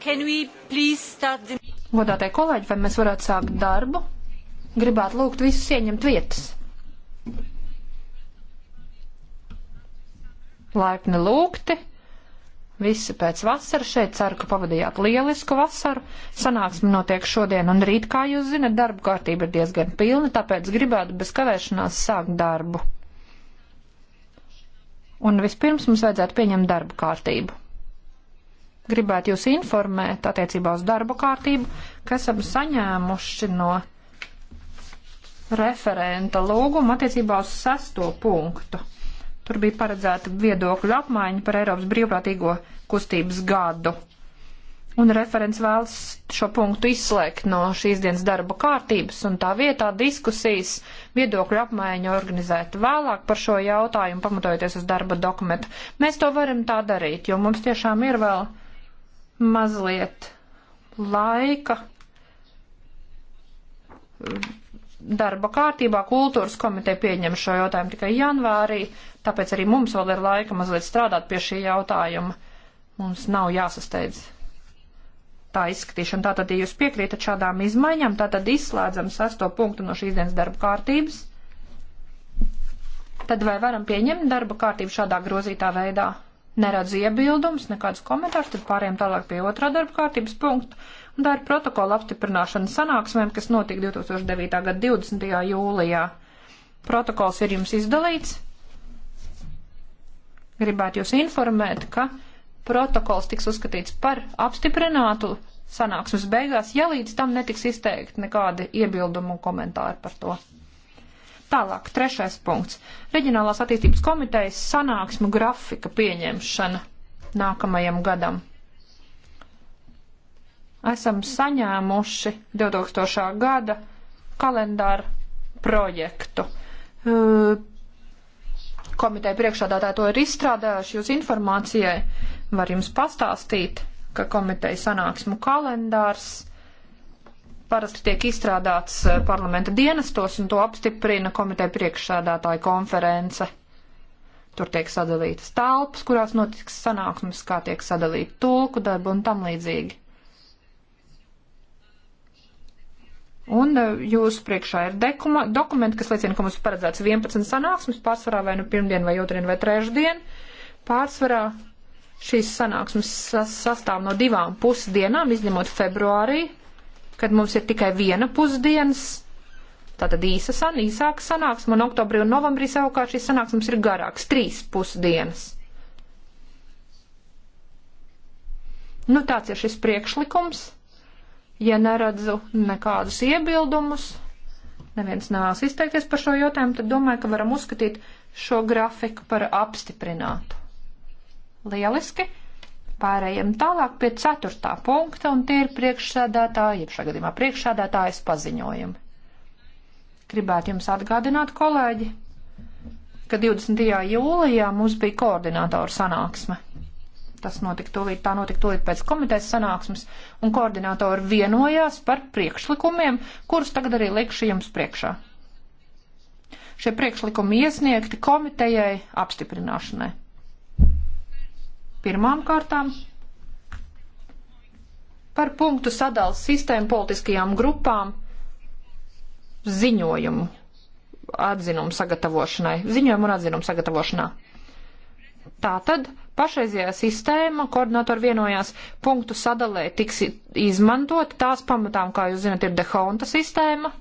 The... Godātie kolēģi, vai mēs varētu sākt darbu? Gribētu lūgt visus ieņemt vietas. Laipni lūgti. Visi pēc vasaras šeit ceru, ka pavadījāt lielisku vasaru. Sanāksme notiek šodien un rīt, kā jūs zinat, darba kārtība ir diezgan pilna, tāpēc gribētu bez kavēšanās sākt darbu. Un vispirms mums vajadzētu pieņemt darba kārtību gribētu jūs informēt attiecībā uz darba kārtību, ka esam saņēmuši no referenta lūgumu attiecībā uz sesto punktu. Tur bija paredzēta viedokļu apmaiņa par Eiropas brīvprātīgo kustības gadu. Un referents vēlas šo punktu izslēgt no šīs dienas darba kārtības, un tā vietā diskusijas viedokļu apmaiņa organizēt vēlāk par šo jautājumu, pamatojoties uz darba dokumentu. Mēs to varam tā darīt, jo mums tiešām ir vēl mazliet laika darba kārtībā. Kultūras komiteja pieņem šo jautājumu tikai janvārī, tāpēc arī mums vēl ir laika mazliet strādāt pie šī jautājuma. Mums nav jāsasteidz tā izskatīšana. Tātad, ja jūs piekrītat šādām izmaiņām, tātad izslēdzam sesto punktu no šīs dienas darba kārtības. Tad vai varam pieņemt darba kārtību šādā grozītā veidā? neredz iebildums, nekāds komentārs, tad pārējām tālāk pie otrā darba kārtības punktu. Un tā ir protokola apstiprināšana sanāksmēm, kas notika 2009. gada 20. jūlijā. Protokols ir jums izdalīts. Gribētu jūs informēt, ka protokols tiks uzskatīts par apstiprinātu sanāksmes beigās, ja līdz tam netiks izteikti nekādi iebildumi un komentāri par to. Tālāk, trešais punkts. Reģionālās attīstības komitejas sanāksmu grafika pieņemšana nākamajam gadam. Esam saņēmuši 2000. gada kalendāru projektu. Komiteja priekšādātāja to ir izstrādājuši jūs informācijai. Var jums pastāstīt, ka komiteja sanāksmu kalendārs parasti tiek izstrādāts eh, parlamenta dienestos un to apstiprina komiteja priekšsēdētāja konference. Tur tiek sadalītas telpas, kurās notiks sanāksmes, kā tiek sadalīta tulku darba un tam līdzīgi. Un eh, jūsu priekšā ir dekuma, dokumenti, kas liecina, ka mums ir paredzēts 11 sanāksmes, pārsvarā vai nu pirmdien, vai otrdien, vai trešdien. Pārsvarā šīs sanāksmes sastāv no divām pusdienām, izņemot februārī, kad mums ir tikai viena pusdienas, tātad īsa san, īsāka sanāksme, un oktobrī un novembrī savukārt šīs sanāksmes ir garāks, trīs pusdienas. Nu, tāds ir šis priekšlikums. Ja neredzu nekādus iebildumus, neviens nāc izteikties par šo jautājumu, tad domāju, ka varam uzskatīt šo grafiku par apstiprinātu. Lieliski! Pārējiem tālāk pie ceturtā punkta, un tie ir priekšsēdētāji, jeb šajā gadījumā priekšsēdētājas paziņojumi. Gribētu jums atgādināt, kolēģi, ka 20. jūlijā mums bija koordinātora sanāksme. Tas notika tūlīt, tā notika tūlīt pēc komitejas sanāksmes, un koordinātori vienojās par priekšlikumiem, kurus tagad arī likšu jums priekšā. Šie priekšlikumi iesniegti komitejai apstiprināšanai. Pirmām kārtām par punktu sadalas sistēmu politiskajām grupām ziņojumu atzinumu sagatavošanai, ziņojumu un atzinumu sagatavošanā. Tātad pašreizajā sistēma koordinatori vienojās punktu sadalē tiks izmantot tās pamatām, kā jūs zinat, ir dehonta sistēma,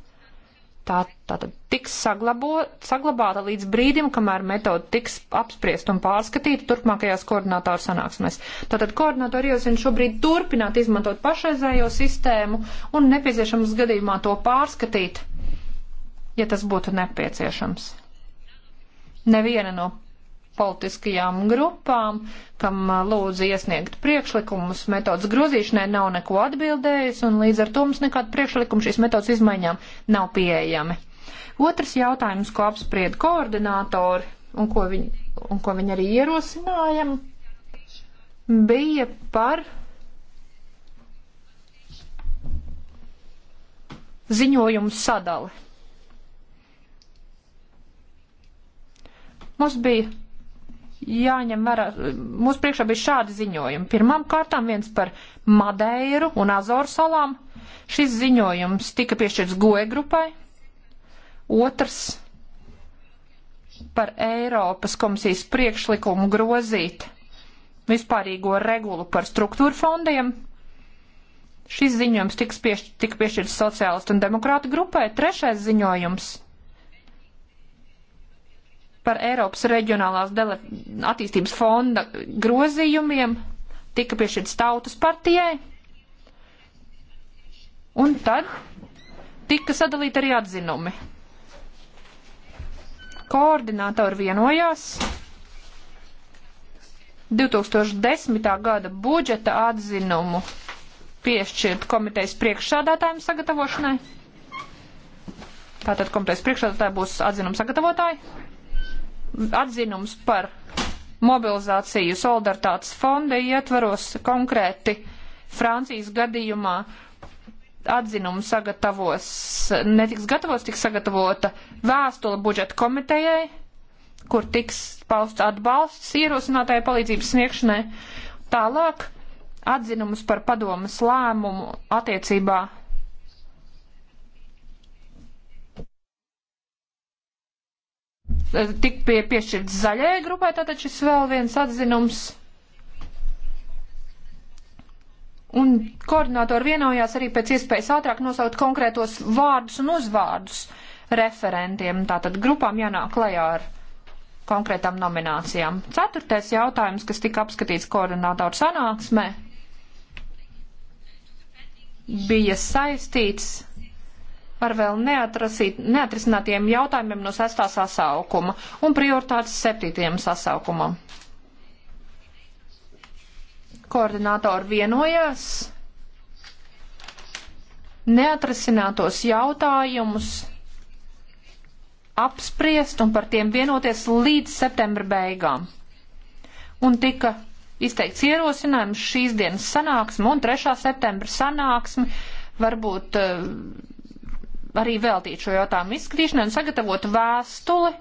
tā, tā tad tiks saglabo, saglabāta līdz brīdim, kamēr metode tiks apspriest un pārskatīta turpmākajās koordinātāru sanāksmēs. Tātad koordinātori iezina šobrīd turpināt izmantot pašreizējo sistēmu un nepieciešams gadījumā to pārskatīt, ja tas būtu nepieciešams. Neviena no politiskajām grupām, kam lūdzu iesniegt priekšlikumus metodas grozīšanai, nav neko atbildējis, un līdz ar to mums nekāda priekšlikuma šīs metodas izmaiņām nav pieejami. Otrs jautājums, ko apspried koordinātori un ko viņi, un ko viņi arī ierosinājam, bija par ziņojumu sadali. Mums bija jāņem vērā, mūsu priekšā bija šādi ziņojumi. Pirmām kārtām viens par Madeiru un Azoru salām. Šis ziņojums tika piešķirts goe grupai. Otrs par Eiropas komisijas priekšlikumu grozīt vispārīgo regulu par struktūru fondiem. Šis ziņojums tika piešķirts sociālistu un demokrātu grupai. Trešais ziņojums par Eiropas reģionālās dele, attīstības fonda grozījumiem tika piešķirts tautas partijai, un tad tika sadalīti arī atzinumi. Koordinātori vienojās 2010. gada budžeta atzinumu piešķirt komitejas priekšsādātājiem sagatavošanai. Tātad komitejas priekšsādātāji būs atzinuma sagatavotāji atzinums par mobilizāciju solidaritātes fonda ietvaros konkrēti Francijas gadījumā atzinumu sagatavos, netiks gatavos, tiks sagatavota vēstule budžeta komitejai, kur tiks pausts atbalsts ierosinātāja palīdzības sniegšanai. Tālāk atzinumus par padomas lēmumu attiecībā tik pie, piešķirts zaļajai grupai, tātad šis vēl viens atzinums. Un koordinātori vienojās arī pēc iespējas ātrāk nosaukt konkrētos vārdus un uzvārdus referentiem. Tātad grupām jānāk klajā ar konkrētām nominācijām. Ceturtais jautājums, kas tika apskatīts koordinātoru sanāksmē, bija saistīts ar vēl neatrisinātiem jautājumiem no sestā sasaukuma un prioritātes septītajam sasaukumam. Koordinātori vienojās neatrisinātos jautājumus apspriest un par tiem vienoties līdz septembra beigām. Un tika izteikts ierosinājums šīs dienas sanāksme un 3. septembra sanāksme varbūt uh, arī veltīt šo jautājumu izskatīšanai un sagatavot vēstuli,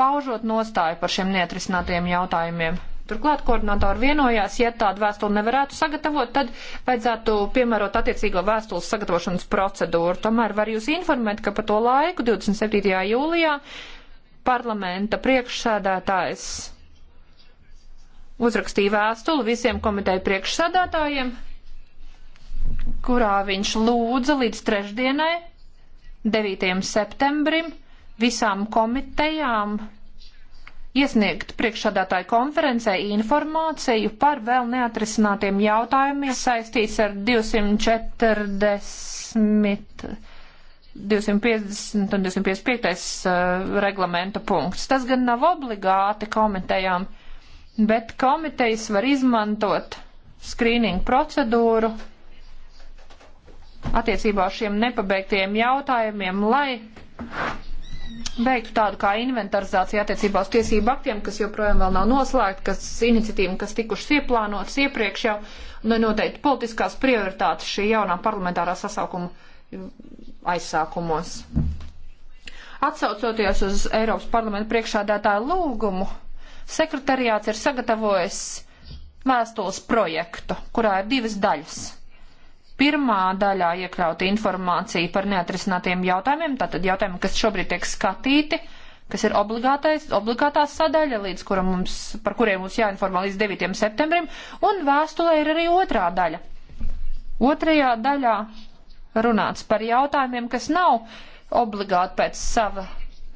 paužot nostāju par šiem neatrisinātajiem jautājumiem. Turklāt koordinātori vienojās, ja tādu vēstuli nevarētu sagatavot, tad vajadzētu piemērot attiecīgo vēstules sagatavošanas procedūru. Tomēr var jūs informēt, ka pa to laiku, 27. jūlijā, parlamenta priekšsēdētājs uzrakstīja vēstuli visiem komiteju priekšsēdētājiem, kurā viņš lūdza līdz trešdienai 9. septembrim visām komitejām iesniegt priekšsādātāju konferencē informāciju par vēl neatrisinātiem jautājumiem saistīts ar 240, 250 un 255 uh, reglamenta punkts. Tas gan nav obligāti komitejām, bet komitejas var izmantot skrīningu procedūru attiecībā uz šiem nepabeigtiem jautājumiem, lai veiktu tādu kā inventarizāciju attiecībā uz tiesību aktiem, kas joprojām vēl nav noslēgti, kas iniciatīvi, kas tikušas ieplānotas iepriekš jau, nu noteikti politiskās prioritātes šī jaunā parlamentārā sasaukuma aizsākumos. Atsaucoties uz Eiropas parlamenta priekšādātāju lūgumu, sekretariāts ir sagatavojis vēstules projektu, kurā ir divas daļas pirmā daļā iekļauta informācija par neatrisinātiem jautājumiem, tātad jautājumi, kas šobrīd tiek skatīti, kas ir obligātā sadaļa, līdz kura mums, par kuriem mums jāinformā līdz 9. septembrim, un vēstulē ir arī otrā daļa. Otrajā daļā runāts par jautājumiem, kas nav obligāti pēc sava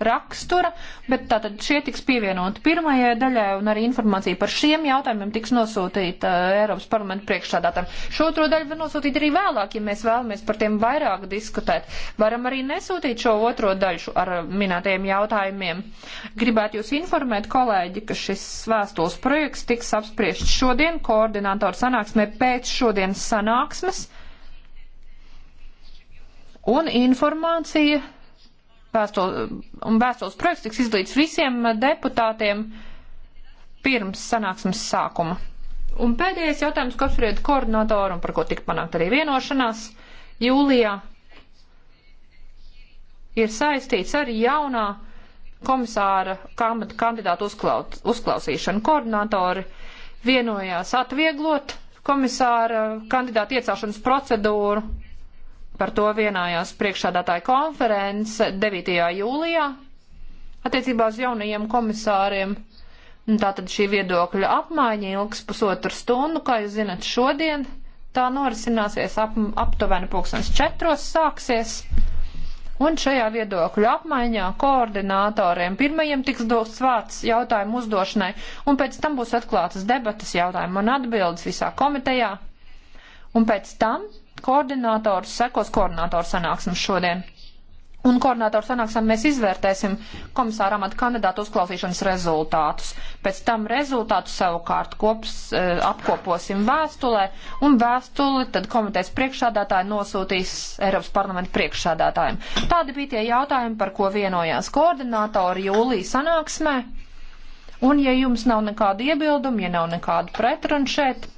rakstura, bet tātad šie tiks pievienoti pirmajai daļai un arī informācija par šiem jautājumiem tiks nosūtīta eh, Eiropas parlamenta priekšstādātam. Šo otro daļu var nosūtīt arī vēlāk, ja mēs vēlamies par tiem vairāk diskutēt. Varam arī nesūtīt šo otro daļu ar minētajiem jautājumiem. Gribētu jūs informēt, kolēģi, ka šis vēstules projekts tiks apspriests šodien koordinātoru sanāksmē pēc šodienas sanāksmes. Un informācija vēstules, un vēstules projekts tiks izlīdz visiem deputātiem pirms sanāksmes sākuma. Un pēdējais jautājums, ko apspried koordinatoru un par ko tika panākt arī vienošanās jūlijā, ir saistīts ar jaunā komisāra kandidātu uzklaut, uzklausīšanu. Koordinatori vienojās atvieglot komisāra kandidātu iecelšanas procedūru par to vienājās priekšādātāja konference 9. jūlijā attiecībā uz jaunajiem komisāriem. Tātad šī viedokļa apmaiņa ilgs pusotru stundu, kā jūs zinat, šodien tā norisināsies ap, aptuveni pulkstens četros sāksies. Un šajā viedokļu apmaiņā koordinātoriem pirmajiem tiks dots vārds jautājumu uzdošanai, un pēc tam būs atklātas debatas jautājumu un atbildes visā komitejā. Un pēc tam Koordinators sekos koordinatoru sanāksmes šodien. Un koordinatoru sanāksmē mēs izvērtēsim komisāra amata kandidātu uzklausīšanas rezultātus. Pēc tam rezultātu savukārt kops, eh, apkoposim vēstulē, un vēstuli tad komitejas priekšsādātāji nosūtīs Eiropas parlamenta priekšsādātājiem. Tādi bija tie jautājumi, par ko vienojās koordinatori jūlija sanāksmē. Un ja jums nav nekādu iebildumu, ja nav nekādu pretrunu šeit,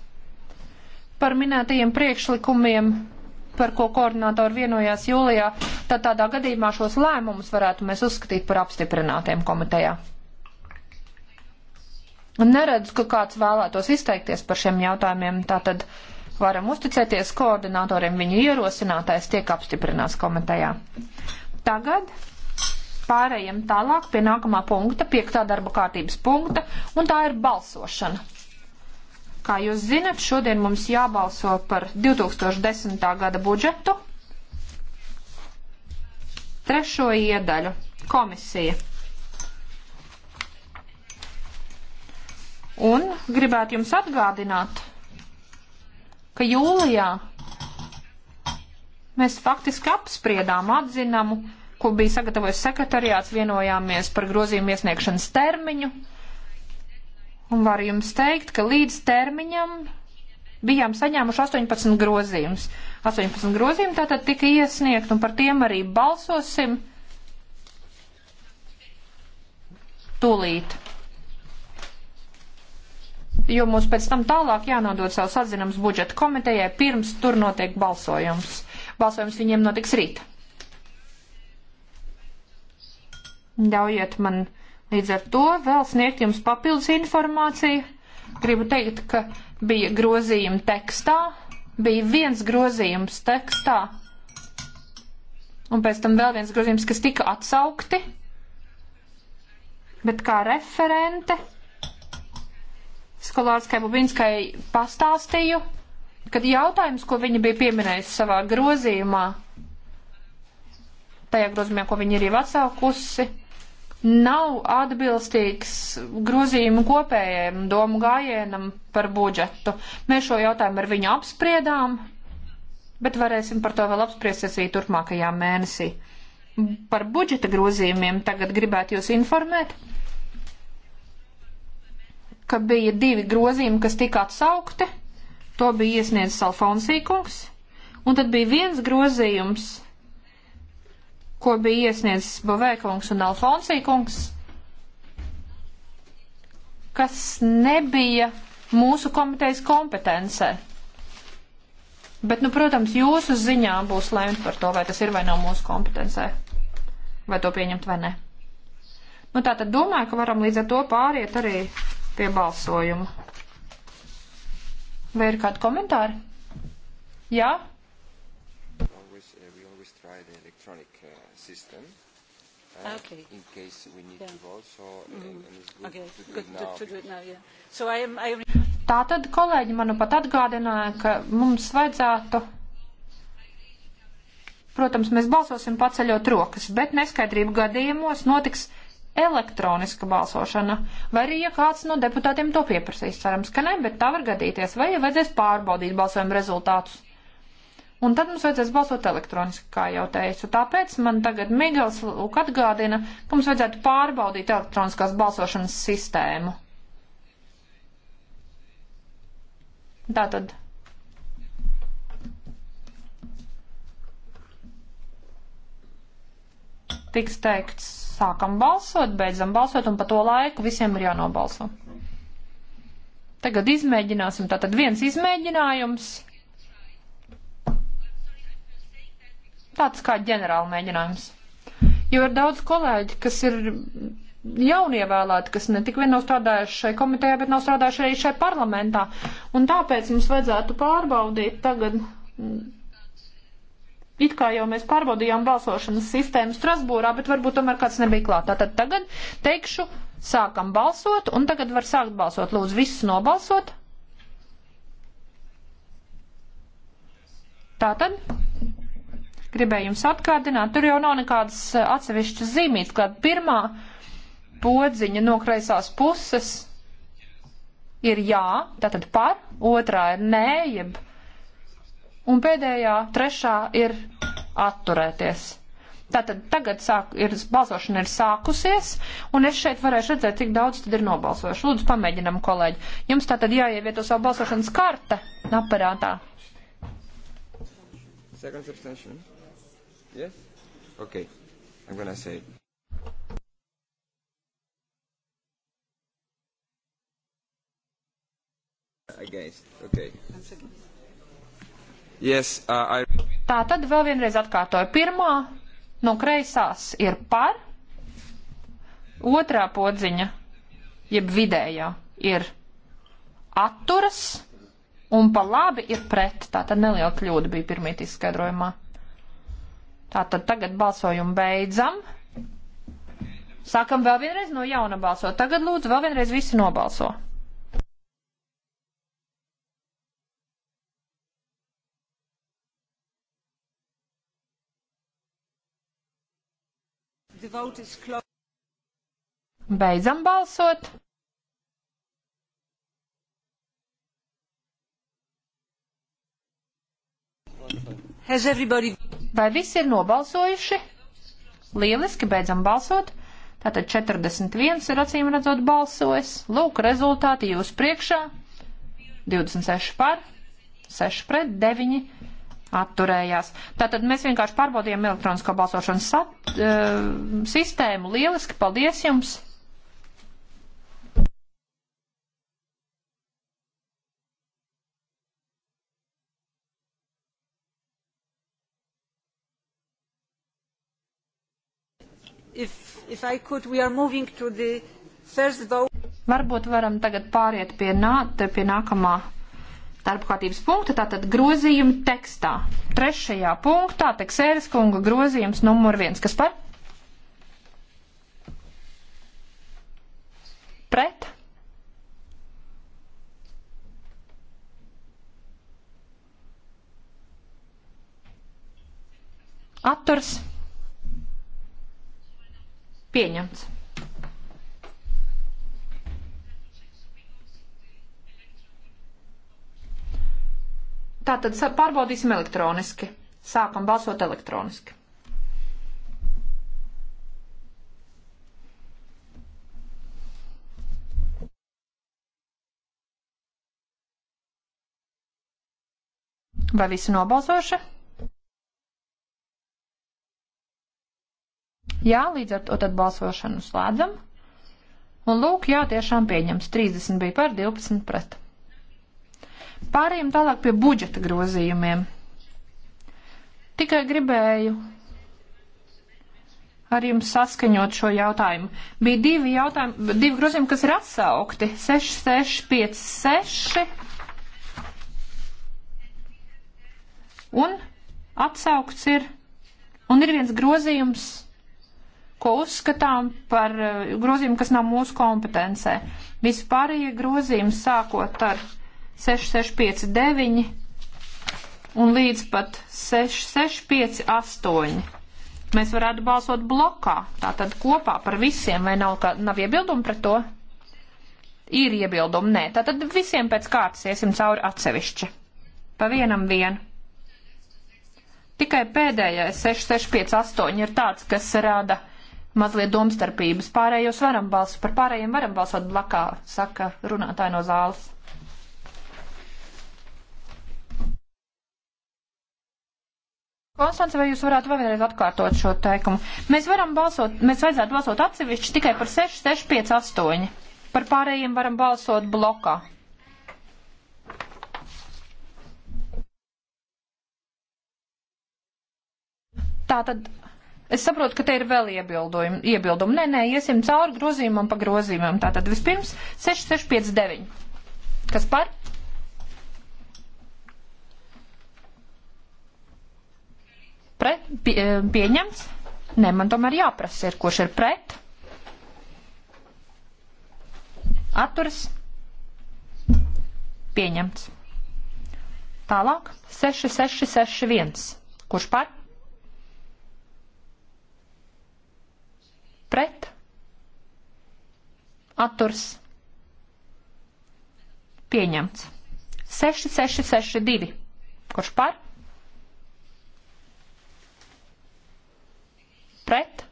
par minētajiem priekšlikumiem, par ko koordinātori vienojās jūlijā, tad tādā gadījumā šos lēmumus varētu mēs uzskatīt par apstiprinātiem komitejā. Neredzu, ka kāds vēlētos izteikties par šiem jautājumiem, tātad varam uzticēties koordinātoriem, viņu ierosinātais tiek apstiprināts komitejā. Tagad pārējiem tālāk pie nākamā punkta, piektā darba kārtības punkta, un tā ir balsošana. Kā jūs zinat, šodien mums jābalso par 2010. gada budžetu. Trešo iedaļu komisija. Un gribētu jums atgādināt, ka jūlijā mēs faktiski apspriedām atzinamu, ko bija sagatavojis sekretariāts, vienojāmies par grozījumu iesniegšanas termiņu Un varu jums teikt, ka līdz termiņam bijām saņēmuši 18 grozījumus. 18 grozījumi tātad tika iesniegt, un par tiem arī balsosim tūlīt. Jo mums pēc tam tālāk jānodod savs atzinums budžeta komitejai, pirms tur notiek balsojums. Balsojums viņiem notiks rīt. Ļaujiet man Līdz ar to vēl sniegt jums papildus informāciju. Gribu teikt, ka bija grozījumi tekstā, bija viens grozījums tekstā, un pēc tam vēl viens grozījums, kas tika atsaukti, bet kā referente Skolārskai Bubinskai pastāstīju, kad jautājums, ko viņa bija pieminējusi savā grozījumā, tajā grozījumā, ko viņa ir jau atsaukusi, nav atbilstīgs grozījumu kopējiem domu gājienam par budžetu. Mēs šo jautājumu ar viņu apspriedām, bet varēsim par to vēl apspriesties arī turpmākajā mēnesī. Par budžeta grozījumiem tagad gribētu jūs informēt, ka bija divi grozījumi, kas tika atsaukti. To bija iesniedzis Alfonsīkungs, un tad bija viens grozījums ko bija iesniedzis Bovēkungs un Alfonsīkungs, kas nebija mūsu komitejas kompetencē. Bet, nu, protams, jūsu ziņā būs lēmt par to, vai tas ir vai nav mūsu kompetencē, vai to pieņemt vai nē. Nu, tā tad domāju, ka varam līdz ar to pāriet arī pie balsojuma. Vai ir kādi komentāri? Jā? Ja? uh, okay. in case we need yeah. to vote. So, mm. and, and it's good okay. to do good, it now. To do it now yeah. so I am, I am... Tātad, kolēģi, manu nu pat atgādināja, ka mums vajadzētu. Protams, mēs balsosim paceļot rokas, bet neskaidrību gadījumos notiks elektroniska balsošana, vai arī, ja kāds no deputātiem to pieprasīs, cerams, ka ne, bet tā var gadīties, vai ja vajadzēs pārbaudīt balsojumu rezultātus. Un tad mums vajadzēs balsot elektroniski, kā jau teicu. Tāpēc man tagad Migels Lūk atgādina, ka mums vajadzētu pārbaudīt elektroniskās balsošanas sistēmu. Tātad. Tiks teikts, sākam balsot, beidzam balsot, un pa to laiku visiem ir jānobalso. Tagad izmēģināsim. Tātad viens izmēģinājums Tāds kā ģenerāla mēģinājums. Jo ir daudz kolēģi, kas ir jaunievēlēti, kas ne tik vien nav strādājuši šai komitejā, bet nav strādājuši arī šai parlamentā. Un tāpēc mums vajadzētu pārbaudīt tagad, mm, it kā jau mēs pārbaudījām balsošanas sistēmu Strasbūrā, bet varbūt tomēr kāds nebija klāt. Tātad tagad teikšu, sākam balsot, un tagad var sākt balsot. Lūdzu, visus nobalsot. Tātad. Gribēju jums atgādināt, tur jau nav nekādas eh, atsevišķas zīmītas, kāda pirmā podziņa no kreisās puses ir jā, tātad par, otrā ir nē, jeb, un pēdējā, trešā ir atturēties. Tātad tagad sāk, ir, balsošana ir sākusies, un es šeit varēšu redzēt, cik daudz tad ir nobalsojuši. Lūdzu, pamēģinam, kolēģi. Jums tātad jāievieto savu balsošanas karte aparātā. Second abstention. Yes? Okay. I'm going to say. Against. Okay. Yes, uh, I... Tā tad vēl vienreiz atkārtoju. Pirmā no kreisās ir par, otrā podziņa, jeb vidējā, ir atturas, un pa labi ir pret. Tā tad neliela kļūda bija pirmīt izskaidrojumā. Tātad tagad balsojumu beidzam. Sākam vēl vienreiz no jauna balsot. Tagad lūdzu vēl vienreiz visi nobalso. Beidzam balsot. Wonderful. Everybody... Vai visi ir nobalsojuši? Lieliski, beidzam balsot. Tātad 41 ir acīm redzot balsojis. Lūk, rezultāti jūs priekšā. 26 par, 6 pret, 9 atturējās. Tātad mēs vienkārši pārbaudījām elektronisko balsošanas sat, uh, sistēmu. Lieliski, paldies jums! Could, Varbūt varam tagad pāriet pie, nā, pie nākamā darba kārtības punkta, tātad grozījuma tekstā. Trešajā punktā teksēras kunga grozījums numur viens. Kas par? Pret? Atturs? Pieņemts. Tātad pārbaudīsim elektroniski. Sākam balsot elektroniski. Vai visi nobalsoši? Jā, līdz ar to tad balsošanu slēdzam. Un lūk, jā, tiešām pieņems. 30 bija par, 12 pret. Pārējiem tālāk pie budžeta grozījumiem. Tikai gribēju ar jums saskaņot šo jautājumu. Bija divi jautājumi, divi grozījumi, kas ir atsaukti. 6, 6, 5, 6. Un atsaukts ir. Un ir viens grozījums ko uzskatām par eh, grozījumu, kas nav mūsu kompetencē. Vispārējie grozījumi sākot ar 6659 un līdz pat 6658. Mēs varētu balsot blokā, tātad kopā par visiem, vai nav, kā, nav iebildumi pret to? Ir iebildumi, nē. Tātad visiem pēc kārtas iesim cauri atsevišķi. Pa vienam vienu. Tikai pēdējais 6658 ir tāds, kas rada mazliet domstarpības. Pārējos varam balsot, par pārējiem varam balsot blakā, saka runātāji no zāles. Konstance, vai jūs varētu vēlreiz atkārtot šo teikumu? Mēs varam balsot, mēs vajadzētu balsot atsevišķi tikai par 6, 6, 5, 8. Par pārējiem varam balsot blokā. Tātad Es saprotu, ka te ir vēl iebildumi. iebildumi. Nē, nē, iesim cauri grozījumam pa grozījumam. Tātad vispirms 6659. Kas par? Pret, pie, eh, pieņemts? Nē, man tomēr jāprasa ir, kurš ir pret. Atturas? Pieņemts. Tālāk 6661. Kurš par? pret, atturs, pieņemts. 6, 6, 6, 2. Kurš par? Pret,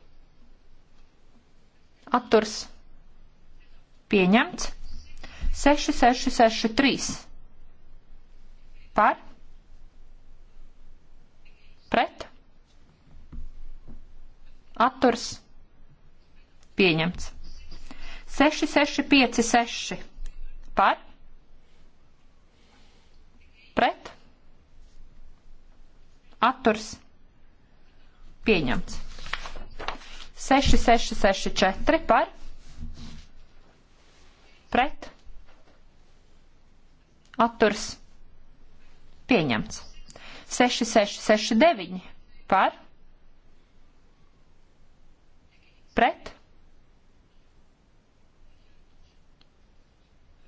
atturs, pieņemts. 6, 6, 6, 3. Par? Pret? Atturs? Pieņemts. 6, 6, 5, 6. Par? Pret? Atturs? Pieņemts. 6, 6, 6, 4. Par? Pret? Atturs? Pieņemts. 6, 6, 6, 9. Par? Pret?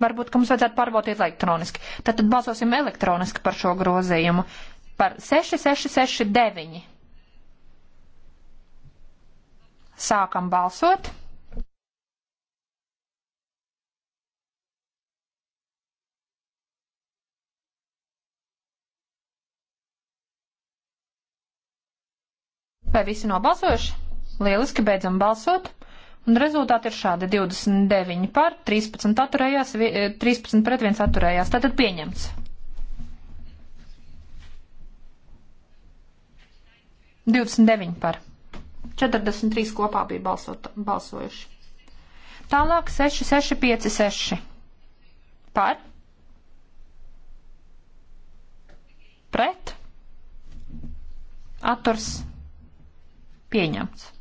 Varbūt, ka mums vajadzētu pārbaudīt elektroniski. Tad, tad balsosim elektroniski par šo grozījumu. Par 6669. Sākam balsot. Vai visi nobalsojuši? Lieliski, beidzam balsot. Un rezultāti ir šādi 29 par, 13, atturējās, 13 eh, pret 1 atturējās. Tātad pieņemts. Divdesmit deviņi par. Četrdesmit trīs kopā bija balsot, balsojuši. Tālāk seši, seši, pieci, seši. Par. Pret. Atturs. Pieņemts.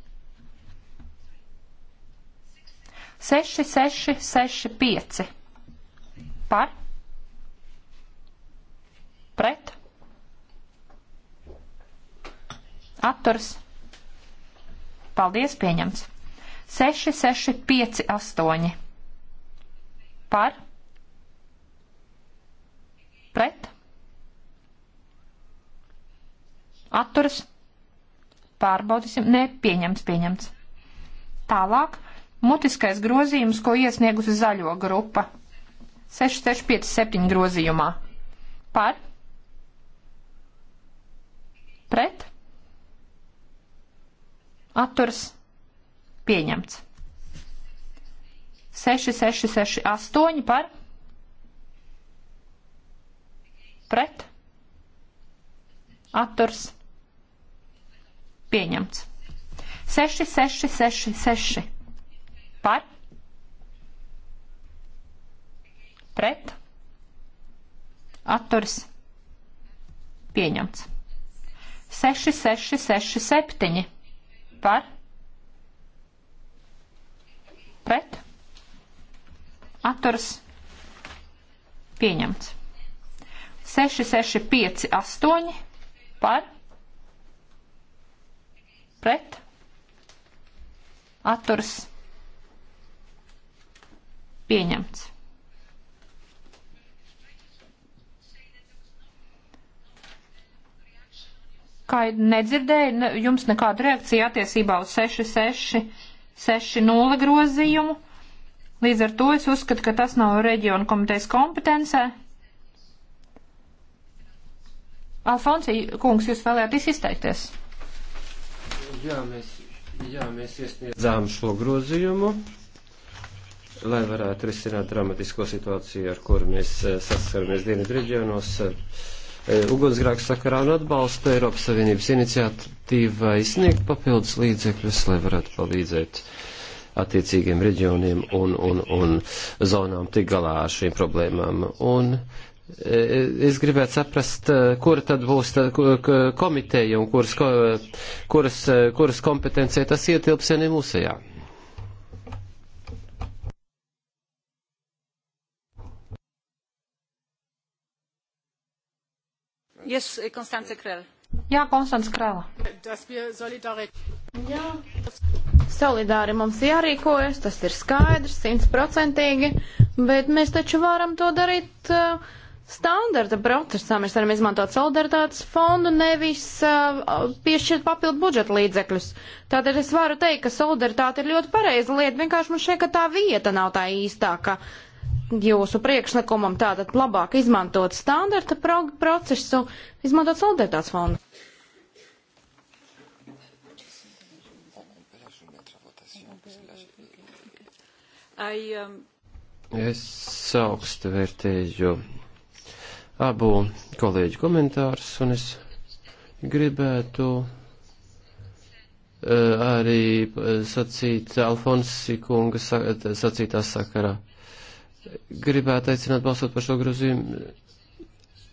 6665 par pret atturs paldies pieņemts 6658 par pret atturs pārbaudīsim nepieņemts pieņemts tālāk Mutiskais grozījums, ko iesniegusi zaļo grupa 6657 grozījumā. Par? Pret? Atturs? Pieņemts. 6668 par? Pret? Atturs? Pieņemts. 6666 par, pret, atturs, pieņemts. 6, 6, 6, 7 par, pret, atturs, pieņemts. 6, 6, 5, 8 par, pret, atturs, pieņemts Pieņemts. Kā nedzirdēju, ne, jums nekāda reakcija attiecībā uz 6-6-6-0 grozījumu. Līdz ar to es uzskatu, ka tas nav reģiona komitejas kompetencē. Alfonsī, kungs, jūs vēlēties izteikties? Jā, mēs, jā, mēs iesniedzām šo grozījumu lai varētu risināt dramatisko situāciju, ar kuru mēs eh, saskaramies dienvidu reģionos. Eh, ugunsgrēks sakarā un atbalsta Eiropas Savienības iniciatīvai sniegt papildus līdzekļus, lai varētu palīdzēt attiecīgiem reģioniem un, un, un zonām tik galā ar šīm problēmām. Un eh, es gribētu saprast, kura tad būs tad komiteja un kuras, kuras, kuras kompetencija tas ietilps, ja ne mūsējā. Yes, Konstance eh, Krell. Jā, Konstants Krela. Jā. Solidāri mums jārīkojas, tas ir skaidrs, simtprocentīgi, bet mēs taču varam to darīt uh, standarta procesā. Mēs varam izmantot solidaritātes fondu, nevis uh, piešķirt papildu budžeta līdzekļus. Tātad es varu teikt, ka solidaritāte ir ļoti pareiza lieta, vienkārši mums šeit, ka tā vieta nav tā īstākā. Uh, jūsu priekšlikumam tātad labāk izmantot standarta procesu, izmantot solidaritātes fondu. I, um... Es augstu vērtēju abu kolēģu komentārus, un es gribētu uh, arī sacīt Alfonsi kunga sacītā sakarā. Uh, gribētu aicināt balsot par šo grozījumu,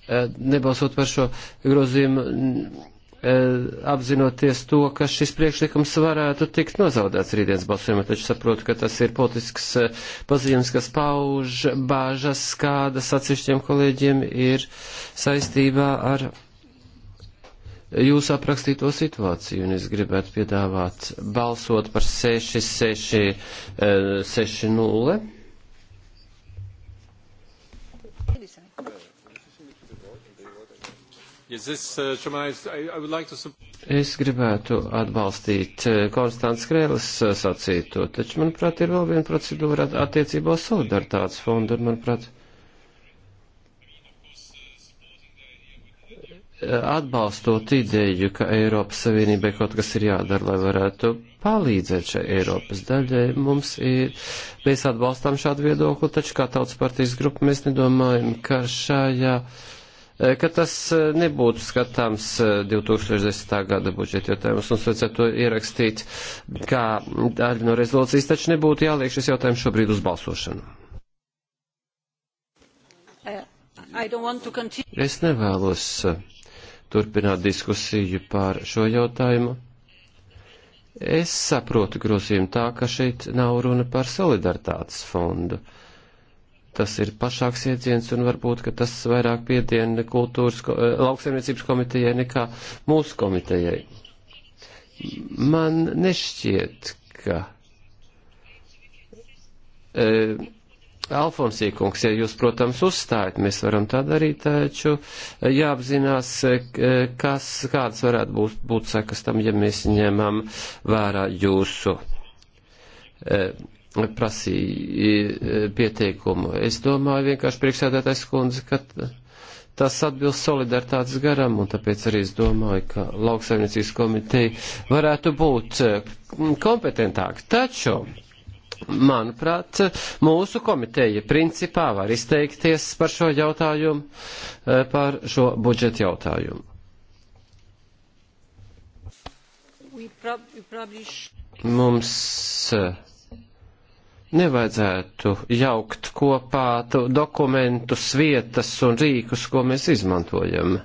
eh, nebalsot par šo grozījumu, eh, apzinoties to, ka šis priekšlikums varētu tikt nozaudēts rītdienas balsojumā, taču saprotu, ka tas ir politisks eh, paziņojums, kas pauž bāžas, kādas atsevišķiem kolēģiem ir saistībā ar jūsu aprakstīto situāciju, un es gribētu piedāvāt balsot par 6, 6, 6, 0. Uh, es gribētu atbalstīt uh, Konstants Krēlis uh, sacīto, taču, manuprāt, ir vēl viena procedūra attiecībā uz solidaritātes fondu, un, manuprāt, atbalstot ideju, ka Eiropas Savienībai kaut kas ir jādara, lai varētu palīdzēt šai Eiropas daļai, mums ir, mēs atbalstām šādu viedokli, taču kā tautas partijas grupa mēs nedomājam, ka šajā. Ja Eh, ka tas eh, nebūtu skatāms 2010. Eh, gada budžeta jautājumus. Mums vajadzētu to ierakstīt kā daļu no rezolūcijas, taču nebūtu jāliek šis jautājums šobrīd uz balsošanu. Es nevēlos turpināt diskusiju par šo jautājumu. Es saprotu grozījumu tā, ka šeit nav runa par solidaritātes fondu. Uh, tas ir plašāks iedziens un varbūt, ka tas vairāk piediena kultūras ko, eh, lauksaimniecības komitejai nekā mūsu komitejai. Man nešķiet, ka. E, Alfonsī kungs, ja jūs, protams, uzstājat, mēs varam tā darīt, taču jāapzinās, eh, kas, kādas varētu būt, būt sekas tam, ja mēs ņemam vērā jūsu. E, prasīja eh, pieteikumu. Es domāju vienkārši priekšsēdētājs kundze, ka tas atbilst solidaritātes garam, un tāpēc arī es domāju, ka lauksaimniecības komiteja varētu būt eh, kompetentāka. Taču, manuprāt, mūsu komiteja principā var izteikties par šo jautājumu, eh, par šo budžeta jautājumu. Mums nevajadzētu jaukt kopā dokumentus, vietas un rīkus, ko mēs izmantojam.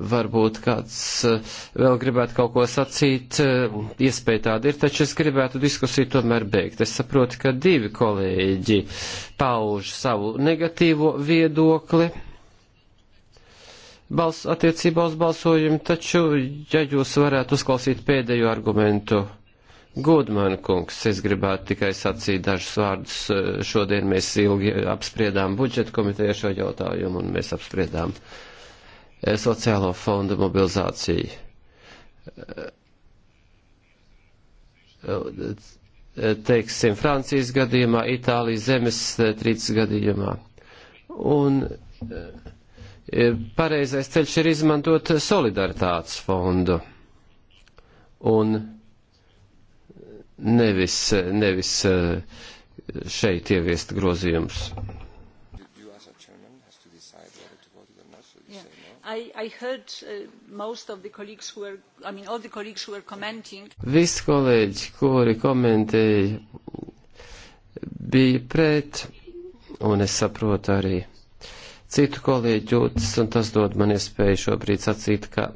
Varbūt kāds eh, vēl gribētu kaut ko sacīt, eh, iespēja tāda ir, taču es gribētu diskusiju tomēr beigt. Es saprotu, ka divi kolēģi pauž savu negatīvo viedokli bals, attiecībā uz balsojumu, taču, ja jūs varētu uzklausīt pēdējo argumentu Gudmana kungs, es gribētu tikai sacīt dažus vārdus. Šodien mēs ilgi apspriedām budžeta komiteja šo jautājumu un mēs apspriedām eh, sociālo fondu mobilizāciju. Eh, teiksim, Francijas gadījumā, Itālijas zemestrīces eh, gadījumā. Un pareizais ceļš ir izmantot solidaritātes fondu. Un nevis, nevis eh, šeit ieviest grozījumus. I, I heard uh, most of the colleagues who were, I mean, all the colleagues who were commenting. Visi kolēģi, kuri komentēja, bija pret, un es saprotu arī citu kolēģu jūtas, un tas dod man iespēju šobrīd sacīt, ka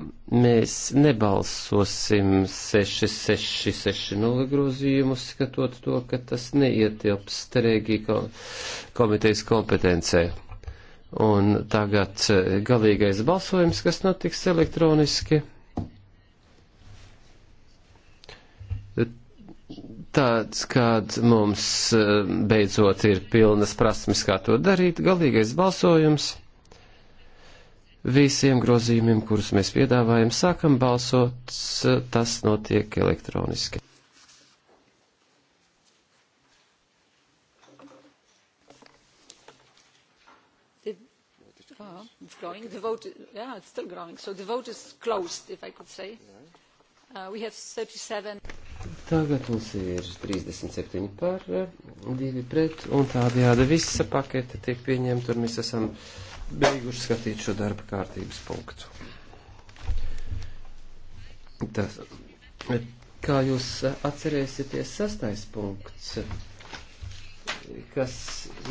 mēs nebalsosim 6660 grozījumus, skatot to, ka tas neietilpst Rēgī komitejas kompetencē. Un tagad galīgais balsojums, kas notiks elektroniski. Tad, kad mums eh, beidzot ir pilnas prasmes, kā to darīt, galīgais balsojums visiem grozījumiem, kurus mēs piedāvājam, sākam balsot, eh, tas notiek elektroniski. Oh, it's growing. The vote, yeah, it's still growing. So the vote is closed, if I could say. Yeah. Uh, Tagad mums ir 37 par, 2 uh, pret, un tādējādi visa pakete tiek pieņemta, un mēs esam beiguši skatīt šo darba kārtības punktu. Tas, kā jūs uh, atcerēsieties, sastais punkts, kas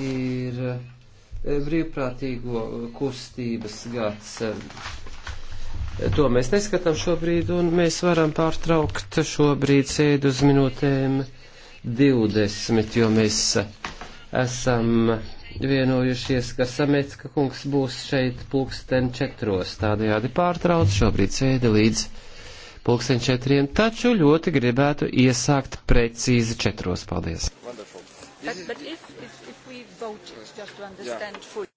ir brīvprātīgo kustības gads To mēs neskatām šobrīd, un mēs varam pārtraukt šobrīd sēdu uz minūtēm 20, jo mēs esam vienojušies, ka Samecka kungs būs šeit pulksten četros. Tādējādi pārtrauc šobrīd sēdi līdz pulksten četriem, taču ļoti gribētu iesākt precīzi četros. Paldies! But, but if, if, if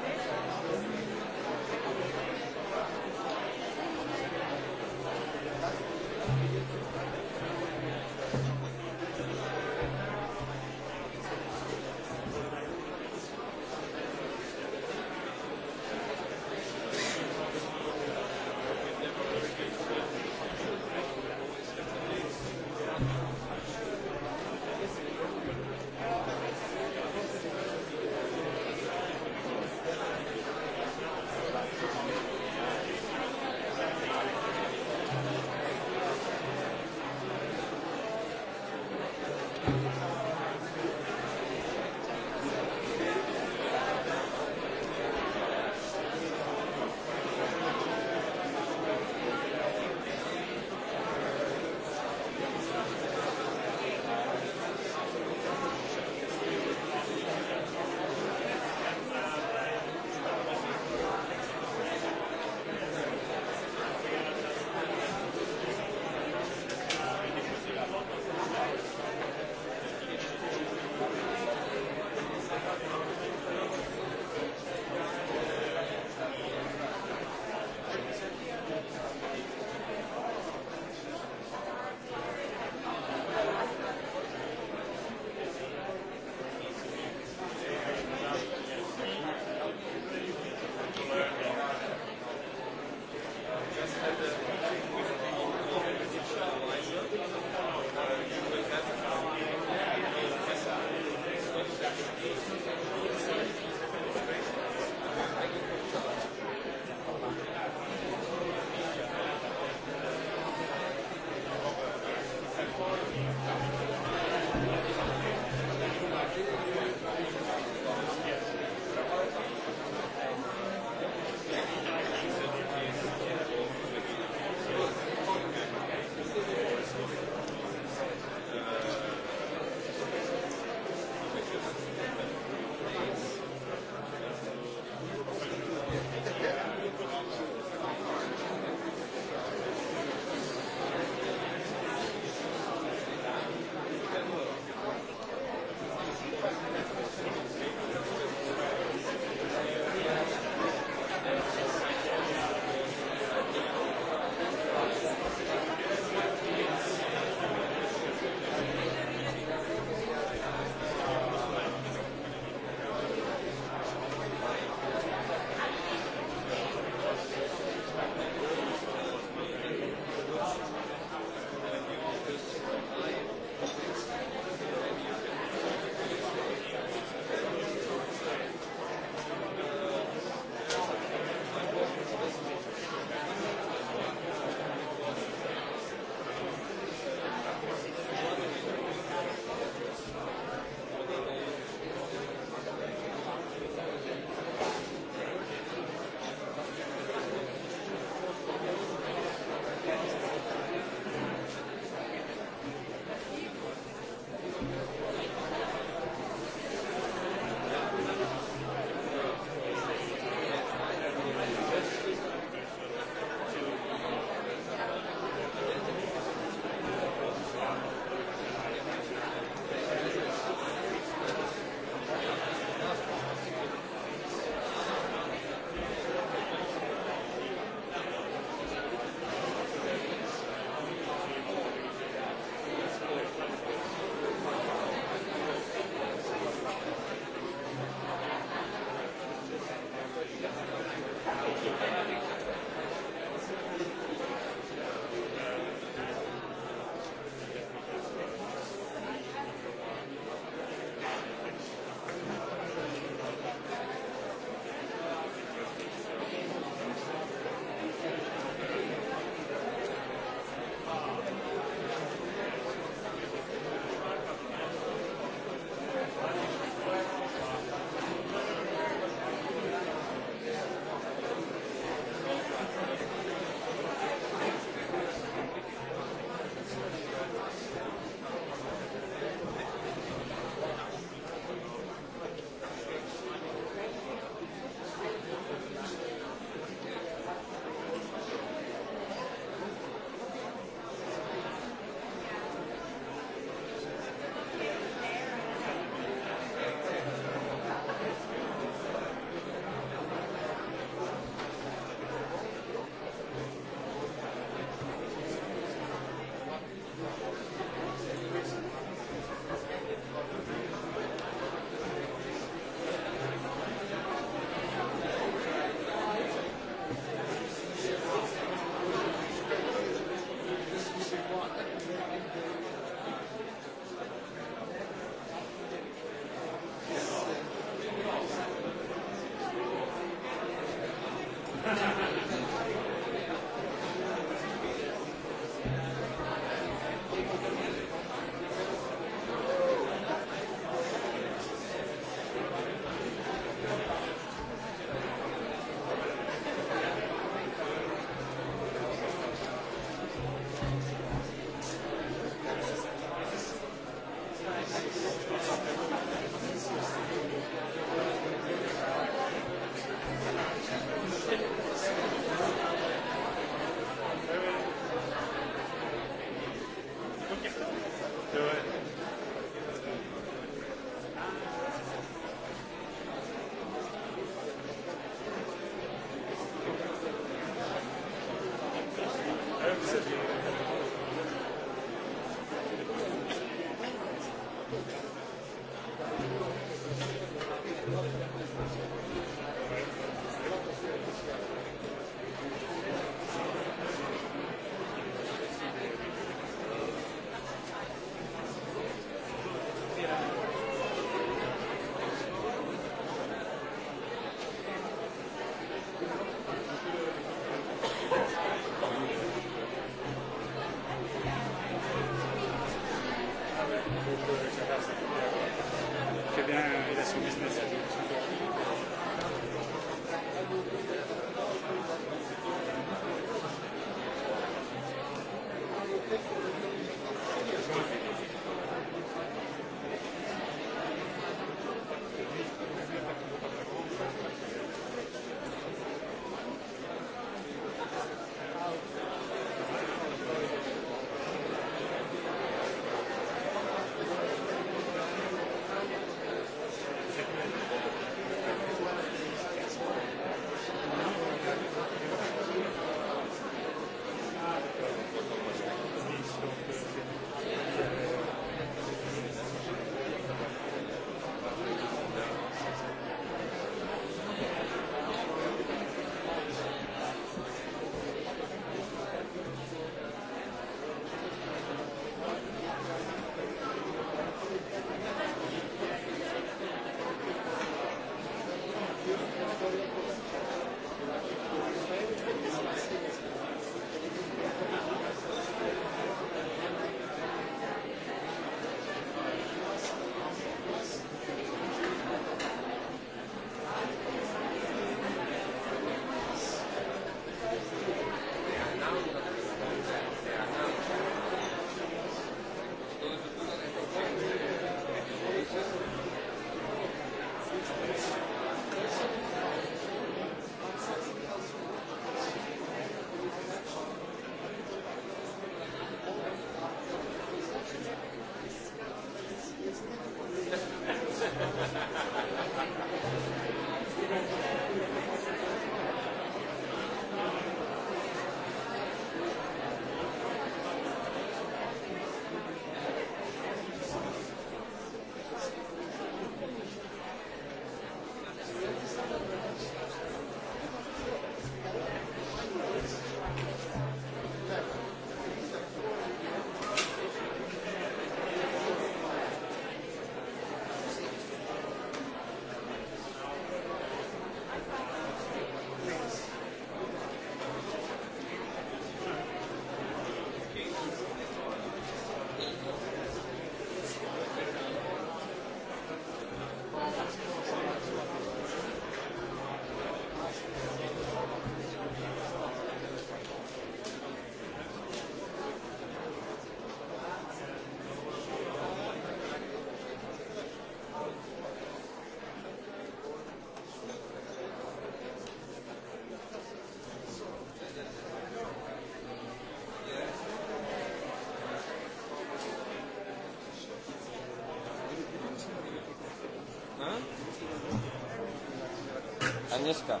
Agnieszka.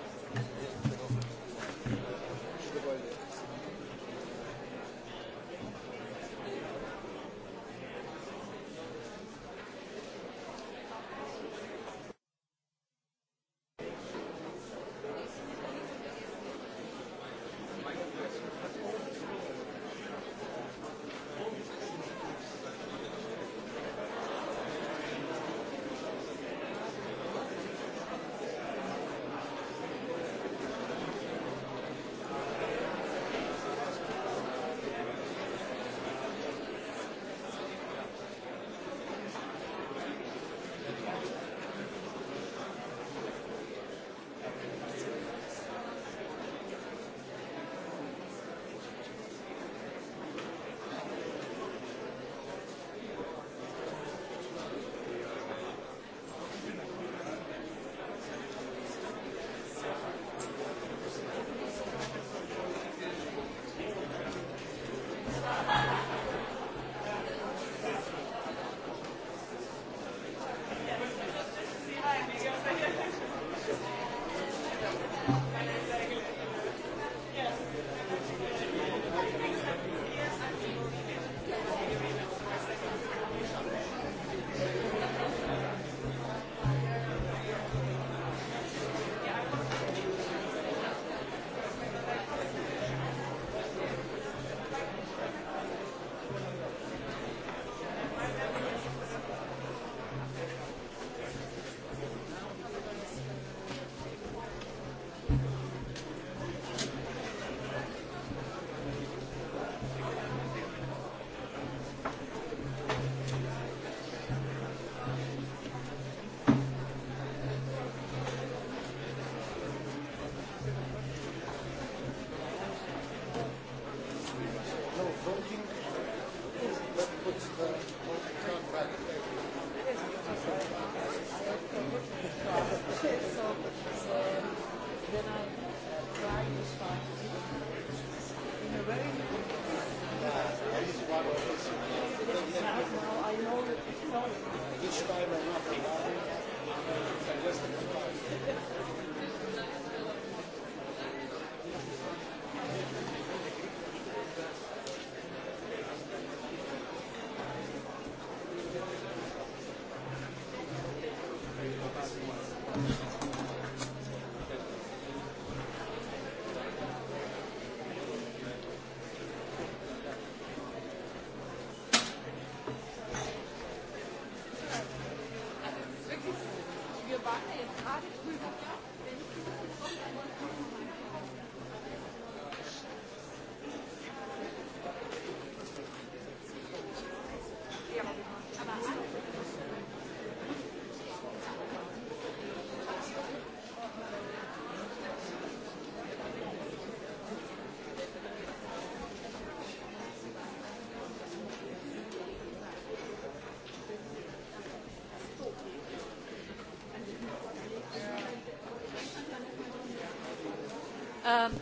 Um,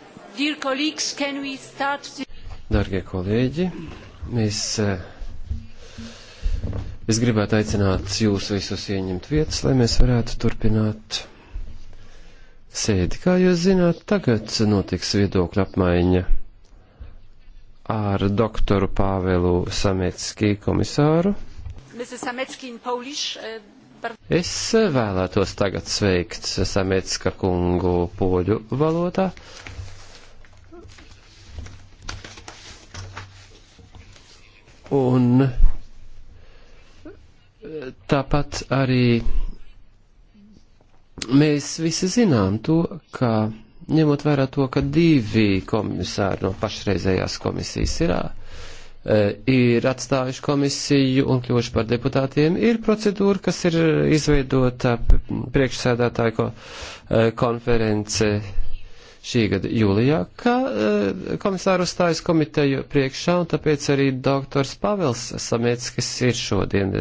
Dargie kolēģi, mēs, eh, es gribētu aicināt jūs visus ieņemt vietas, lai mēs varētu turpināt sēdi. Kā jūs zināt, tagad notiks viedokļa apmaiņa ar doktoru Pāvelu Sametskī komisāru. Mrs. Sametskī in Polish. Uh... Es vēlētos tagad sveikt Samētiska kungu poļu valodā. Un tāpat arī mēs visi zinām to, ka ņemot vērā to, ka divi komisāri no pašreizējās komisijas ir Eh, ir atstājuši komisiju un kļuvuši par deputātiem, ir procedūra, kas ir izveidota priekšsēdētāju eh, konference šī gada jūlijā, ka eh, komisāru stājas komiteju priekšā, un tāpēc arī doktors Pavels Samets, kas ir šodien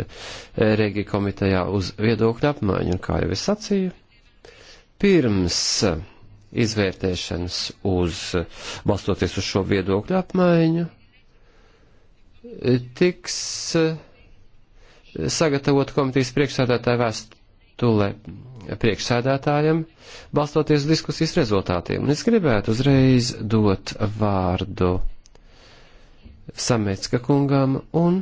Regi komitejā uz viedokļu apmaiņu, un kā jau es sacīju, pirms izvērtēšanas uz, balstoties uz šo viedokļu apmaiņu, tiks eh, sagatavot komitejas priekšsēdētāja vēstule priekšsēdētājiem, balstoties uz diskusijas rezultātiem. Un es gribētu uzreiz dot vārdu Samecka kungam un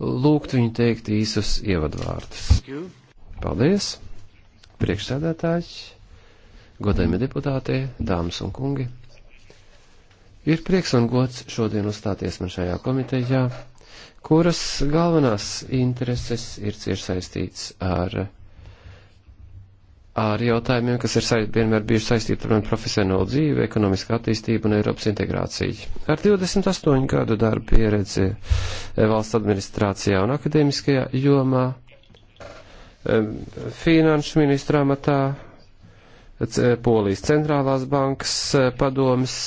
lūgt viņu teikt īsus ievadvārdus. Paldies, priekšsēdētājs, godējumi deputātie, dāmas un kungi. Ir prieks un gods šodien uzstāties man šajā komitejā, kuras galvenās intereses ir cieši saistīts ar, ar jautājumiem, kas ir saist, vienmēr bijuši saistīti ar manu profesionālo dzīvi, ekonomiskā attīstību un Eiropas integrāciju. Ar 28 gadu darba pieredzi eh, valsts administrācijā un akadēmiskajā jomā eh, finanšu ministra amatā, Polijas centrālās bankas eh, padomas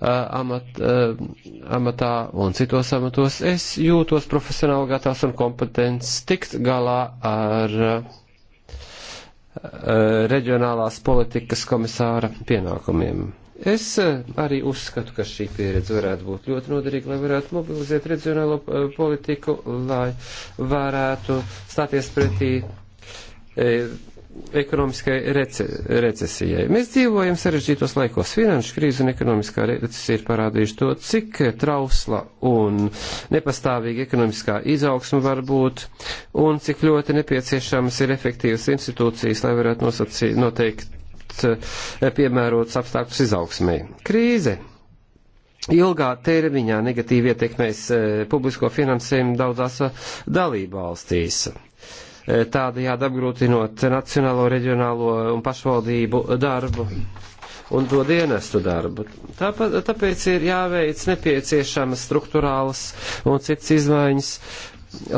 Uh, amat, uh, amatā un citos amatos, es jūtos profesionāli gatavs un kompetents tikt galā ar uh, reģionālās politikas komisāra pienākumiem. Es arī uzskatu, ka šī pieredze varētu būt ļoti noderīga, lai varētu mobilizēt reģionālo politiku, lai varētu stāties pretī ekonomiskai rece, recesijai. Mēs dzīvojam sarežģītos laikos. Finanšu krīze un ekonomiskā recesija ir parādījuši to, cik trausla un nepastāvīga ekonomiskā izaugsma var būt un cik ļoti nepieciešamas ir efektīvas institūcijas, lai varētu nosaci, noteikt eh, piemērots apstākļus izaugsmai. Krīze ilgā termiņā negatīvi ietekmēs eh, publisko finansējumu daudzās eh, dalībvalstīs. valstīs. Eh, tādajādi apgrūtinot nacionālo, reģionālo un pašvaldību darbu un to dienestu darbu. Tāpēc, tāpēc ir jāveic nepieciešamas struktūrālas un citas izmaiņas,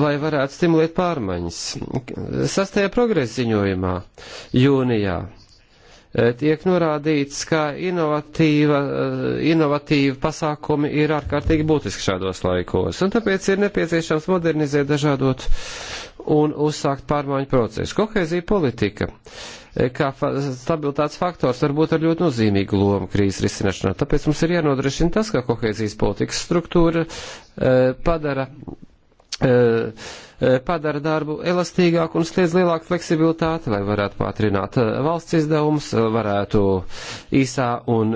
lai varētu stimulēt pārmaiņas. Sastajā progresa ziņojumā jūnijā Eh, tiek norādīts, ka inovatīva, eh, inovatīva pasākumi ir ārkārtīgi būtiski šādos laikos, un tāpēc ir nepieciešams modernizēt dažādot un uzsākt pārmaiņu procesu. Kohēzija politika, eh, kā stabilitātes faktors, varbūt ar ļoti nozīmīgu lomu krīzes risināšanā, tāpēc mums ir jānodrošina tas, ka kohēzijas politikas struktūra padara padara darbu elastīgāku un sniedz lielāku fleksibilitāti, lai varētu pātrināt valsts izdevumus, varētu īsā un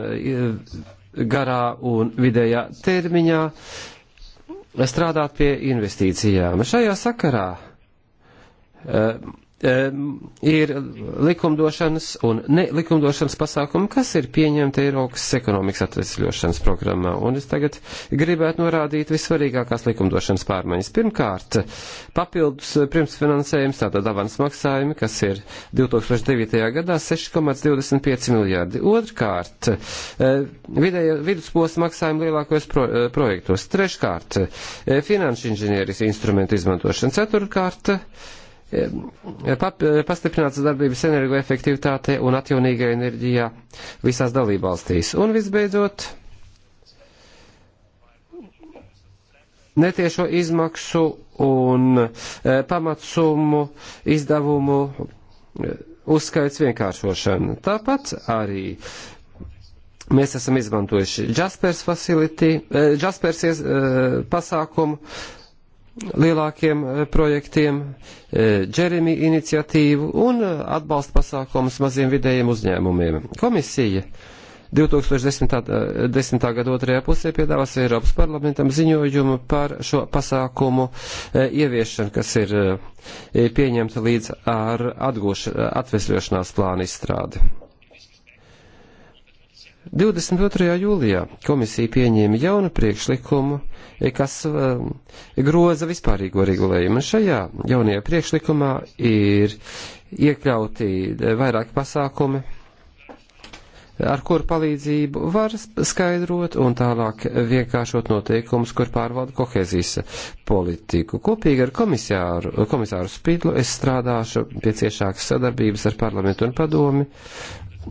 garā un vidējā termiņā strādāt pie investīcijām. Šajā sakarā ir likumdošanas un nelikumdošanas pasākumi, kas ir pieņemti Eiropas ekonomikas atvesļošanas programmā. Un es tagad gribētu norādīt visvarīgākās likumdošanas pārmaiņas. Pirmkārt, papildus eh, pirmsfinansējums, tātad avans maksājumi, kas ir 2009. gadā 6,25 miljārdi. Otrkārt, eh, vidēja vidusposma maksājumi lielākos pro, eh, projektos. Treškārt, finanšu inženieris instrumentu izmantošana. Ceturtkārt, pastiprināts darbības energoefektivitāte un atjaunīga enerģija visās dalībvalstīs. Un visbeidzot, netiešo izmaksu un e, pamatsumu izdevumu e, uzskaits vienkāršošana. Tāpat arī mēs esam izmantojuši Jaspers facility, e, Jaspers pasākumu lielākiem eh, projektiem, Džeremi eh, iniciatīvu un eh, atbalsta pasākumus maziem vidējiem uzņēmumiem. Komisija 2010. 10. gada otrajā pusē piedāvās Eiropas parlamentam ziņojumu par šo pasākumu ieviešanu, kas ir pieņemta līdz ar atgoš, atvesļošanās plānu izstrādi. 22. jūlijā komisija pieņēma jaunu priekšlikumu, eh, kas eh, groza vispārīgo regulējumu. Šajā jaunajā priekšlikumā ir iekļauti eh, vairāki pasākumi, ar kuru palīdzību var skaidrot un tālāk vienkāršot noteikumus, kur pārvalda kohēzijas politiku. Kopīgi ar komisāru, komisāru Spīdlu es strādāšu pie ciešākas sadarbības ar parlamentu un padomi,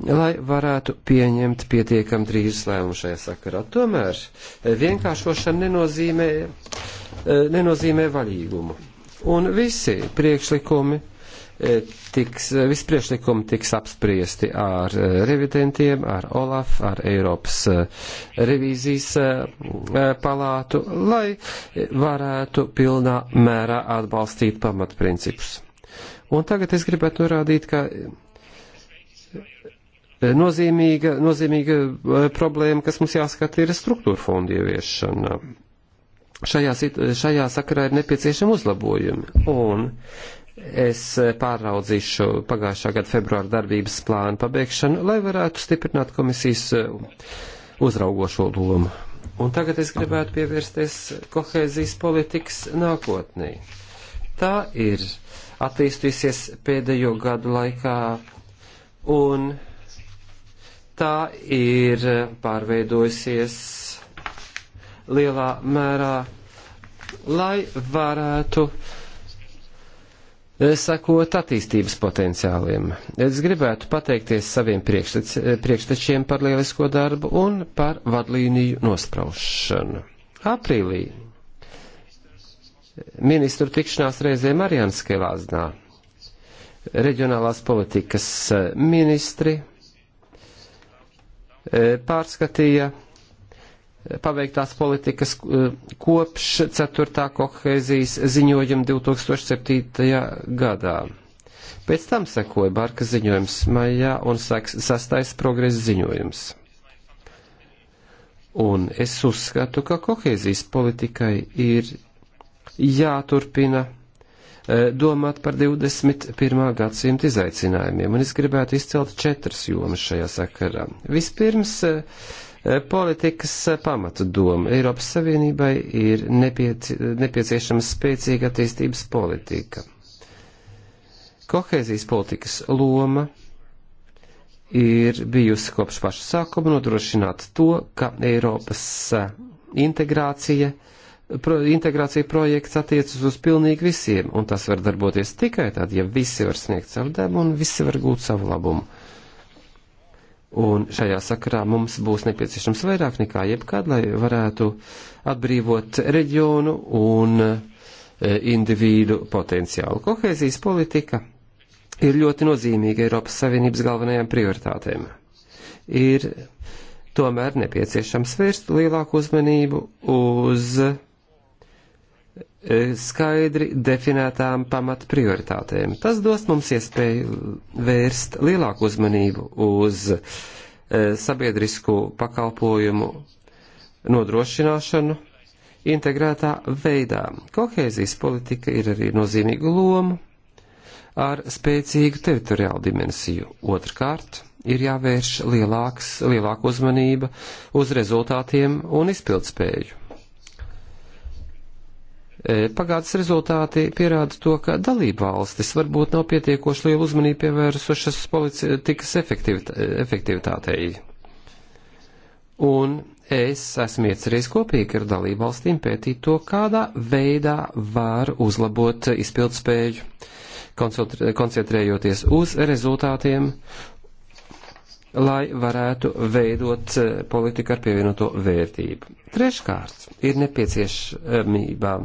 lai varētu pieņemt pietiekam drīz lēmumu šajā sakarā. Tomēr eh, vienkāršošana nenozīmē, eh, nenozīmē vaļīgumu. Un visi priekšlikumi eh, tiks, visi priekšlikumi tiks apspriesti ar revidentiem, ar OLAF, ar Eiropas revīzijas palātu, lai varētu pilnā mērā atbalstīt pamatprincipus. Un tagad es gribētu norādīt, ka nozīmīga, nozīmīga eh, problēma, kas mums jāskata, ir struktūra fondu ieviešana. Šajā, šajā sakarā ir nepieciešami uzlabojumi. Un es eh, pāraudzīšu pagājušā gada februāra darbības plānu pabeigšanu, lai varētu stiprināt komisijas eh, uzraugošo lomu. Un tagad es gribētu pievērsties kohēzijas politikas nākotnē. Tā ir attīstījusies pēdējo gadu laikā un tā ir pārveidojusies lielā mērā, lai varētu eh, sakot attīstības potenciāliem. Es gribētu pateikties saviem priekštečiem par lielisko darbu un par vadlīniju nospraušanu. Aprīlī ministru tikšanās reizē Marijānskelāznā reģionālās politikas eh, ministri E, pārskatīja e, paveiktās politikas e, kopš 4. kohēzijas ziņojuma 2007. gadā. Pēc tam sekoja Barka ziņojums maijā un sastais progresa ziņojums. Un es uzskatu, ka kohēzijas politikai ir jāturpina Eh, domāt par 21. gadsimta izaicinājumiem, un es gribētu izcelt četras jomas šajā sakarā. Vispirms, eh, eh, politikas pamata doma Eiropas Savienībai ir nepieci nepieciešama spēcīga attīstības politika. Kohēzijas politikas loma ir bijusi kopš paša sākuma nodrošināt to, ka Eiropas integrācija uh, pro, integrācija projekts attiecas uz pilnīgi visiem, un tas var darboties tikai tad, ja visi var sniegt savu devu un visi var gūt savu labumu. Un šajā sakarā mums būs nepieciešams vairāk nekā jebkad, lai varētu atbrīvot reģionu un e, individu potenciālu. Kohēzijas politika ir ļoti nozīmīga Eiropas Savienības galvenajām prioritātēm. Ir tomēr nepieciešams vērst lielāku uzmanību uz uh, E, skaidri definētām pamat prioritātēm. Tas dos mums iespēju vērst lielāku uzmanību uz e, sabiedrisku pakalpojumu nodrošināšanu integrētā veidā. Kohēzijas politika ir arī nozīmīga loma ar spēcīgu teritoriālu dimensiju. Otrkārt, ir jāvērš lielāks, lielāka uzmanība uz rezultātiem un izpildspēju. E, pagātnes rezultāti pierāda to, ka dalība valstis varbūt nav pietiekoši lielu uzmanību pievērsušas politikas efektivitātei. Un es esmu iecerējis kopīgi ar dalību valstīm pētīt to, kādā veidā var uzlabot izpildspēju, koncentrējoties uz rezultātiem, lai varētu veidot e, politiku ar pievienoto vērtību. Treškārt, ir nepieciešamība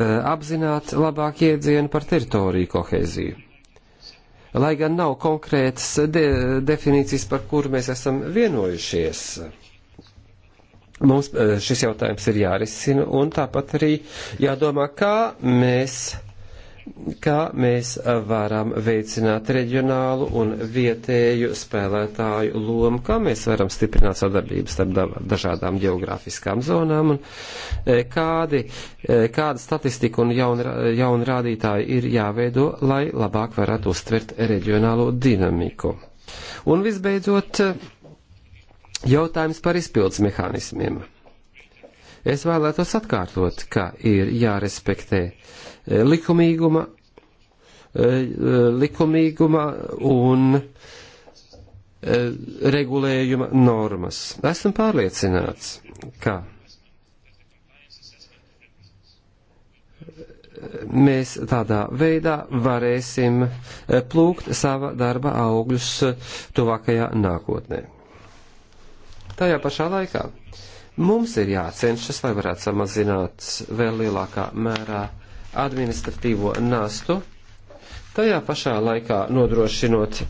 Eh, apzināt labāk iedzienu par teritoriju kohēziju. Lai gan nav konkrētas de definīcijas, par kuru mēs esam vienojušies, mums eh, šis jautājums ir jārisina un tāpat arī jādomā, kā mēs kā mēs varam veicināt reģionālu un vietēju spēlētāju lomu, kā mēs varam stiprināt sadarbības starp dažādām geogrāfiskām zonām un e, kādi, e, kāda statistika un jauni, jauni rādītāji ir jāveido, lai labāk varētu uztvert reģionālo dinamiku. Un visbeidzot, jautājums par izpildus mehānismiem. Es vēlētos atkārtot, ka ir jārespektē uh, Eh, likumīguma, eh, eh, likumīguma un regulējuma normas. Esmu pārliecināts, ka mēs tādā veidā varēsim plūkt sava darba augļus tuvākajā nākotnē. Tajā pašā laikā mums ir jācenšas, lai varētu samazināt vēl lielākā mērā administratīvo nastu, tajā pašā laikā nodrošinot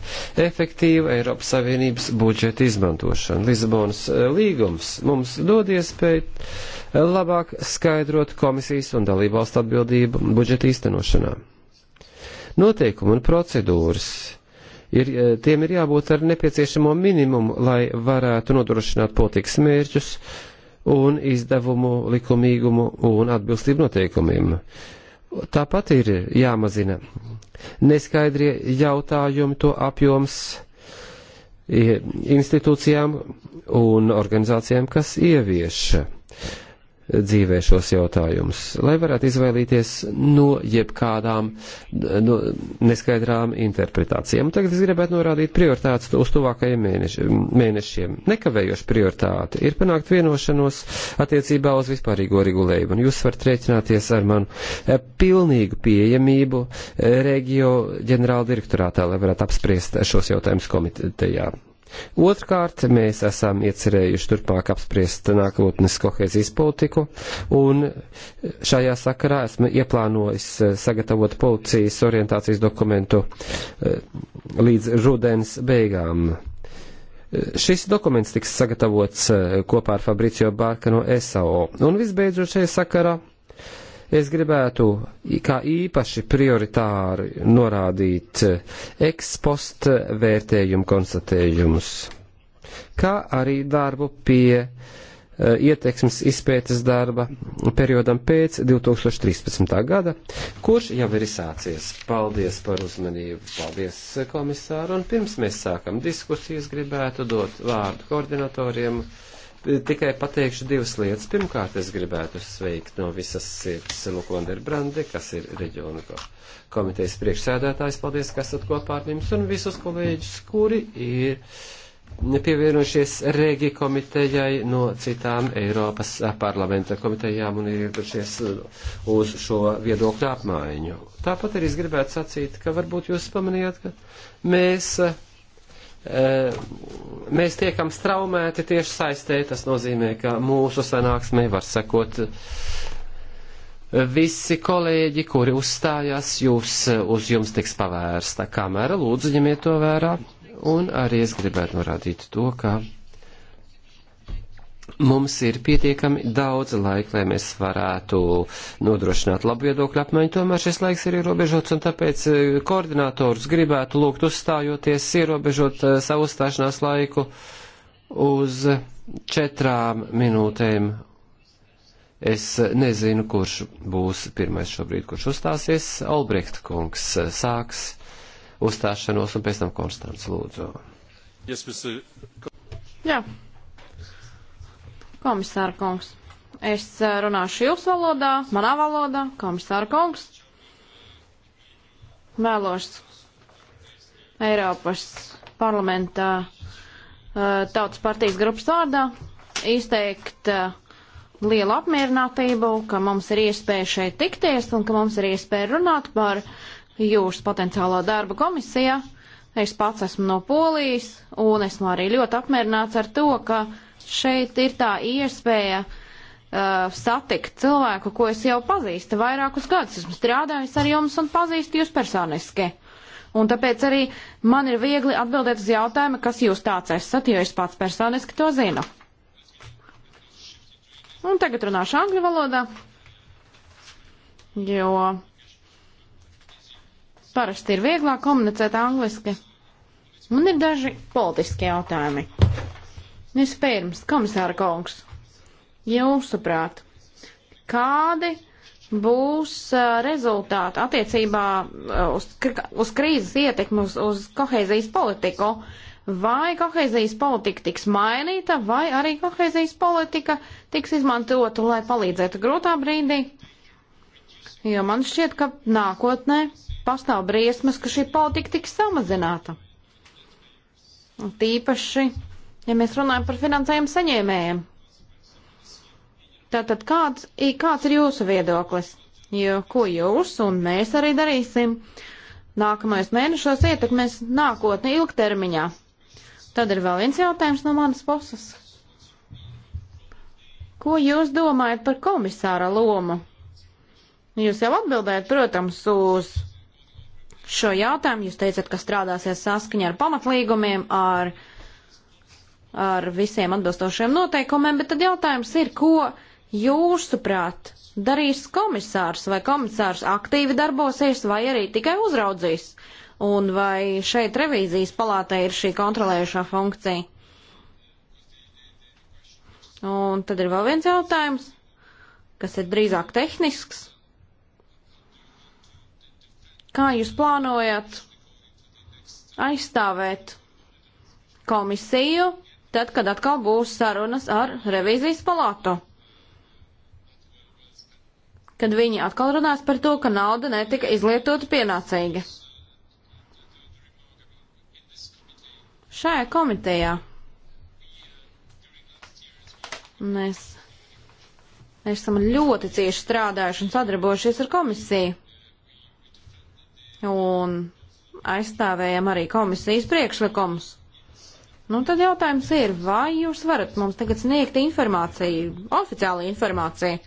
efektīvu Eiropas Savienības budžeta izmantošanu. Lisabonas eh, līgums mums dod iespēju eh, labāk skaidrot komisijas un dalībvalstu atbildību budžeta īstenošanā. Noteikumi un procedūras ir, eh, tiem ir jābūt ar nepieciešamo minimumu, lai varētu nodrošināt politikas mērķus un izdevumu likumīgumu un atbilstību noteikumiem. Tāpat ir jāmazina neskaidrie jautājumi, to apjoms institūcijām un organizācijām, kas ievieš dzīvē šos jautājumus, lai varētu izvairīties no jebkādām no neskaidrām interpretācijām. Tagad es gribētu norādīt prioritātes uz tuvākajiem mēneši, mēnešiem. Nekavējoši prioritāte ir panākt vienošanos attiecībā uz vispārīgo regulējumu, un jūs varat rēķināties ar manu eh, pilnīgu pieejamību eh, regio ģenerāla direktorātā, lai varētu apspriest šos jautājumus komitejā. Otrkārt, mēs esam iecerējuši turpmāk apspriest nākotnes kohēzijas politiku, un šajā sakarā esmu ieplānojis eh, sagatavot policijas orientācijas dokumentu eh, līdz rudens beigām. Eh, šis dokuments tiks sagatavots kopā ar Fabricio Bārka no SAO. Un visbeidzot šajā sakarā Es gribētu kā īpaši prioritāri norādīt ekspost eh, vērtējumu konstatējumus, kā arī darbu pie eh, ieteiksmes izpētes darba periodam pēc 2013. gada, kurš jau ir izsācies. Paldies par uzmanību, paldies komisāru, un pirms mēs sākam diskusijas, gribētu dot vārdu koordinatoriem tikai pateikšu divas lietas. Pirmkārt, es gribētu sveikt no visas sirds Luku Vanderbrandi, kas ir reģionu komitejas priekšsēdētājs. Paldies, ka esat kopā ar mums un visus kolēģus, kuri ir pievienojušies Rēgi komitejai no citām Eiropas parlamenta komitejām un ir ieradušies uz šo viedokļu apmaiņu. Tāpat arī es gribētu sacīt, ka varbūt jūs pamanījāt, ka mēs Eh, mēs tiekam straumēti tieši saistē, tas nozīmē, ka mūsu sanāksmē var sekot visi kolēģi, kuri uzstājās, jūs, eh, uz jums tiks pavērsta kamera, lūdzu ņemiet to vērā, un arī es gribētu norādīt to, ka Mums ir pietiekami daudz laika, lai mēs varētu nodrošināt labu viedokļu apmaiņu, tomēr šis laiks ir ierobežots, un tāpēc eh, koordinātors gribētu lūgt uzstājoties, ierobežot eh, savu uzstāšanās laiku uz četrām minūtēm. Es nezinu, kurš būs pirmais šobrīd, kurš uzstāsies. Albrecht kungs eh, sāks uzstāšanos, un pēc tam Konstants lūdzu. Yes, Jā, Komisāra kungs, es eh, runāšu jūsu valodā, manā valodā, komisāra kungs. Mēlos Eiropas parlamentā eh, tautas partijas grupas vārdā izteikt eh, lielu apmierinātību, ka mums ir iespēja šeit tikties un ka mums ir iespēja runāt par jūsu potenciālo darbu komisijā. Es pats esmu no Polijas un esmu arī ļoti apmierināts ar to, ka šeit ir tā iespēja uh, satikt cilvēku, ko es jau pazīstu vairākus gadus. Esmu strādājis ar jums un pazīstu jūs personiski. Un tāpēc arī man ir viegli atbildēt uz jautājumu, kas jūs tāds esat, jo es pats personiski to zinu. Un tagad runāšu angļu valodā, jo parasti ir vieglāk komunicēt angliski. Man ir daži politiski jautājumi. Vispirms, komisāra kungs, jūsuprāt, kādi būs rezultāti attiecībā uz, uz krīzes ietekmi uz, uz kohēzijas politiku? Vai kohēzijas politika tiks mainīta, vai arī kohēzijas politika tiks izmantota, lai palīdzētu grūtā brīdī? Jo man šķiet, ka nākotnē pastāv briesmas, ka šī politika tiks samazināta. Tīpaši ja mēs runājam par finansējumu saņēmējiem. Tātad kāds, kāds ir jūsu viedoklis? Jo, ko jūs un mēs arī darīsim? Nākamais mēnešos ietekmēs nākotni ilgtermiņā. Tad ir vēl viens jautājums no manas puses. Ko jūs domājat par komisāra lomu? Jūs jau atbildējat, protams, uz šo jautājumu. Jūs teicat, ka strādāsiet saskaņā ar pamatlīgumiem, ar uh, ar visiem atbilstošiem noteikumiem, bet tad jautājums ir, ko jūsuprāt darīs komisārs, vai komisārs aktīvi darbosies, vai arī tikai uzraudzīs, un vai šeit revīzijas palātē ir šī kontrolējušā funkcija. Un tad ir vēl viens jautājums, kas ir drīzāk tehnisks. Kā jūs plānojat aizstāvēt komisiju tad, kad atkal būs sarunas ar revīzijas palātu. Kad viņi atkal runās par to, ka nauda netika izlietota pienācīgi. Šajā komitejā mēs esam ļoti cieši strādājuši un sadarbojušies ar komisiju. Un aizstāvējam arī komisijas priekšlikumus. Nu, tad jautājums ir, vai jūs varat mums tagad sniegt informāciju, oficiālu informāciju?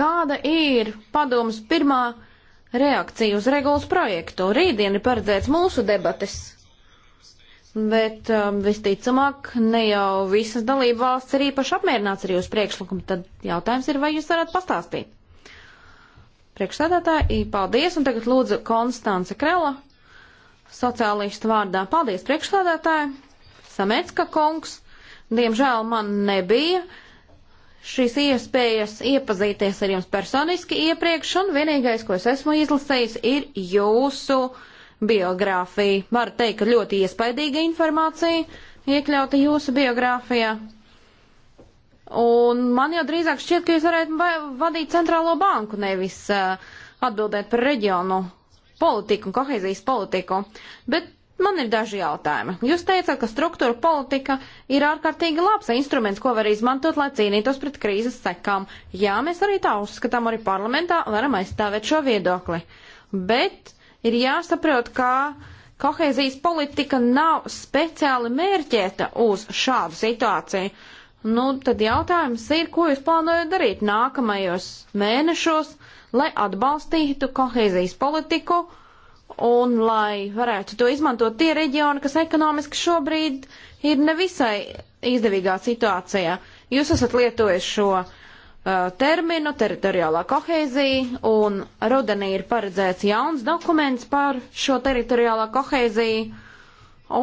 Kāda ir padomas pirmā reakcija uz regulas projektu? Rītdien ir paredzēts mūsu debates, bet um, visticamāk ne jau visas dalība valsts ir īpaši apmierināts ar jūsu priekšlikumu. Tad jautājums ir, vai jūs varat pastāstīt? Priekšsēdētāji, paldies, un tagad lūdzu Konstance Krela sociālistu vārdā. Paldies, priekšstādātāji! Samecka kungs, diemžēl man nebija šīs iespējas iepazīties ar jums personiski iepriekš, un vienīgais, ko es esmu izlasījis, ir jūsu biogrāfija. Varu teikt, ka ļoti iespaidīga informācija iekļauta jūsu biogrāfijā. Un man jau drīzāk šķiet, ka jūs varētu vadīt centrālo banku, nevis uh, atbildēt par reģionu politiku un kohēzijas politiku. Bet man ir daži jautājumi. Jūs teicāt, ka struktūra politika ir ārkārtīgi labs instruments, ko var izmantot, lai cīnītos pret krīzes sekām. Jā, mēs arī tā uzskatām, arī parlamentā varam aizstāvēt šo viedokli. Bet ir jāsaprot, ka kohēzijas politika nav speciāli mērķēta uz šādu situāciju. Nu, tad jautājums ir, ko jūs plānojat darīt nākamajos mēnešos, lai atbalstītu kohēzijas politiku un lai varētu to izmantot tie reģioni, kas ekonomiski šobrīd ir nevisai izdevīgā situācijā. Jūs esat lietojis šo uh, terminu teritoriālā kohēzija un rudenī ir paredzēts jauns dokuments par šo teritoriālā kohēziju.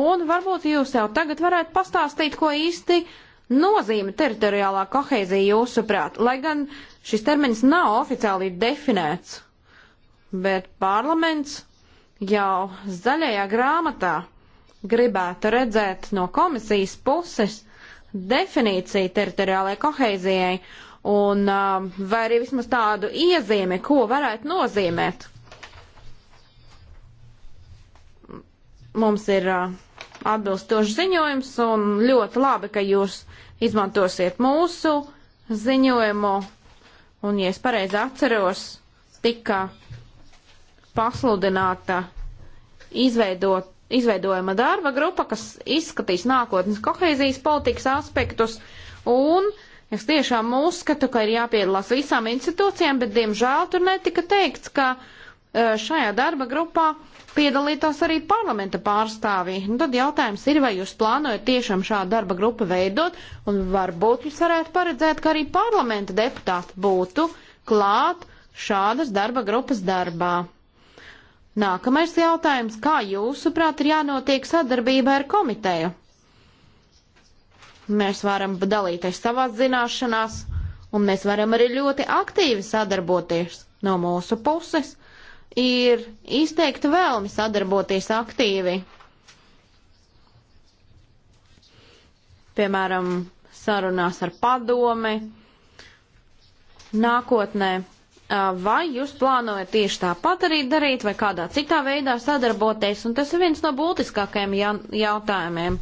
Un varbūt jūs jau tagad varētu pastāstīt, ko īsti nozīme teritoriālā kohēzija jūsuprāt, lai gan Šis termins nav oficiāli definēts, bet parlaments jau zaļajā grāmatā gribētu redzēt no komisijas puses definīciju teritoriālajai koheizijai un um, vai arī vismaz tādu iezīmi, ko varētu nozīmēt. Mums ir uh, atbilstošs ziņojums un ļoti labi, ka jūs izmantosiet mūsu ziņojumu un, ja es pareizi atceros, tika pasludināta izveidot, izveidojama darba grupa, kas izskatīs nākotnes kohēzijas politikas aspektus, un es tiešām uzskatu, ka ir jāpiedalās visām institūcijām, bet, diemžēl, tur netika teikts, ka eh, šajā darba grupā uh, piedalītos arī parlamenta pārstāvji. Nu, tad jautājums ir, vai jūs plānojat tiešām šādu darba grupu veidot, un varbūt jūs varētu paredzēt, ka arī parlamenta deputāti būtu klāt šādas darba grupas darbā. Nākamais jautājums, kā jūsuprāt ir jānotiek sadarbībai ar komiteju? Mēs varam dalīties savās zināšanās, un mēs varam arī ļoti aktīvi sadarboties no mūsu puses ir izteikta vēlme sadarboties aktīvi. Piemēram, sarunās ar padome nākotnē. Vai jūs plānojat tieši tāpat arī darīt, vai kādā citā veidā sadarboties? Un tas ir viens no būtiskākajiem jautājumiem.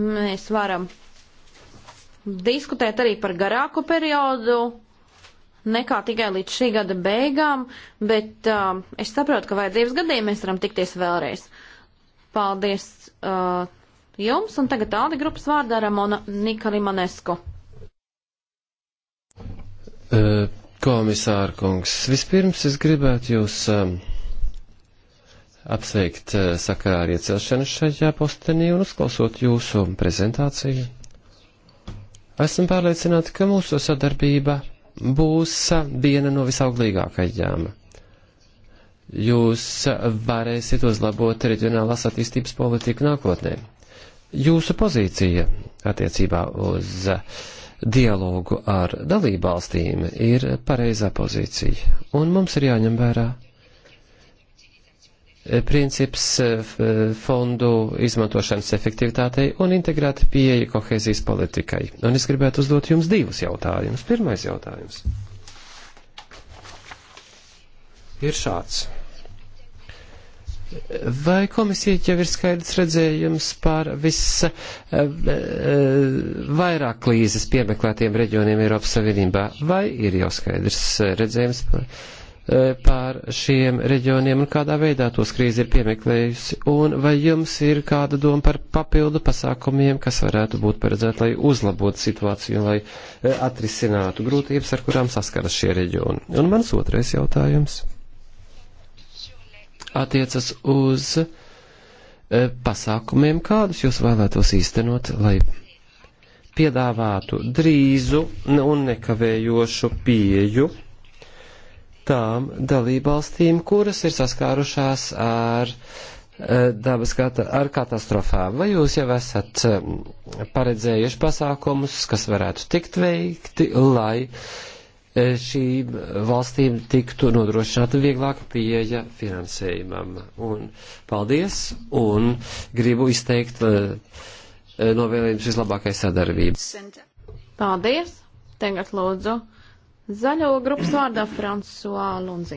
Mēs varam diskutēt arī par garāku periodu, nekā tikai līdz šī gada beigām, bet uh, es saprotu, ka vajadzības gadījumā mēs varam tikties vēlreiz. Paldies uh, jums, un tagad tāda grupas vārdā Ramona Nikalimanesko. Uh, komisāra kungs, vispirms es gribētu jūs um, apsveikt uh, sakarā ar iecelšanu šajā postenī un uzklausot jūsu prezentāciju. Esmu pārliecināti, ka mūsu sadarbība būs viena no visauglīgākajām. Jūs varēsiet uzlabot reģionālās attīstības politiku nākotnē. Jūsu pozīcija attiecībā uz dialogu ar dalībvalstīm ir pareizā pozīcija, un mums ir jāņem vērā princips eh, eh, fondu izmantošanas efektivitātei un integrēta pieeja kohēzijas politikai. Un es gribētu uzdot jums divus jautājumus. Pirmais jautājums ir šāds. Vai komisija jau ir skaidrs redzējums par visvairāk eh, krīzes piemeklētiem reģioniem Eiropas Savienībā, vai ir jau skaidrs redzējums par E, pār šiem reģioniem un kādā veidā tos krīze ir piemeklējusi, un vai jums ir kāda doma par papildu pasākumiem, kas varētu būt paredzēti, lai uzlabotu situāciju un lai e, atrisinātu grūtības, ar kurām saskaras šie reģioni. Un mans otrais jautājums attiecas uz e, pasākumiem, kādus jūs vēlētos īstenot, lai piedāvātu drīzu un nekavējošu pieju tām dalībvalstīm, kuras ir saskārušās ar eh, dabas kata, ar katastrofām. Vai jūs jau esat eh, paredzējuši pasākumus, kas varētu tikt veikti, lai eh, šīm valstīm tiktu nodrošināta vieglāka pieeja finansējumam? Un paldies, un gribu izteikt novēlējums vislabākai sadarbības. Paldies! Tagad lūdzu Zaļo grupas vārdā Fransuā Lunzi.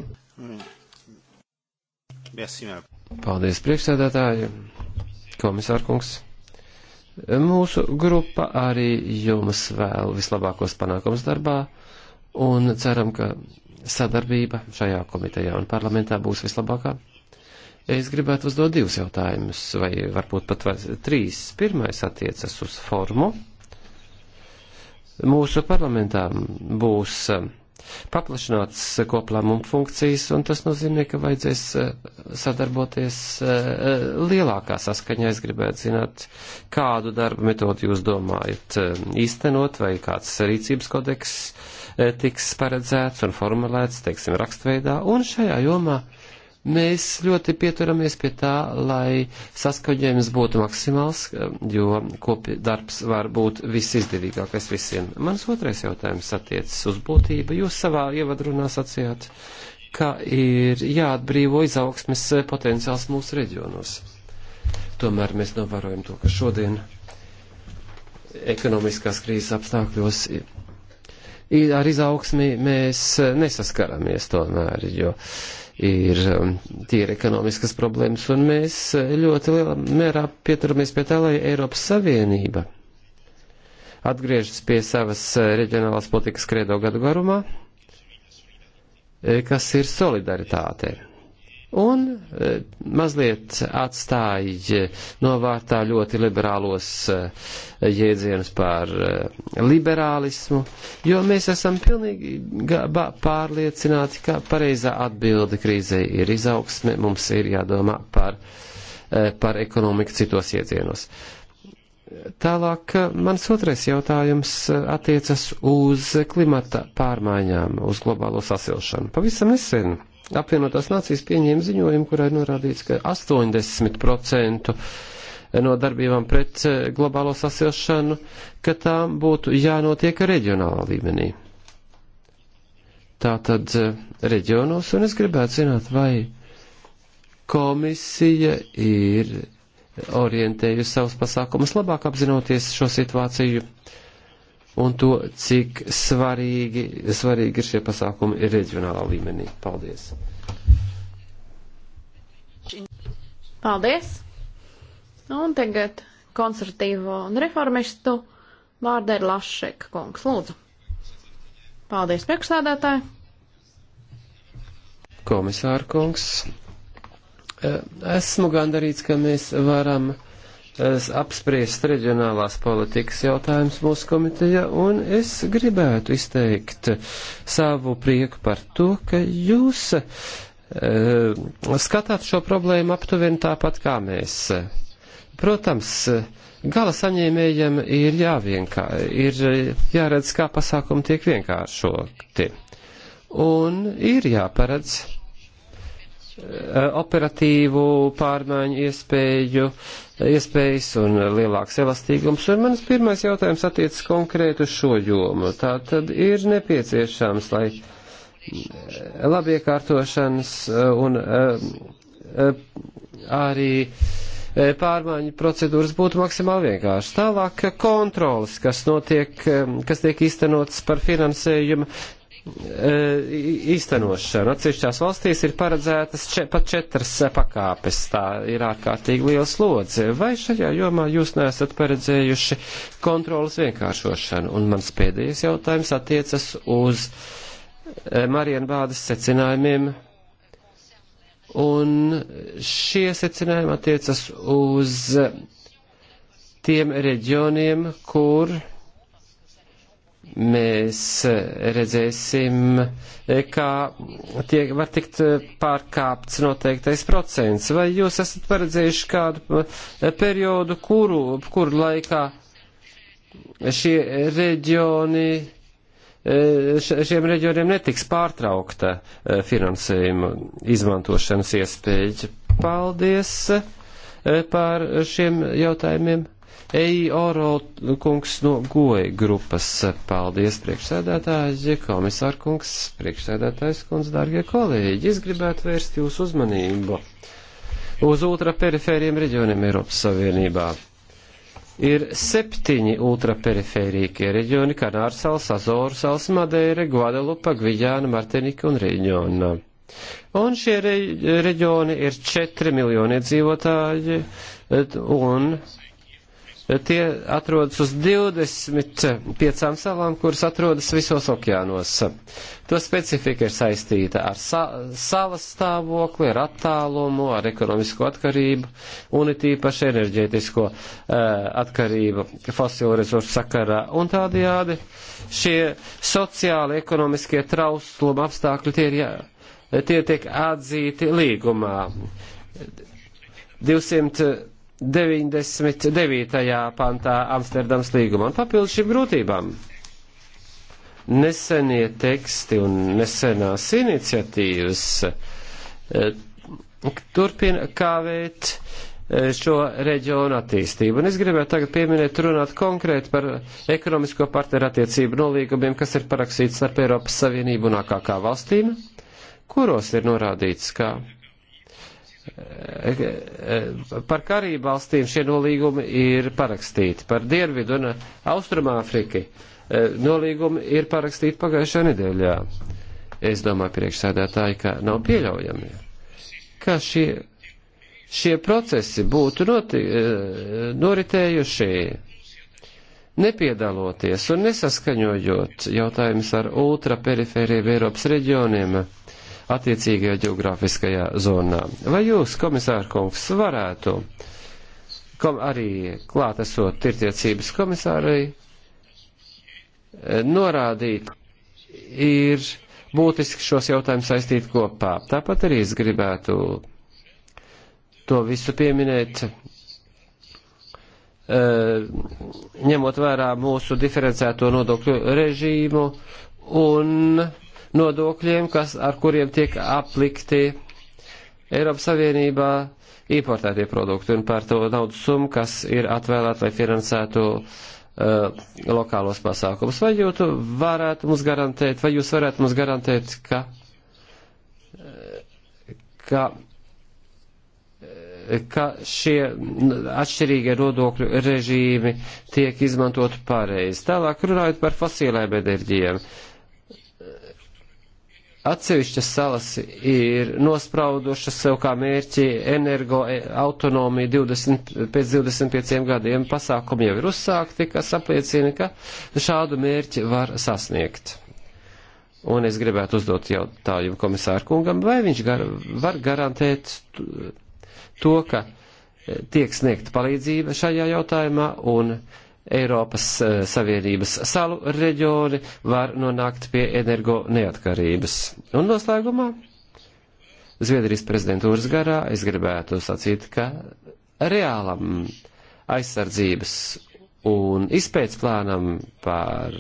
Paldies, priekšsēdētāji, komisārkungs. Mūsu grupa arī jums vēl vislabākos panākums darbā un ceram, ka sadarbība šajā komitejā un parlamentā būs vislabākā. Es gribētu uzdot divus jautājumus, vai varbūt pat vai trīs. Pirmais attiecas uz formu mūsu parlamentā būs eh, paplašināts koplēmumu funkcijas, un tas nozīmē, ka vajadzēs eh, sadarboties eh, lielākā saskaņā. Es gribētu zināt, kādu darbu metodu jūs domājat īstenot, vai kāds rīcības kodeks tiks paredzēts un formulēts, teiksim, rakstveidā, un šajā jomā. Uh, Mēs ļoti pieturamies pie tā, lai saskaņojums būtu maksimāls, jo kopi darbs var būt visizdevīgākais visiem. Mans otrais jautājums attiecas uz būtību. Jūs savā ievadrunā sacījāt, ka ir jāatbrīvo izaugsmes potenciāls mūsu reģionos. Tomēr mēs novērojam to, ka šodien ekonomiskās krīzes apstākļos ar izaugsmi mēs nesaskaramies tomēr, jo uh, ir um, tīri ekonomiskas problēmas, un mēs uh, ļoti lielā mērā pieturamies pie tā, lai Eiropas Savienība atgriežas pie savas uh, reģionālās politikas kredo gadu garumā, eh, kas ir solidaritāte un e, mazliet atstāja novārtā ļoti liberālos e, jēdzienus par e, liberālismu, jo mēs esam pilnīgi pārliecināti, ka pareizā atbilde krīzē ir izaugsme, mums ir jādomā par, par ekonomiku citos iedzienos. Tālāk, mans otrais jautājums attiecas uz klimata pārmaiņām, uz globālo sasilšanu. Pavisam nesen apvienotās nācijas pieņēma ziņojumu, kurā ir norādīts, ka 80% no darbībām pret eh, globālo sasilšanu, ka tām būtu jānotiek reģionālā līmenī. Tātad eh, reģionos, un es gribētu zināt, vai komisija ir orientējusi savus pasākumus labāk apzinoties šo situāciju un to, cik svarīgi, svarīgi ir šie pasākumi ir reģionālā līmenī. Paldies! Paldies! Un tagad konservatīvo un reformistu vārdā ir Lašek kungs. Lūdzu! Paldies, priekšsādātāji! Komisāra kungs! Eh, esmu gandarīts, ka mēs varam apspriest reģionālās politikas jautājums mūsu komiteja, un es gribētu izteikt savu prieku par to, ka jūs e, skatāt šo problēmu aptuveni tāpat kā mēs. Protams, gala saņēmējiem ir jāvienkār, ir jāredz, kā pasākumi tiek vienkāršoti. Un ir jāparedz Eh, operatīvu pārmaiņu iespēju, iespējas un lielāks elastīgums. Un mans pirmais jautājums attiecas konkrēt uz šo jomu. Tā tad ir nepieciešams, lai eh, labiekārtošanas eh, un arī pārmaiņu procedūras būtu maksimāli vienkāršas. Tālāk kontrolas, kas, notiek, kas tiek īstenotas par finansējumu Eh, īstenošanu. Atsevišķās valstīs ir paredzētas čet, pat četras pakāpes. Tā ir ārkārtīgi liela slodze. Vai šajā jomā jūs neesat paredzējuši kontrolas vienkāršošanu? Un mans pēdējais jautājums attiecas uz eh, Marienu Bādas secinājumiem. Un šie secinājumi attiecas uz eh, tiem reģioniem, kur mēs redzēsim, kā tiek, var tikt pārkāpts noteiktais procents. Vai jūs esat paredzējuši kādu periodu, kuru, kuru laikā šie reģioni, šiem reģioniem netiks pārtraukta finansējuma izmantošanas iespēja? Paldies par šiem jautājumiem. Ei Oro kungs no goja grupas. Paldies, priekšsēdētāji, komisār kungs, priekšsēdētājs kungs, dārgie kolēģi. Es gribētu vērst jūsu uzmanību uz ultraperifēriem reģioniem Eiropas Savienībā. Ir septiņi ultraperifērīkie reģioni - Kanārsalas, Azoru salas, Madeira, Guadalupa, Gvijāna, Martinika un Reģiona. Un šie reģioni ir četri miljoni iedzīvotāji un Tie atrodas uz 25 salām, kuras atrodas visos okeānos. To specifika ir saistīta ar sa salas stāvokli, ar attālumu, ar ekonomisko atkarību un it īpaši enerģētisko uh, atkarību fosilo resursu sakarā. Un tādajādi šie sociāli ekonomiskie trausluma apstākļi tie, ir, jā, tie tiek atzīti līgumā. 200 99. pantā Amsterdams līguma un papildus šīm grūtībām. Nesenie teksti un nesenās iniciatīvas eh, turpina kāvēt eh, šo reģionu attīstību. Un es gribētu tagad pieminēt, runāt konkrēti par ekonomisko partneru attiecību nolīgumiem, kas ir parakstīts starp Eiropas Savienību un AKK valstīm, kuros ir norādīts, ka Par Karību valstīm šie nolīgumi ir parakstīti, par Dienvidu un Austrumāfriki e, nolīgumi ir parakstīti pagājušā nedēļā. Es domāju, priekšsēdētāji, ka nav pieļaujami, ka šie, šie procesi būtu noti, e, noritējuši nepiedaloties un nesaskaņojot jautājumus ar ultraperifēriem Eiropas reģioniem attiecīgajā geogrāfiskajā zonā. Vai jūs, komisāra kungs, varētu kom arī klātesot tirtiecības komisārai eh, norādīt, ir būtiski šos jautājumus saistīt kopā. Tāpat arī es gribētu to visu pieminēt, eh, ņemot vērā mūsu diferencēto nodokļu režīmu un nodokļiem, kas, ar kuriem tiek aplikti Eiropas Savienībā importētie produkti un par to naudas summu, kas ir atvēlēta, lai finansētu uh, lokālos pasākumus. Vai jūs varētu mums garantēt, vai jūs varētu mums garantēt, ka, uh, ka uh, ka šie atšķirīgie nodokļu režīmi tiek izmantot pareizi. Tālāk runājot par fosilēm enerģijām. Uh, Atsevišķas salas ir nospraudušas sev kā mērķi energo e, autonomiju 20, pēc 25 gadiem. Pasākumi jau ir uzsākti, kas apliecina, ka šādu mērķi var sasniegt. Un es gribētu uzdot jautājumu komisāru kungam, vai viņš gar, var garantēt to, ka tiek sniegta palīdzība šajā jautājumā un uh, Eiropas eh, Savienības salu reģioni var nonākt pie energo neatkarības. Un noslēgumā Zviedrijas prezidentūras garā es gribētu sacīt, ka reālam aizsardzības un izpēc plānam par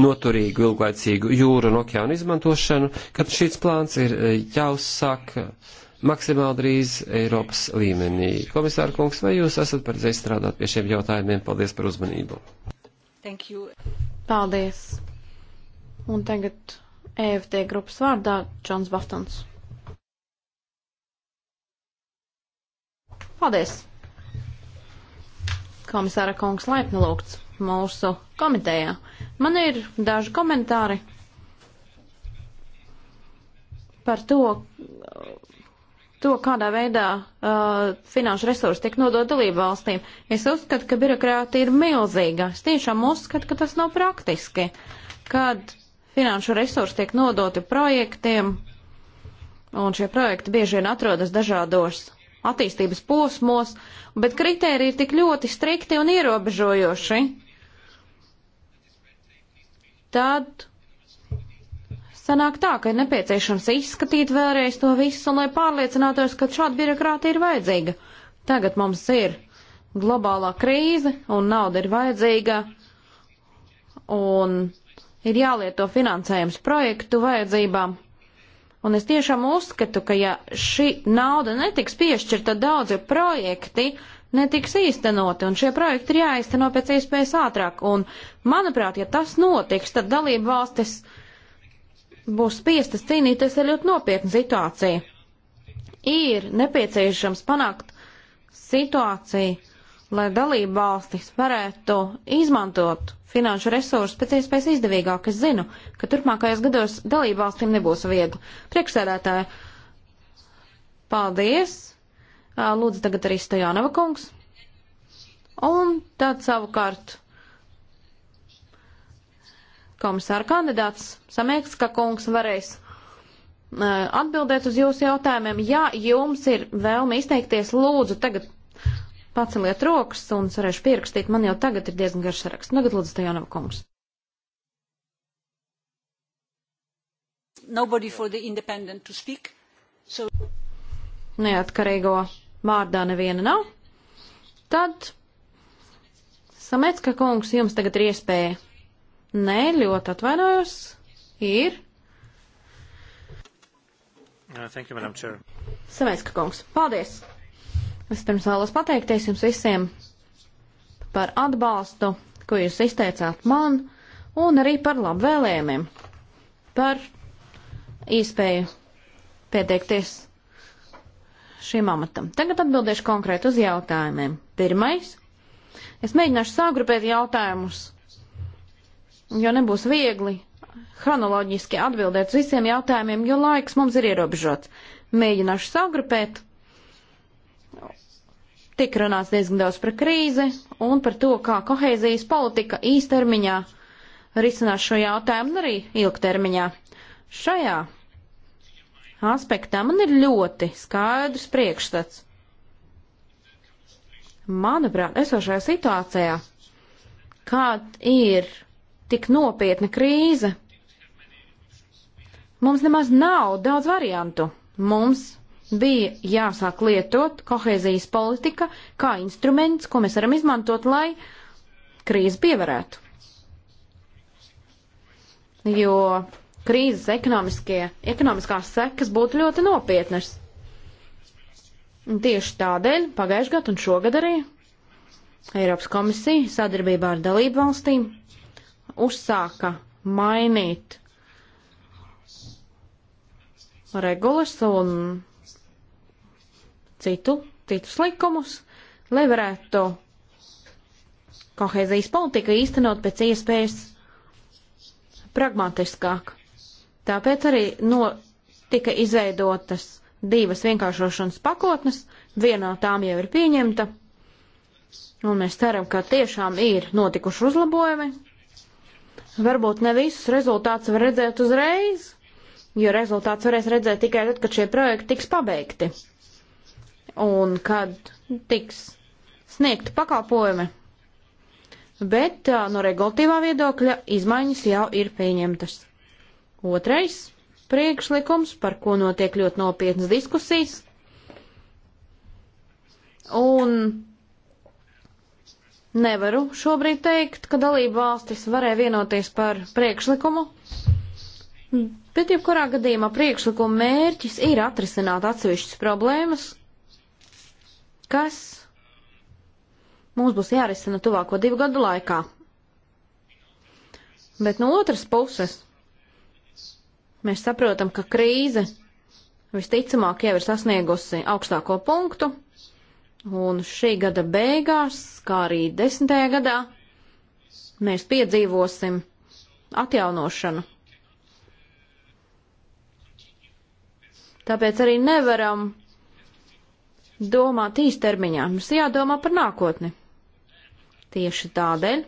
noturīgu, ilglaicīgu jūru un okeānu izmantošanu, kad šīs plāns ir eh, jāuzsāk. Uh, maksimāli drīz Eiropas līmenī. Komisāra kungs, vai jūs esat paredzējis strādāt pie šiem jautājumiem? Paldies par uzmanību. Paldies. Un tagad EFT grupas vārdā Džons Baftons. Paldies. Komisāra kungs laipni lūgts mūsu komitejā. Man ir daži komentāri par to, to, kādā veidā uh, finanšu resursi tiek nodot dalību valstīm. Es uzskatu, ka birokrātija ir milzīga. Es tiešām uzskatu, ka tas nav praktiski, kad finanšu resursi tiek nodoti projektiem, un šie projekti bieži vien atrodas dažādos attīstības posmos, bet kritēriji ir tik ļoti strikti un ierobežojoši. Tad sanāk tā, ka ir nepieciešams izskatīt vēlreiz to visu, un lai pārliecinātos, ka šāda birokrātija ir vajadzīga. Tagad mums ir globālā krīze, un nauda ir vajadzīga, un ir jālieto finansējums projektu vajadzībām. Un es tiešām uzskatu, ka ja šī nauda netiks piešķirta, daudzi projekti netiks īstenoti, un šie projekti ir jāizteno pēc iespējas ātrāk. Un, manuprāt, ja tas notiks, tad dalību valstis būs spiestas cīnīties ar ļoti nopietnu situāciju. Ir nepieciešams panākt situāciju, lai dalība valstis varētu izmantot finanšu resursus pēc iespējas izdevīgāk. Es zinu, ka turpmākajos gados dalība valstīm nebūs viegli. Priekšsēdētāji, paldies! Lūdzu, tagad arī Stajanova kungs. Un tad savukārt komisāra kandidāts Samēkska kungs varēs uh, atbildēt uz jūsu jautājumiem. Ja jums ir vēlme izteikties, lūdzu, tagad paceliet rokas un varēšu pierakstīt. Man jau tagad ir diezgan garš saraksts. Nu, tagad lūdzu, Stajanova kungs. Nobody for the independent to speak. So... Neatkarīgo vārdā neviena nav. Tad Samecka kungs, jums tagad ir iespēja Nē, ļoti atvainojos. Ir. Uh, thank you, Madam Chair. Savaiska kungs, paldies! Es pirms vēlos pateikties jums visiem par atbalstu, ko jūs izteicāt man, un arī par labvēlējumiem, par iespēju pieteikties šim amatam. Tagad atbildēšu konkrēti uz jautājumiem. Pirmais. Es mēģināšu sagrupēt jautājumus jo nebūs viegli chronoloģiski atbildēt uz visiem jautājumiem, jo laiks mums ir ierobežots. Mēģināšu sagrupēt. Tik runāts diezgan daudz par krīzi un par to, kā kohēzijas politika īstermiņā risinās šo jautājumu un arī ilgtermiņā. Šajā aspektā man ir ļoti skaidrs priekšstats. Manuprāt, esošajā situācijā, kāda ir tik nopietna krīze, mums nemaz nav daudz variantu. Mums bija jāsāk lietot kohēzijas politika kā instruments, ko mēs varam izmantot, lai krīzi pievarētu. Jo krīzes ekonomiskās sekas būtu ļoti nopietnas. Un tieši tādēļ pagājušajā gadā un šogad arī Eiropas komisija sadarbībā ar dalību valstīm uzsāka mainīt regulas un citu, citus likumus, lai varētu kohēzijas politika īstenot pēc iespējas pragmatiskāk. Tāpēc arī no, tika izveidotas divas vienkāršošanas pakotnes, viena no tām jau ir pieņemta, un mēs ceram, ka tiešām ir notikuši uzlabojumi, Varbūt ne visus rezultātus var redzēt uzreiz, jo rezultāts varēs redzēt tikai tad, kad šie projekti tiks pabeigti un kad tiks sniegti pakalpojumi. Bet no regulatīvā viedokļa izmaiņas jau ir pieņemtas. Otrais priekšlikums, par ko notiek ļoti nopietnas diskusijas. Un Nevaru šobrīd teikt, ka dalība valstis varēja vienoties par priekšlikumu, bet jebkurā gadījumā priekšlikuma mērķis ir atrisināt atsevišķas problēmas, kas mums būs jārisina tuvāko divu gadu laikā. Bet no otras puses, mēs saprotam, ka krīze visticamāk jau ir sasniegusi augstāko punktu, Un šī gada beigās, kā arī desmitajā gadā, mēs piedzīvosim atjaunošanu. Tāpēc arī nevaram domāt īstermiņā. Mums jādomā par nākotni. Tieši tādēļ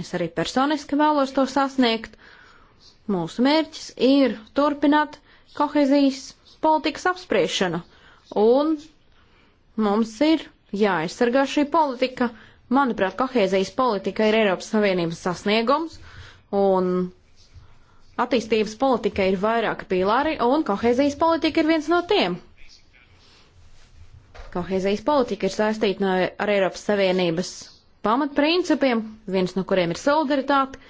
es arī personiski vēlos to sasniegt. Mūsu mērķis ir turpināt kohezijas politikas apspriešanu un Mums ir jāaizsargā šī politika. Manuprāt, kohēzijas politika ir Eiropas Savienības sasniegums, un attīstības politika ir vairāki pīlāri, un kohēzijas politika ir viens no tiem. Kohēzijas politika ir saistīta no, ar Eiropas Savienības pamatprincipiem, viens no kuriem ir solidaritāte.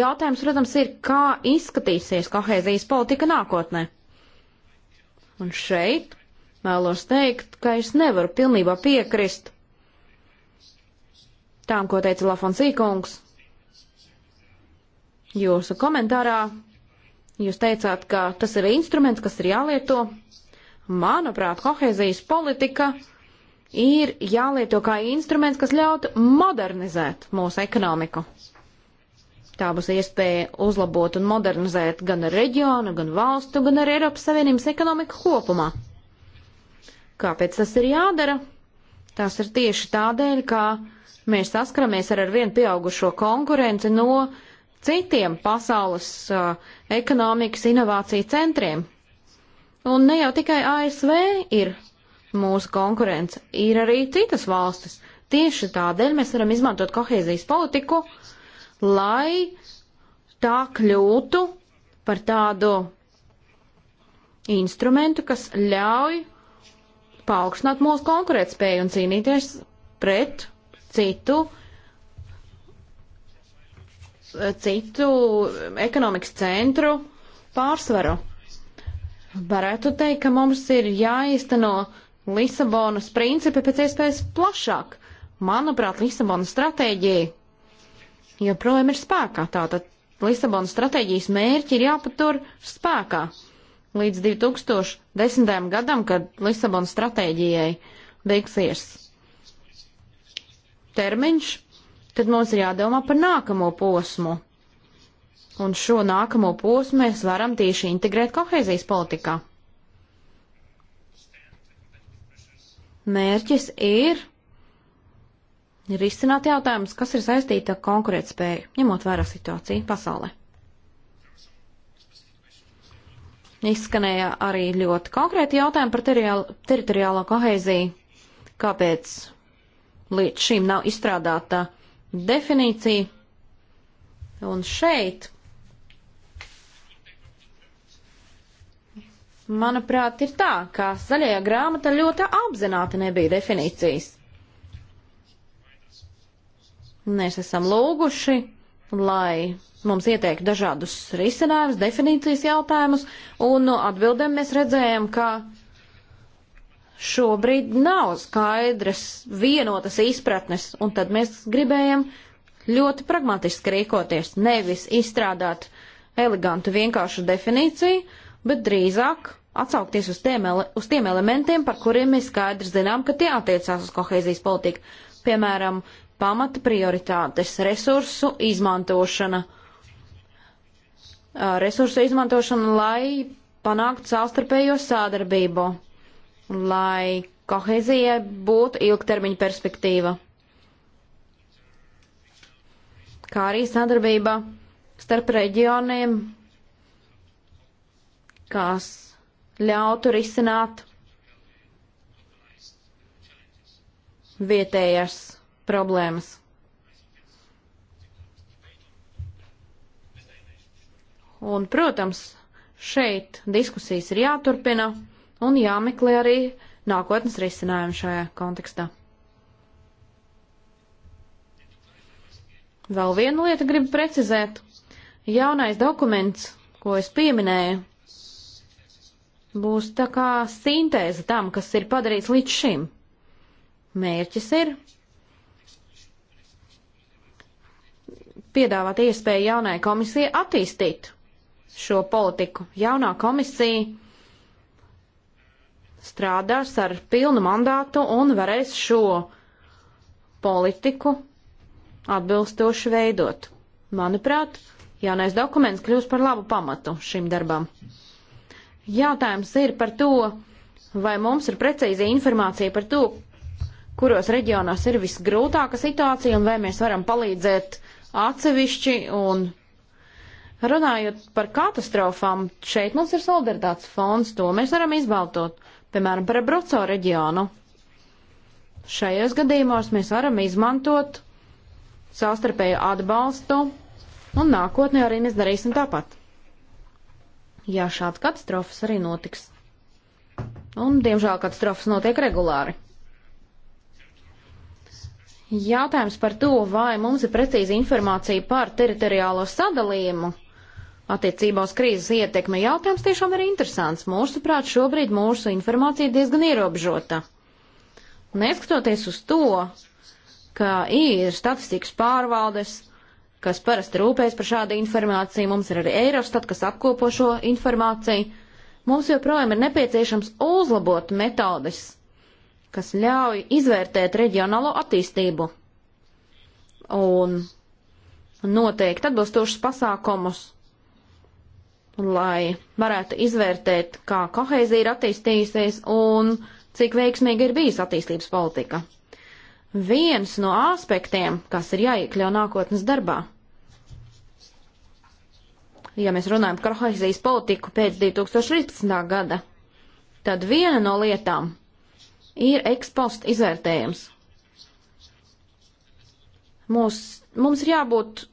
Jautājums, protams, ir, kā izskatīsies kohēzijas politika nākotnē. Un šeit vēlos teikt, ka es nevaru pilnībā piekrist tām, ko teica Lafonsīkungs. Jūsu komentārā jūs teicāt, ka tas ir instruments, kas ir jālieto. Manuprāt, kohēzijas politika ir jālieto kā instruments, kas ļautu modernizēt mūsu ekonomiku. Tā būs iespēja uzlabot un modernizēt gan reģionu, gan valstu, gan arī Eiropas Savienības ekonomiku kopumā. Kāpēc tas ir jādara? Tas ir tieši tādēļ, ka mēs saskaramies ar arvien pieaugušo konkurenci no citiem pasaules uh, ekonomikas inovāciju centriem. Un ne jau tikai ASV ir mūsu konkurence, ir arī citas valstis. Tieši tādēļ mēs varam izmantot kohēzijas politiku, lai tā kļūtu par tādu instrumentu, kas ļauj paaugstināt mūsu konkurētspēju un cīnīties pret citu, citu ekonomikas centru pārsvaru. Varētu teikt, ka mums ir jāizteno Lisabonas principi pēc iespējas plašāk. Manuprāt, Lisabonas stratēģija joprojām ir spēkā. Tātad Lisabonas stratēģijas mērķi ir jāpatur spēkā līdz 2010. gadam, kad Lisabonas stratēģijai beigsies termiņš, tad mums ir jādomā par nākamo posmu. Un šo nākamo posmu mēs varam tieši integrēt kohēzijas politikā. Mērķis ir risināt jautājumus, kas ir saistīti ar konkurētspēju, ņemot vērā situāciju pasaulē. Izskanēja arī ļoti konkrēti jautājumi par teritoriālo koheiziju, kāpēc līdz šīm nav izstrādāta definīcija. Un šeit, manuprāt, ir tā, ka zaļajā grāmata ļoti apzināti nebija definīcijas. Mēs esam lūguši, lai mums ieteikt dažādus risinājumus, definīcijas jautājumus, un no atbildēm mēs redzējām, ka šobrīd nav skaidras vienotas izpratnes, un tad mēs gribējam ļoti pragmatiski rīkoties, nevis izstrādāt elegantu vienkāršu definīciju, bet drīzāk atsaukties uz tiem, ele uz tiem elementiem, par kuriem mēs skaidri zinām, ka tie attiecās uz kohēzijas politiku. Piemēram, pamata prioritātes, resursu izmantošana, uh, resursu izmantošanu, lai panāktu savstarpējo sādarbību, lai kohezija būtu ilgtermiņa perspektīva, kā arī sadarbība starp reģioniem, kas ļautu risināt vietējas problēmas. Un, protams, šeit diskusijas ir jāturpina un jāmeklē arī nākotnes risinājumi šajā kontekstā. Vēl vienu lietu gribu precizēt. Jaunais dokuments, ko es pieminēju, būs tā kā sintēze tam, kas ir padarīts līdz šim. Mērķis ir piedāvāt iespēju jaunai komisijai attīstīt šo politiku. Jaunā komisija strādās ar pilnu mandātu un varēs šo politiku atbilstoši veidot. Manuprāt, jaunais dokuments kļūs par labu pamatu šim darbam. Jautājums ir par to, vai mums ir precīzi informācija par to, kuros reģionos ir visgrūtāka situācija un vai mēs varam palīdzēt atsevišķi un Runājot par katastrofām, šeit mums ir solidaritātes fonds, to mēs varam izbaltot, piemēram, par Broco reģionu. Šajos gadījumos mēs varam izmantot savstarpēju atbalstu, un nākotnē arī mēs darīsim tāpat. Jā, šāds katastrofas arī notiks. Un, diemžēl, katastrofas notiek regulāri. Jautājums par to, vai mums ir precīza informācija par teritoriālo sadalījumu attiecībā uz krīzes ietekmi. Jautājums tiešām ir interesants. Mūsuprāt, šobrīd mūsu informācija ir diezgan ierobežota. Neskatoties uz to, ka ir statistikas pārvaldes, kas parasti rūpēs par šādu informāciju, mums ir arī Eirostat, kas apkopo šo informāciju, mums joprojām ir nepieciešams uzlabot metodes, kas ļauj izvērtēt reģionālo attīstību un noteikt atbilstošus pasākumus lai varētu izvērtēt, kā kohēzija ir attīstījusies un cik veiksmīgi ir bijis attīstības politika. Viens no aspektiem, kas ir jāiekļau nākotnes darbā, ja mēs runājam par kohēzijas politiku pēc 2013. gada, tad viena no lietām ir ekspostu izvērtējums. Mūs, mums ir jābūt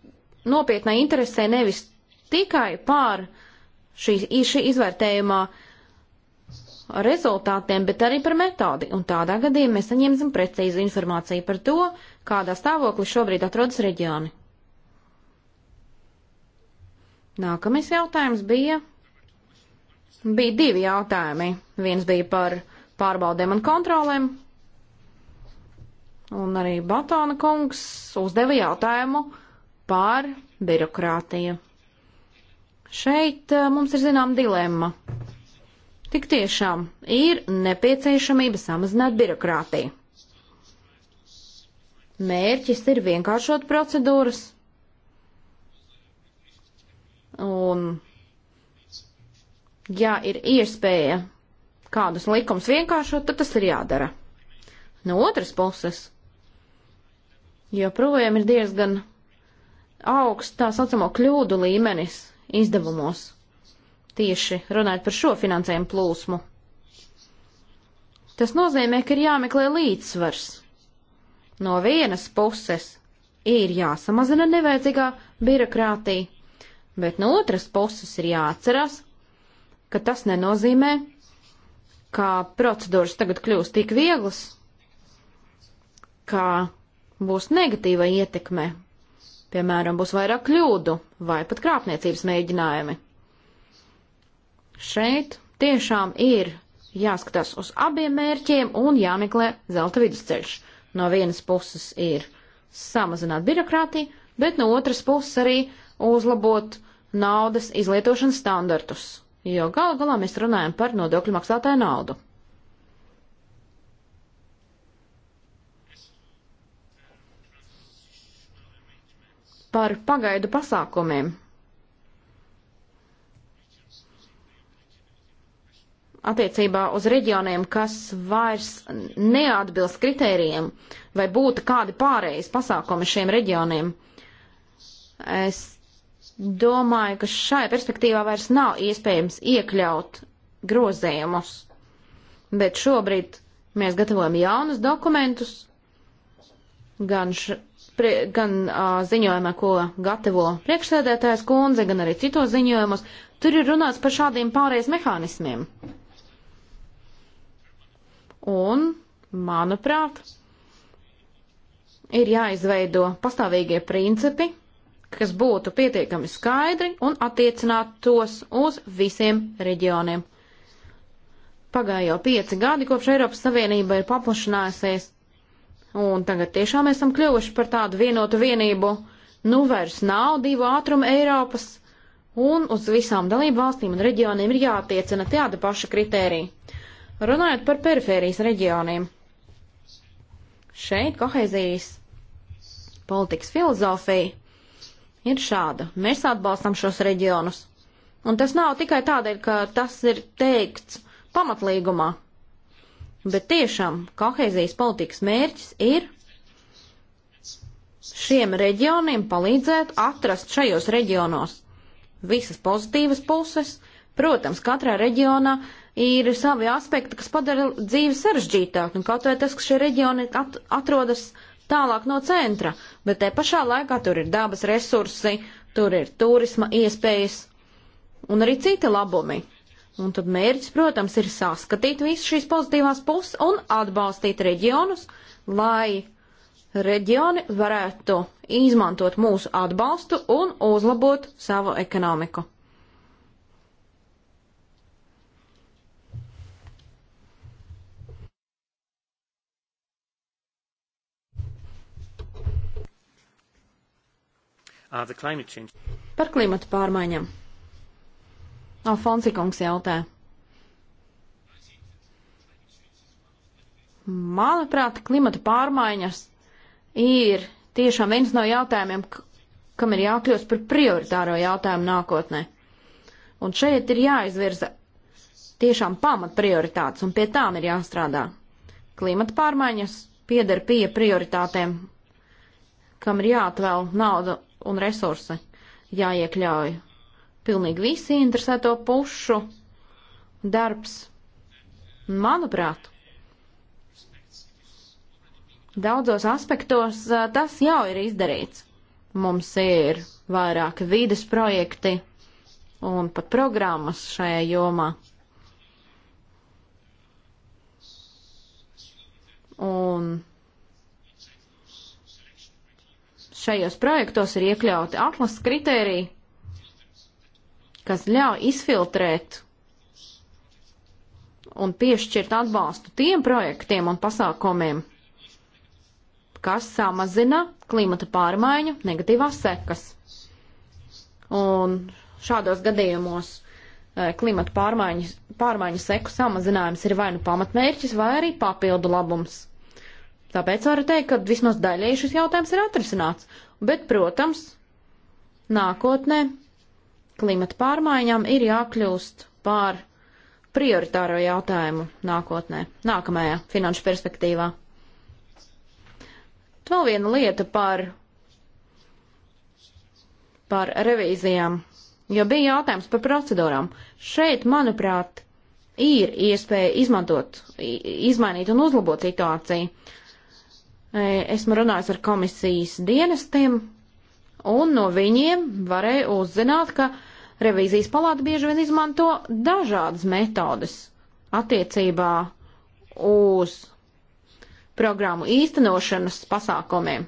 nopietnai interesē nevis tikai pār uh, šī, šī izvērtējumā rezultātiem, bet arī par metodi. Un tādā gadījumā mēs saņemsim precīzu informāciju par to, kādā stāvoklī šobrīd atrodas reģioni. Nākamais jautājums bija. Bija divi jautājumi. Viens bija par pārbaudēm un kontrolēm. Un arī Batona kungs uzdeva jautājumu par birokrātiju. Šeit eh, mums ir zinām dilemma. Tik tiešām ir nepieciešamība samazināt birokrātiju. Mērķis ir vienkāršot procedūras un, ja ir iespēja kādus likumus vienkāršot, tad tas ir jādara. No otras puses, joprojām ir diezgan augsts tā saucamo kļūdu līmenis, izdevumos. Tieši runājot par šo finansējumu plūsmu. Tas nozīmē, ka ir jāmeklē līdzsvars. No vienas puses ir jāsamazina nevajadzīgā birokrātija, bet no otras puses ir jāatcerās, ka tas nenozīmē, ka procedūras tagad kļūs tik vieglas, ka būs negatīva ietekme Piemēram, būs vairāk kļūdu vai pat krāpniecības mēģinājumi. Šeit tiešām ir jāskatās uz abiem mērķiem un jāmeklē zelta vidusceļš. No vienas puses ir samazināt birokrātiju, bet no otras puses arī uzlabot naudas izlietošanas standartus, jo gal galā mēs runājam par nodokļu maksātāju naudu. par pagaidu pasākumiem. Attiecībā uz reģioniem, kas vairs neatbilst kritērijiem, vai būtu kādi pārējais pasākumi šiem reģioniem, es domāju, ka šajā perspektīvā vairs nav iespējams iekļaut grozējumus. Bet šobrīd mēs gatavojam jaunus dokumentus, gan š, prie, gan uh, ziņojumā, ko gatavo priekšsēdētājs kundze, gan arī citos ziņojumus, tur ir runāts par šādiem pārējais mehānismiem. Un, manuprāt, ir jāizveido pastāvīgie principi, kas būtu pietiekami skaidri un attiecināt tos uz visiem reģioniem. Pagāja jau pieci gadi, kopš Eiropas Savienība ir paplašinājusies Un tagad tiešām esam kļuvuši par tādu vienotu vienību. Nu vairs nav divu ātrumu Eiropas, un uz visām dalību valstīm un reģioniem ir jātiecina tāda paša kritērija. Runājot par perifērijas reģioniem. Šeit kohēzijas politikas filozofija ir šāda. Mēs atbalstam šos reģionus. Un tas nav tikai tādēļ, ka tas ir teikts pamatlīgumā, bet tiešām kohēzijas politikas mērķis ir šiem reģioniem palīdzēt atrast šajos reģionos visas pozitīvas puses. Protams, katrā reģionā ir savi aspekti, kas padara dzīvi sarežģītāku, un kaut vai tas, ka šie reģioni at atrodas tālāk no centra, bet te pašā laikā tur ir dabas resursi, tur ir turisma iespējas un arī citi labumi. Un tad mērķis, protams, ir saskatīt visu šīs pozitīvās puses un atbalstīt reģionus, lai reģioni varētu izmantot mūsu atbalstu un uzlabot savu ekonomiku. Uh, Par klimatu pārmaiņām. Alfonsi kungs jautā. Manuprāt, klimata pārmaiņas ir tiešām viens no jautājumiem, kam ir jākļūst par prioritāro jautājumu nākotnē. Un šeit ir jāizvirza tiešām pamat prioritātes, un pie tām ir jāstrādā. Klimata pārmaiņas pieder pie prioritātēm, kam ir jāatvēl nauda un resursi, jāiekļauj pilnīgi visi interesēto pušu darbs. Manuprāt, daudzos aspektos tas jau ir izdarīts. Mums ir vairāki vides projekti un pat programmas šajā jomā. Un šajos projektos ir iekļauti atlases kritēriji, kas ļauj izfiltrēt un piešķirt atbalstu tiem projektiem un pasākumiem, kas samazina klimata pārmaiņu negatīvās sekas. Un šādos gadījumos e, klimata pārmaiņas, pārmaiņu seku samazinājums ir vai nu pamatmērķis, vai arī papildu labums. Tāpēc varu teikt, ka vismaz daļēji šis jautājums ir atrisināts, bet, protams, nākotnē klimata pārmaiņām ir jākļūst par prioritāro jautājumu nākotnē, nākamajā finanšu perspektīvā. Vēl viena lieta par, par revīzijām, jo bija jautājums par procedūrām. Šeit, manuprāt, ir iespēja izmantot, izmainīt un uzlabot situāciju. E, esmu runājis ar komisijas dienestiem, un no viņiem varēja uzzināt, ka revīzijas palāta bieži vien izmanto dažādas metodes attiecībā uz programmu īstenošanas pasākumiem.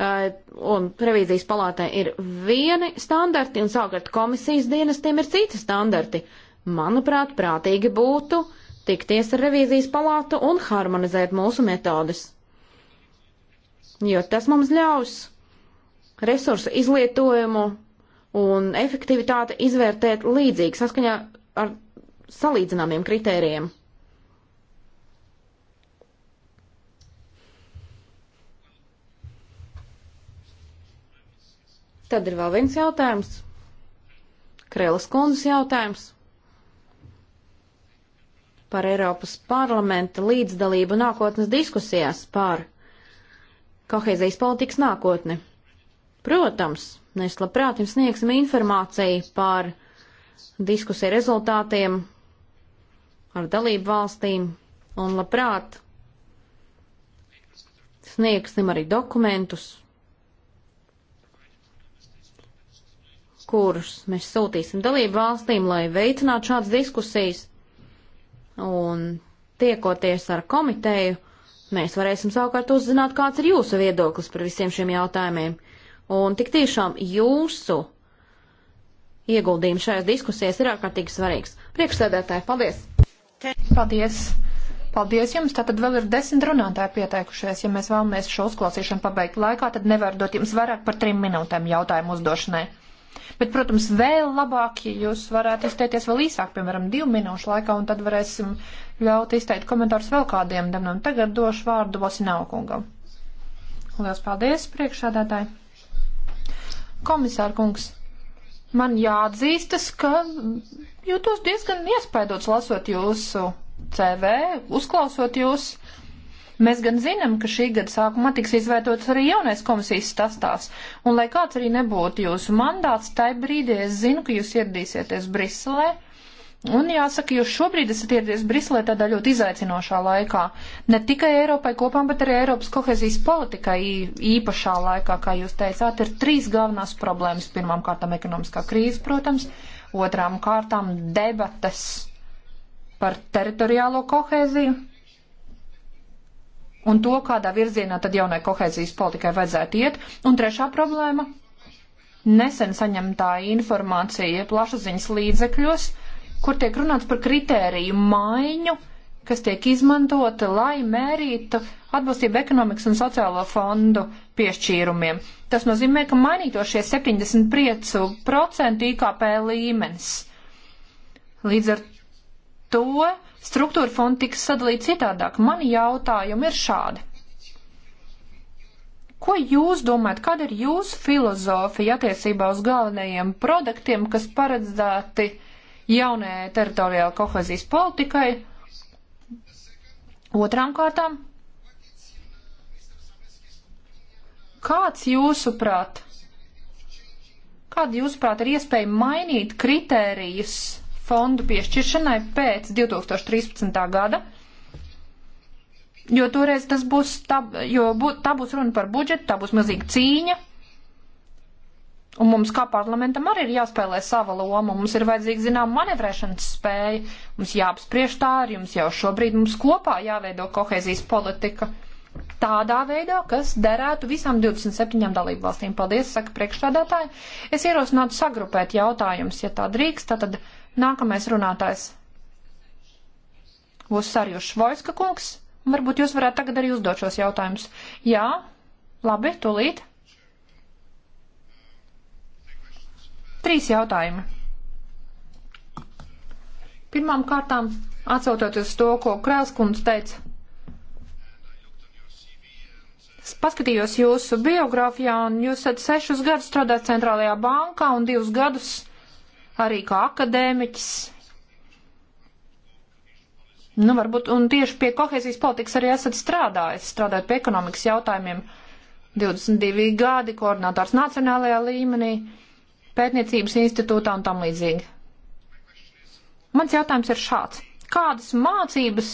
Eh, un revīzijas palātē ir vieni standarti, un savukārt komisijas dienestiem ir citi standarti. Manuprāt, prātīgi būtu tikties ar revīzijas palātu un harmonizēt mūsu metodes. Jo tas mums ļaus resursu izlietojumu un efektivitāti izvērtēt līdzīgi saskaņā ar salīdzināmiem kritērijiem. Tad ir vēl viens jautājums. Krēlas kundzes jautājums par Eiropas parlamenta līdzdalību nākotnes diskusijās par kohēzijas politikas nākotni. Protams, mēs labprāt jums sniegsim informāciju par diskusiju rezultātiem ar dalību valstīm un labprāt sniegsim arī dokumentus, kurus mēs sūtīsim dalību valstīm, lai veicinātu šādas diskusijas. Un tiekoties ar komiteju, mēs varēsim savukārt uzzināt, kāds ir jūsu viedoklis par visiem šiem jautājumiem. Un tik tiešām jūsu ieguldījums šajās diskusijās ir ārkārtīgi svarīgs. Priekšsēdētāji, paldies! Paldies! Paldies jums! Tātad vēl ir desmit runātāji pieteikušies. Ja mēs vēlamies šo uzklausīšanu pabeigt laikā, tad nevar dot jums vairāk par trim minūtēm jautājumu uzdošanai. Bet, protams, vēl labāk, ja jūs varētu izteikties vēl īsāk, piemēram, divu minūšu laikā, un tad varēsim ļaut izteikt komentārus vēl kādiem demnam. Nu tagad došu vārdu Vosinaukungam. Lielas paldies, priekšsādātāji! Komisāra kungs, man jāatzīstas, ka jūtos diezgan iespaidots lasot jūsu CV, uzklausot jūs. Mēs gan zinām, ka šī gada sākumā tiks izveidots arī jaunais komisijas sastāvs, un lai kāds arī nebūtu jūsu mandāts, tai brīdī es zinu, ka jūs ieradīsieties Briselē Un jāsaka, jūs šobrīd esat ieradies Briselē tādā ļoti izaicinošā laikā. Ne tikai Eiropai kopām, bet arī Eiropas kohezijas politikai īpašā laikā, kā jūs teicāt, ir trīs galvenās problēmas. Pirmām kārtām ekonomiskā krīze, protams, otrām kārtām debates par teritoriālo kohēziju un to, kādā virzienā tad jaunai kohēzijas politikai vajadzētu iet. Un trešā problēma - nesen saņemtā informācija plašaziņas līdzekļos kur tiek runāts par kritēriju maiņu, kas tiek izmantota, lai mērītu atbilstību ekonomikas un sociālo fondu piešķīrumiem. Tas nozīmē, ka mainītošies 75% IKP līmenis. Līdz ar to struktūra fonda tiks sadalīta citādāk. Mani jautājumi ir šādi. Ko jūs domājat, kāda ir jūsu filozofija attiecībā uz galvenajiem produktiem, kas paredzēti uh, jaunajai teritoriālajai kohezijas politikai. Otrām kārtām, kāds jūsuprāt, kāda jūsuprāt ir iespēja mainīt kritērijas fondu piešķiršanai pēc 2013. gada? Jo toreiz tas būs, tā, jo bū, tā būs runa par budžetu, tā būs milzīga cīņa, Un mums kā parlamentam arī ir jāspēlē sava loma, mums ir vajadzīga zinām manevrēšanas spēja, mums jāapspriež tā arī, jums jau šobrīd mums kopā jāveido kohēzijas politika tādā veidā, kas derētu visām 27 dalību valstīm. Paldies, saka priekšstādātāji. Es ierosinātu sagrupēt jautājumus, ja tā drīkst, tad nākamais runātājs būs Sarjušs Vojska kungs. Varbūt jūs varētu tagad arī uzdot šos jautājumus. Jā, labi, tūlīt. Trīs jautājumi. Pirmām kārtām, atsaucoties to, ko Krēlskundze teica, Es paskatījos jūsu biogrāfijā, un jūs esat sešus gadus strādājis centrālajā bankā un divus gadus arī kā akadēmiķis. Nu, varbūt, un tieši pie kohēzijas politikas arī esat strādājis, strādājot pie ekonomikas jautājumiem. 22 gadi, koordinātārs nacionālajā līmenī pētniecības institūtā un tam līdzīgi. Mans jautājums ir šāds. Kādas mācības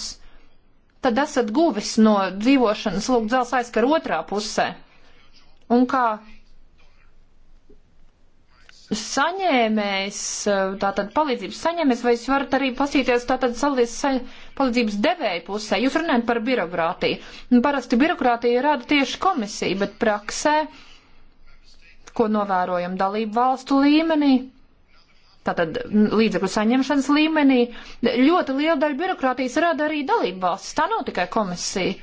tad esat guvis no dzīvošanas lūk dzels aizkar otrā pusē? Un kā saņēmējs, tātad palīdzības saņēmējs, vai jūs varat arī pasīties tātad salies sa palīdzības devēja pusē? Jūs runājat par birokrātiju. Parasti birokrātija rada tieši komisija, bet praksē ko novērojam dalību valstu līmenī, tātad līdzekļu saņemšanas līmenī, ļoti liela daļa birokrātijas rada arī dalību valsts. Tā nav tikai komisija.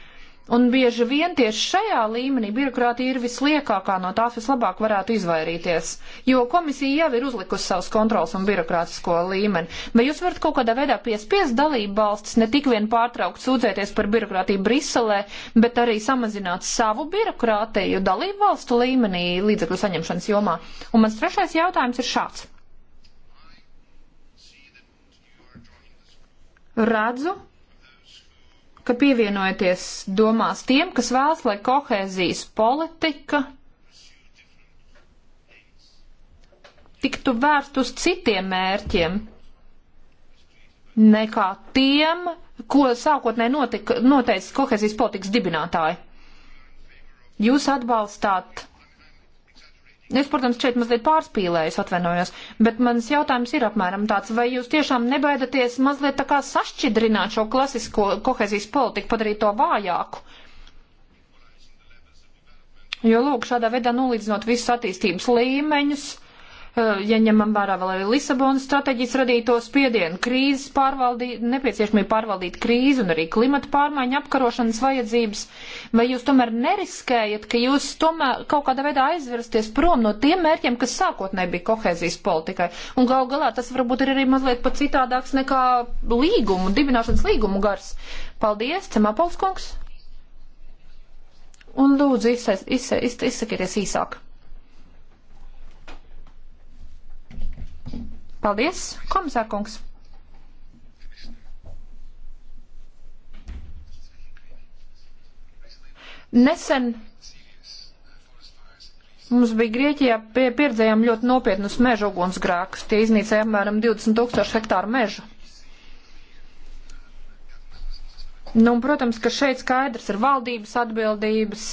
Un bieži vien tieši šajā līmenī birokrātija ir visliekākā, no tās vislabāk varētu izvairīties, jo komisija jau ir uzlikusi savus kontrols un birokrātisko līmeni. Vai jūs varat kaut kādā veidā piespiest dalību valstis ne tik vien pārtraukt sūdzēties par birokrātiju Briselē, bet arī samazināt savu birokrātiju dalību valstu līmenī līdzekļu saņemšanas jomā? Un mans trešais jautājums ir šāds. Redzu, ka pievienojaties domās tiem, kas vēlas, lai kohēzijas politika tiktu vērst uz citiem mērķiem nekā tiem, ko sākotnē notika, noteica kohēzijas politikas dibinātāji. Jūs atbalstāt Es, protams, šeit mazliet pārspīlējos, atvainojos, bet mans jautājums ir apmēram tāds, vai jūs tiešām nebaidaties mazliet tā kā sašķidrināt šo klasisko kohezijas politiku, padarīt to vājāku? Jo, lūk, šādā veidā nulīdzinot visus attīstības līmeņus, Eh, ja ņemam vērā vēl arī Lisabonas strateģijas radīto spiedienu, krīzes pārvaldīt, nepieciešamību pārvaldīt krīzi un arī klimata pārmaiņu apkarošanas vajadzības, vai jūs tomēr neriskējat, ka jūs tomēr kaut kādā veidā aizvirsties prom no tiem mērķiem, kas sākotnēji bija kohēzijas politikai? Un gal galā tas varbūt ir arī mazliet pat citādāks nekā līgumu, dibināšanas līgumu gars. Paldies, Cemapauskungs! Un lūdzu, izsakieties īsāk. Paldies, komisārkungs! Nesen Mums bija Grieķijā, pie, pieredzējām ļoti nopietnus meža ugunsgrākus. Tie iznīcēja apmēram 20 tūkstošu hektāru mežu. Nu, un, protams, ka šeit skaidrs ir valdības atbildības,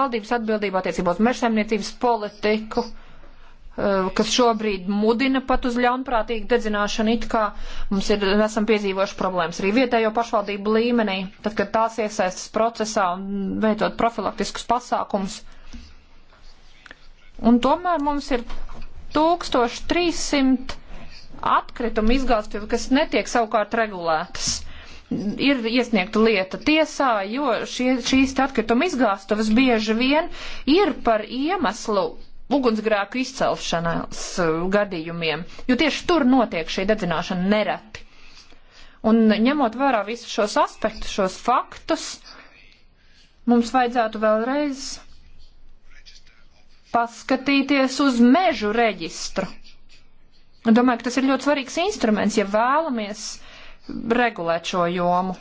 valdības atbildība attiecībā uz mežsaimniecības politiku. Eh, kas šobrīd mudina pat uz ļaunprātīgu dedzināšanu, it kā mums ir, esam piedzīvojuši problēmas arī vietējo pašvaldību līmenī, tad, kad tās iesaistas procesā un veidot profilaktiskus pasākumus. Un tomēr mums ir 1300 atkritumu izgāstuvi, kas netiek savukārt regulētas ir iesniegta lieta tiesā, jo šie, šīs atkrituma izgāstuves bieži vien ir par iemeslu ugunsgrēku izcelšanas uh, gadījumiem, jo tieši tur notiek šī dedzināšana nereti. Un ņemot vērā visus šos aspektus, šos faktus, mums vajadzētu vēlreiz paskatīties uz mežu reģistru. Un domāju, ka tas ir ļoti svarīgs instruments, ja vēlamies regulēt šo jomu.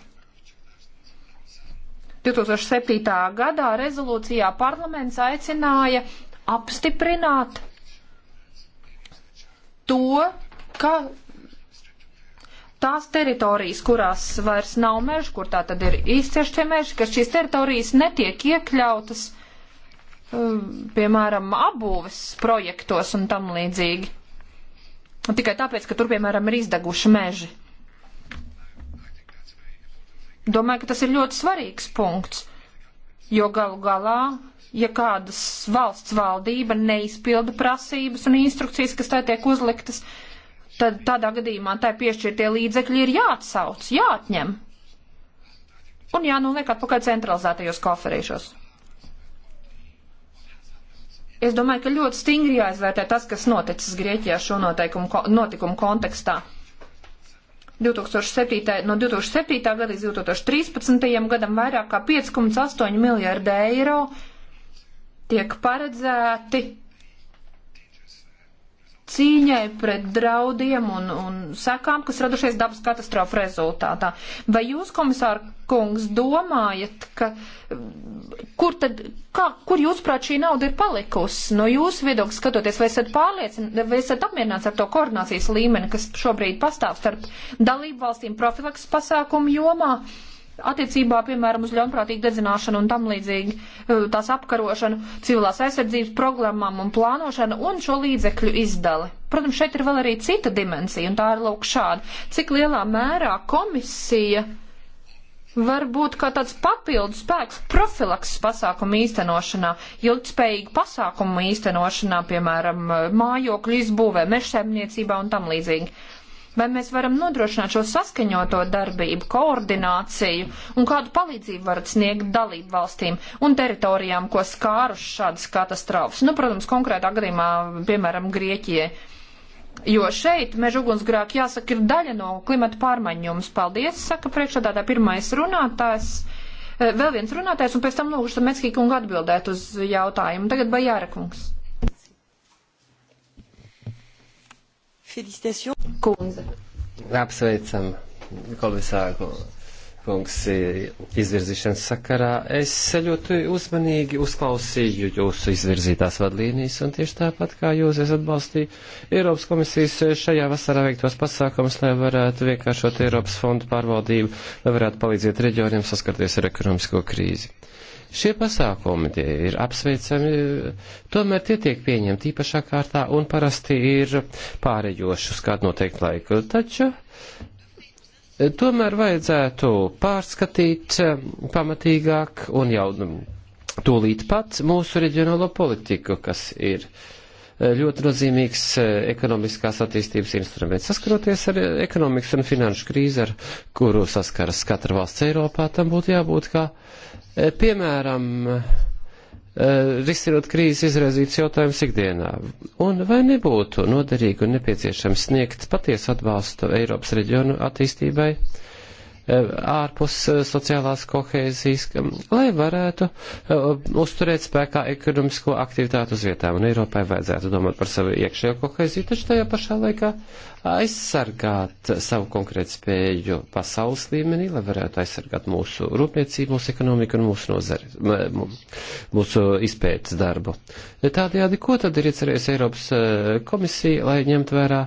2007. gadā rezolūcijā parlaments aicināja apstiprināt to, ka tās teritorijas, kurās vairs nav meža, kur tā tad ir izciešķie meži, ka šīs teritorijas netiek iekļautas, um, piemēram, apbūves projektos un tam līdzīgi. Un tikai tāpēc, ka tur, piemēram, ir izdeguši meži. Domāju, ka tas ir ļoti svarīgs punkts, jo galu galā ja kādas valsts valdība neizpilda prasības un instrukcijas, kas tai tiek uzliktas, tad tādā gadījumā tai piešķirtie līdzekļi ir jāatsauc, jāatņem un jānoliek atpakaļ centralizētajos koferīšos. Es domāju, ka ļoti stingri jāizvērtē tas, kas noticis Grieķijā šo noteikumu, notikumu kontekstā. 2007, no 2007. gada līdz 2013. gadam vairāk kā 5,8 miljārdi eiro tiek paredzēti cīņai pret draudiem un, un sekām, kas radušies dabas katastrofu rezultātā. Vai jūs, komisāra kungs, domājat, ka kur tad, kā, kur jūsuprāt šī nauda ir palikusi? No jūsu viedokļa skatoties, vai esat pārliecināti, vai esat apmierināts ar to koordinācijas līmeni, kas šobrīd pastāv starp dalību valstīm profilaks pasākumu jomā? Uh, attiecībā, piemēram, uz ļaunprātīgu dedzināšanu un tam līdzīgi e, tās apkarošanu, civilās aizsardzības programmām un plānošanu un šo līdzekļu izdali. Protams, šeit ir vēl arī cita dimensija, un tā ir lūk šāda. Cik lielā mērā komisija var būt kā tāds papildus spēks profilakses pasākumu īstenošanā, ilgspējīgu pasākumu īstenošanā, piemēram, e, mājokļu izbūvē, mežsēmniecībā un tam līdzīgi. Vai mēs varam nodrošināt šo saskaņoto darbību, koordināciju un kādu palīdzību varat sniegt dalību valstīm un teritorijām, ko skārus šādas katastrofas? Nu, protams, konkrētā gadījumā, piemēram, Grieķijai. Jo šeit meža ugunsgrēki, jāsaka, ir daļa no klimata pārmaiņu jums. Paldies, saka priekšādātā pirmais runātājs. Vēl viens runātājs un pēc tam lūgšu Metskīku un atbildēt uz jautājumu. Tagad Bajāra kungs. Félicitations. Kundze. Apsveicam komisāru kungs izvirzīšanas sakarā. Es ļoti uzmanīgi uzklausīju jūsu izvirzītās vadlīnijas, un tieši tāpat kā jūs, es atbalstīju Eiropas komisijas šajā vasarā veiktos pasākumus, lai varētu vienkāršot Eiropas fondu pārvaldību, lai varētu palīdzēt reģioniem saskarties ar ekonomisko krīzi. Šie pasākumi tie ir apsveicami, tomēr tie tiek pieņemti īpašā kārtā un parasti ir pārējoši uz kādu noteiktu laiku. Taču e, tomēr vajadzētu pārskatīt e, pamatīgāk un jau tūlīt pat mūsu reģionālo politiku, kas ir uh, ļoti nozīmīgs eh, ekonomiskās attīstības instruments. Saskaroties ar eh, ekonomikas un finanšu krīzi, ar kuru saskaras katra valsts Eiropā, tam būtu jābūt kā, eh, piemēram, risinot krīzes izraizīts jautājums ikdienā. Un vai nebūtu noderīgi un nepieciešams sniegt patiesu atbalstu Eiropas reģionu attīstībai? Eh, ārpus eh, sociālās kohēzijas, lai varētu eh, uzturēt spēkā ekonomisko aktivitātu uz vietām. Un Eiropai vajadzētu domāt par savu iekšējo kohēziju, taču tajā pašā laikā aizsargāt savu konkrētu spēju pasaules līmenī, lai varētu aizsargāt mūsu rūpniecību, mūsu ekonomiku un mūsu nozari, mūsu izpētes darbu. Tādējādi, ko tad ir iecerējis Eiropas komisija, lai ņemt vērā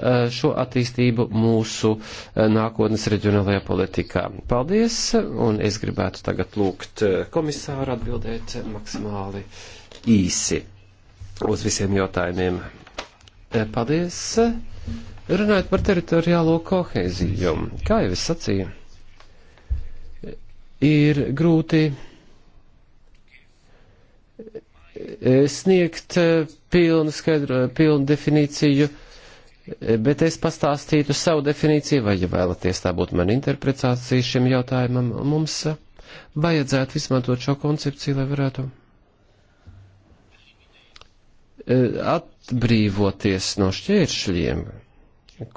Eh, šo attīstību mūsu eh, nākotnes reģionālajā politikā. Paldies, un es gribētu tagad lūgt eh, komisāru atbildēt maksimāli īsi uz visiem jautājumiem. Paldies! Runājot par teritoriālo kohēziju, kā jau es sacīju, ir grūti sniegt pilnu, skaidru, pilnu definīciju uh, Bet es pastāstītu savu definīciju, vai, ja vēlaties, tā būtu mana interpretācija šim jautājumam, mums eh, vajadzētu izmantot šo koncepciju, lai varētu eh, atbrīvoties no šķēršļiem,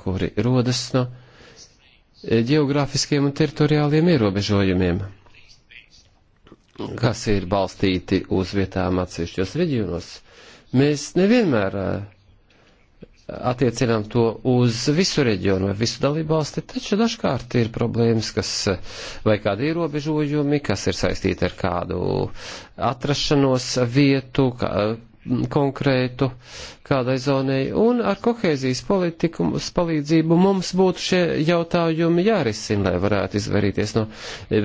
kuri rodas no eh, geogrāfiskiem un teritoriāliem ierobežojumiem, kas ir balstīti uz vietām atsevišķos reģionos. Mēs nevienmēr uh, attiecinām to uz visu reģionu vai visu dalībvalsti, taču dažkārt ir problēmas, kas vai kādi ierobežojumi, kas ir saistīti ar kādu atrašanos vietu, kā, konkrētu kādai zonai, un ar kohēzijas politikas palīdzību mums būtu šie jautājumi jārisina, lai varētu izvairīties no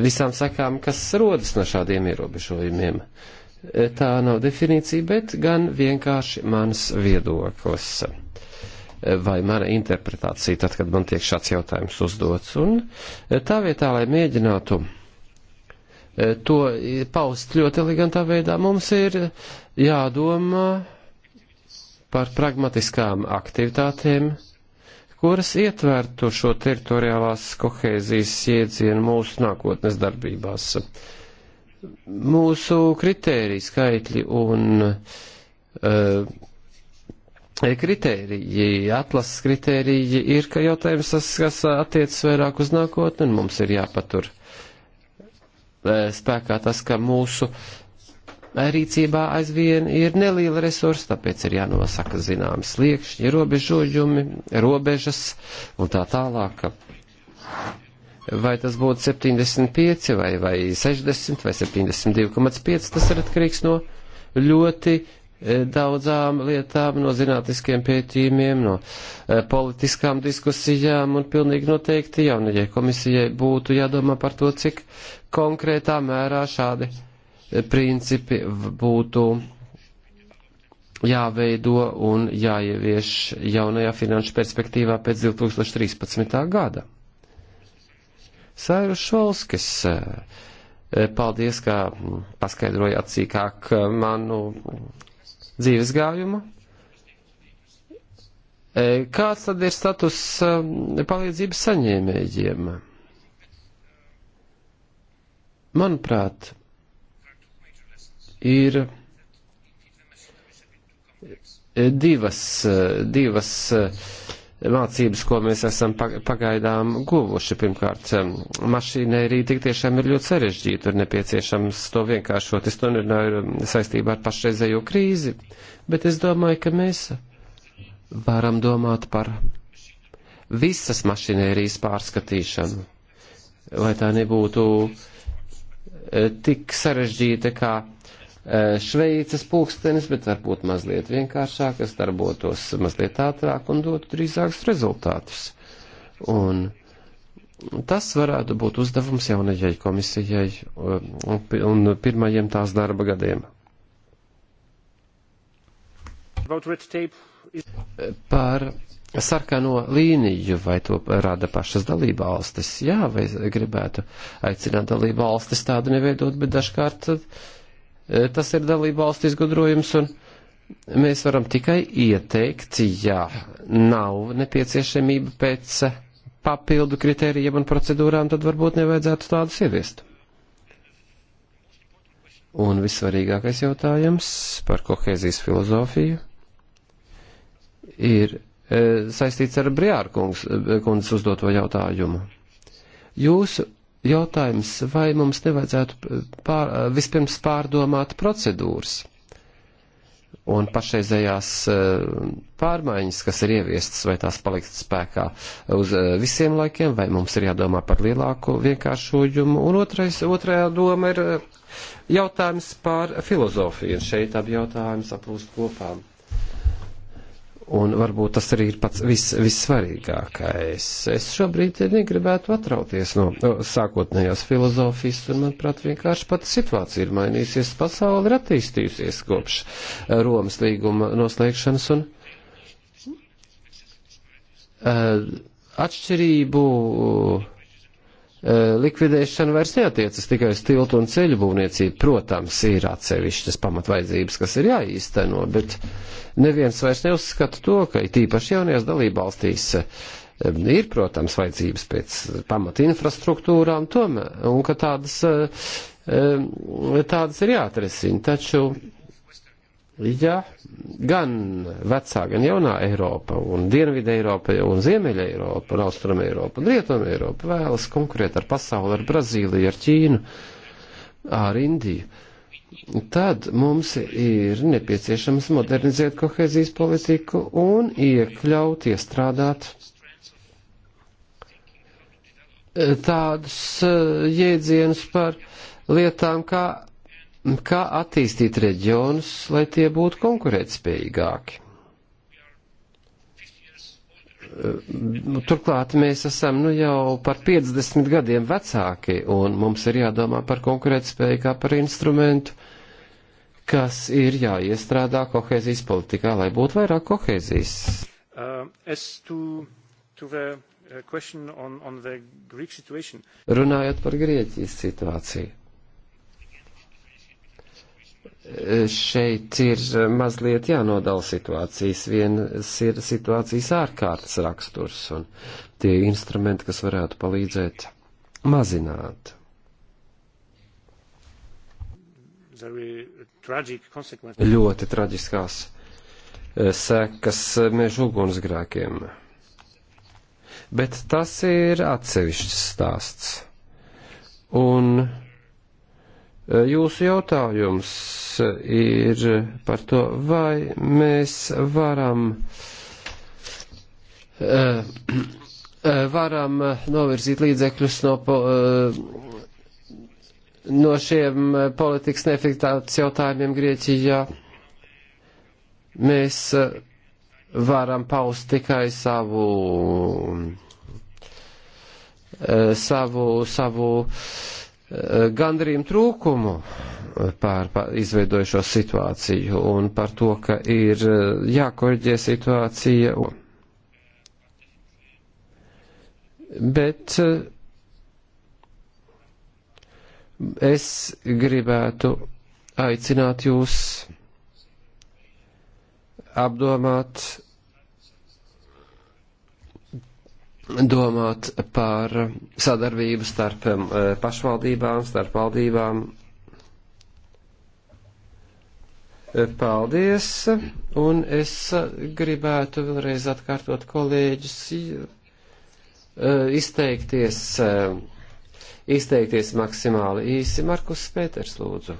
visām sakām, kas rodas no šādiem ierobežojumiem. Tā nav definīcija, bet gan vienkārši mans viedoklis vai mana interpretācija, tad, kad man tiek šāds jautājums uzdots. Un e, tā vietā, lai mēģinātu e, to paust ļoti elegantā veidā, mums ir jādomā par pragmatiskām aktivitātēm, kuras ietvertu šo teritoriālās kohēzijas jēdzienu mūsu nākotnes darbībās. Mūsu kritērija skaitļi un uh, kritēriji, atlases kritēriji ir, ka jautājums, kas attiecas vairāk uz nākotni, un mums ir jāpatur e, spēkā tas, ka mūsu rīcībā aizvien ir neliela resursa, tāpēc ir jānosaka zināmas sliekšņi, robežojumi, robežas un tā tālāk. Vai tas būtu 75 vai, vai 60 vai 72,5, tas ir atkarīgs no ļoti E, daudzām lietām, no zinātniskiem pētījumiem, no e, politiskām diskusijām, un pilnīgi noteikti jaunajai komisijai būtu jādomā par to, cik konkrētā mērā šādi e, principi būtu jāveido un jāievieš jaunajā finanšu perspektīvā pēc 2013. gada. Sairu Šolskis, paldies, ka paskaidrojāt sīkāk manu dzīves gājumu. E, kāds tad ir status e, palīdzības saņēmējiem? Manuprāt, ir e, divas, divas uh, mācības, ko mēs esam pagaidām guvuši. Pirmkārt, um, mašīnai arī tik tiešām ir ļoti sarežģīti, ir nepieciešams to vienkāršot. Es to nerunāju um, saistībā ar pašreizējo krīzi, bet es domāju, ka mēs varam domāt par visas mašinērijas pārskatīšanu, lai tā nebūtu eh, tik sarežģīta kā Eh, Šveices pulkstenis, bet varbūt mazliet vienkāršāk, kas darbotos mazliet ātrāk un dotu drīzākus rezultātus. Un tas varētu būt uzdevums jaunajai komisijai eh, un pirmajiem tās darba gadiem. Par sarkano līniju, vai to rada pašas dalībvalstis. Jā, vai gribētu aicināt dalībvalstis tādu neveidot, bet dažkārt Eh, tas ir dalība valstu izgudrojums, un mēs varam tikai ieteikt, ja nav nepieciešamība pēc papildu kritērijiem un procedūrām, tad varbūt nevajadzētu tādus ieviest. Un vissvarīgākais jautājums par kohēzijas filozofiju ir eh, saistīts ar Briārkungas eh, kundzes uzdoto jautājumu. Jūsu jautājums, vai mums nevajadzētu pār, vispirms pārdomāt procedūras un pašreizējās eh, pārmaiņas, kas ir ieviestas, vai tās paliks spēkā uz eh, visiem laikiem, vai mums ir jādomā par lielāku vienkāršojumu. Un otrais, otrajā doma ir eh, jautājums par filozofiju, un šeit abi jautājums aplūst kopā. Un varbūt tas arī ir pats vis, vissvarīgākais. Es šobrīd negribētu atrauties no sākotnējās filozofijas, un manuprāt, vienkārši pati situācija ir mainījusies, pasauli ir attīstījusies kopš eh, Romas līguma noslēgšanas, un uh, atšķirību Eh, likvidēšana vairs neatiecas tikai uz tiltu un ceļu būvniecību. Protams, ir atsevišķas pamatvaidzības, kas ir jāīsteno, bet neviens vairs neuzskata to, ka tīpaši jaunajās dalībvalstīs eh, ir, protams, vajadzības pēc pamata infrastruktūrām, tomēr, un ka tādas, eh, tādas ir jāatresina. Taču ja gan vecā, gan jaunā Eiropa, un Dienvidē Eiropa, un Ziemeļa Eiropa, un Austruma Eiropa, un Rietuma Eiropa vēlas konkurēt ar pasauli, ar Brazīliju, ar Ķīnu, ar Indiju, tad mums ir nepieciešams modernizēt kohēzijas politiku un iekļaut, iestrādāt tādus eh, jēdzienus par lietām kā kā attīstīt reģionus, lai tie būtu konkurētspējīgāki. Nu, turklāt mēs esam nu, jau par 50 gadiem vecāki, un mums ir jādomā par konkurētspēju kā par instrumentu, kas ir jāiestrādā kohēzijas politikā, lai būtu vairāk kohēzijas. Uh, to, to uh, on, on Runājot par Grieķijas situāciju šeit ir mazliet jānodala situācijas. Vienas ir situācijas ārkārtas raksturs un tie instrumenti, kas varētu palīdzēt mazināt. Ļoti traģiskās e, sekas mežu ugunsgrēkiem. Bet tas ir atsevišķs stāsts. Un e, jūsu jautājums ir par to, vai mēs varam, eh, eh, varam novirzīt līdzekļus no, eh, no šiem politikas neefektātas jautājumiem Grieķijā. Mēs varam paust tikai savu savu, savu Eh, gandrīm trūkumu eh, pār, pār izveidojušo situāciju un par to, ka ir eh, jākorģē situācija. Bet es gribētu aicināt jūs apdomāt domāt par sadarbību starp um, pašvaldībām, starp valdībām. Paldies, un es gribētu vēlreiz atkārtot kolēģis uh, izteikties, uh, izteikties maksimāli īsi. Markus Pēters, lūdzu.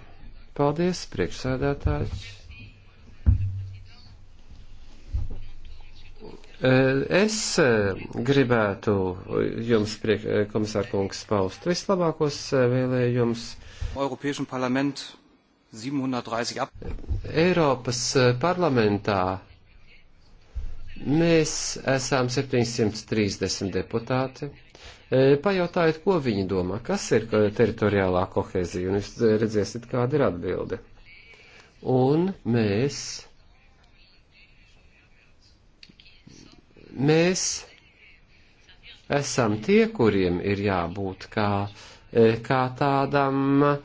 Paldies, priekšsēdētājs. Es gribētu jums, priek, komisār kungs, paust vislabākos vēlējumus. Eiropas parlamentā mēs esam 730 deputāti. Pajautājiet, ko viņi domā, kas ir teritoriālā kohēzija, un jūs redzēsiet, kāda ir atbilde. Un mēs Mēs esam tie, kuriem ir jābūt kā, e, kā tādam uh,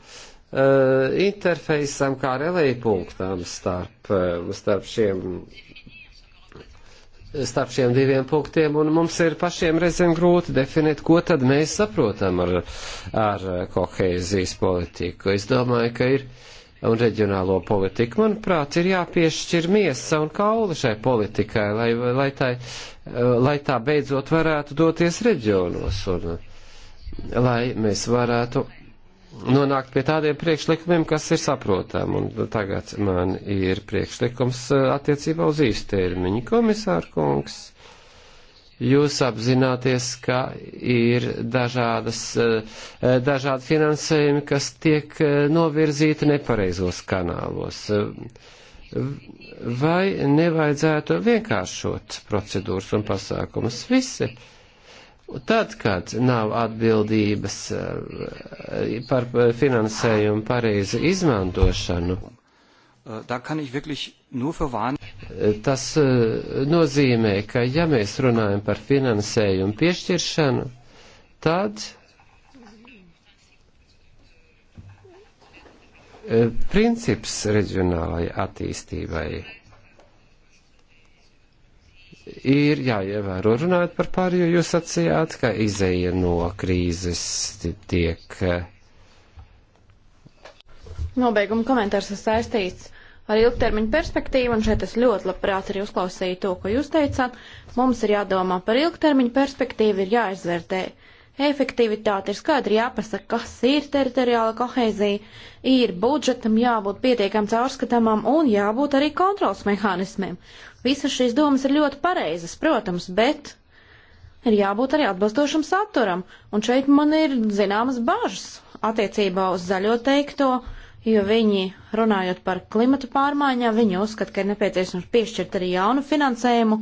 interfejsam, kā relējpunktam starp, e, starp šiem starp šiem diviem punktiem, un mums ir pašiem reizēm grūti definēt, ko tad mēs saprotam ar, ar kohēzijas politiku. Es domāju, ka ir un reģionālo politiku. Manuprāt, ir jāpiešķir miesa un kauli šai politikai, lai, lai, tā, lai tā beidzot varētu doties reģionos un lai mēs varētu nonākt pie tādiem priekšlikumiem, kas ir saprotami. Un tagad man ir priekšlikums uh, attiecībā uz īstermiņu komisāru kungs jūs apzināties, ka ir dažādas, eh, dažādi finansējumi, kas tiek eh, novirzīti nepareizos kanālos. Vai nevajadzētu vienkāršot procedūras un pasākumus visi? Tad, kad nav atbildības eh, par finansējumu pareizi izmantošanu, Da kann ich wirklich Tas eh, nozīmē, ka ja mēs runājam par finansējumu piešķiršanu, tad eh, princips reģionālajai attīstībai ir jāievēro runājot par pārējo, jūs sacījāt, ka izēja no krīzes tiek. Eh, Nobeiguma komentārs ir saistīts ar ilgtermiņu perspektīvu, un šeit es ļoti labprāt arī uzklausīju to, ko jūs teicāt. Mums ir jādomā par ilgtermiņu perspektīvu, ir jāizvērtē efektivitāte, ir skaidri jāpasaka, kas ir teritoriāla kohēzija, ir budžetam jābūt pietiekam caurskatāmam un jābūt arī kontrols mehānismiem. Visas šīs domas ir ļoti pareizas, protams, bet ir jābūt arī atbilstošam saturam, un šeit man ir zināmas bažas attiecībā uz zaļo teikto jo viņi, runājot par klimatu pārmaiņām, viņi uzskata, ka ir nepieciešams piešķirt arī jaunu finansējumu.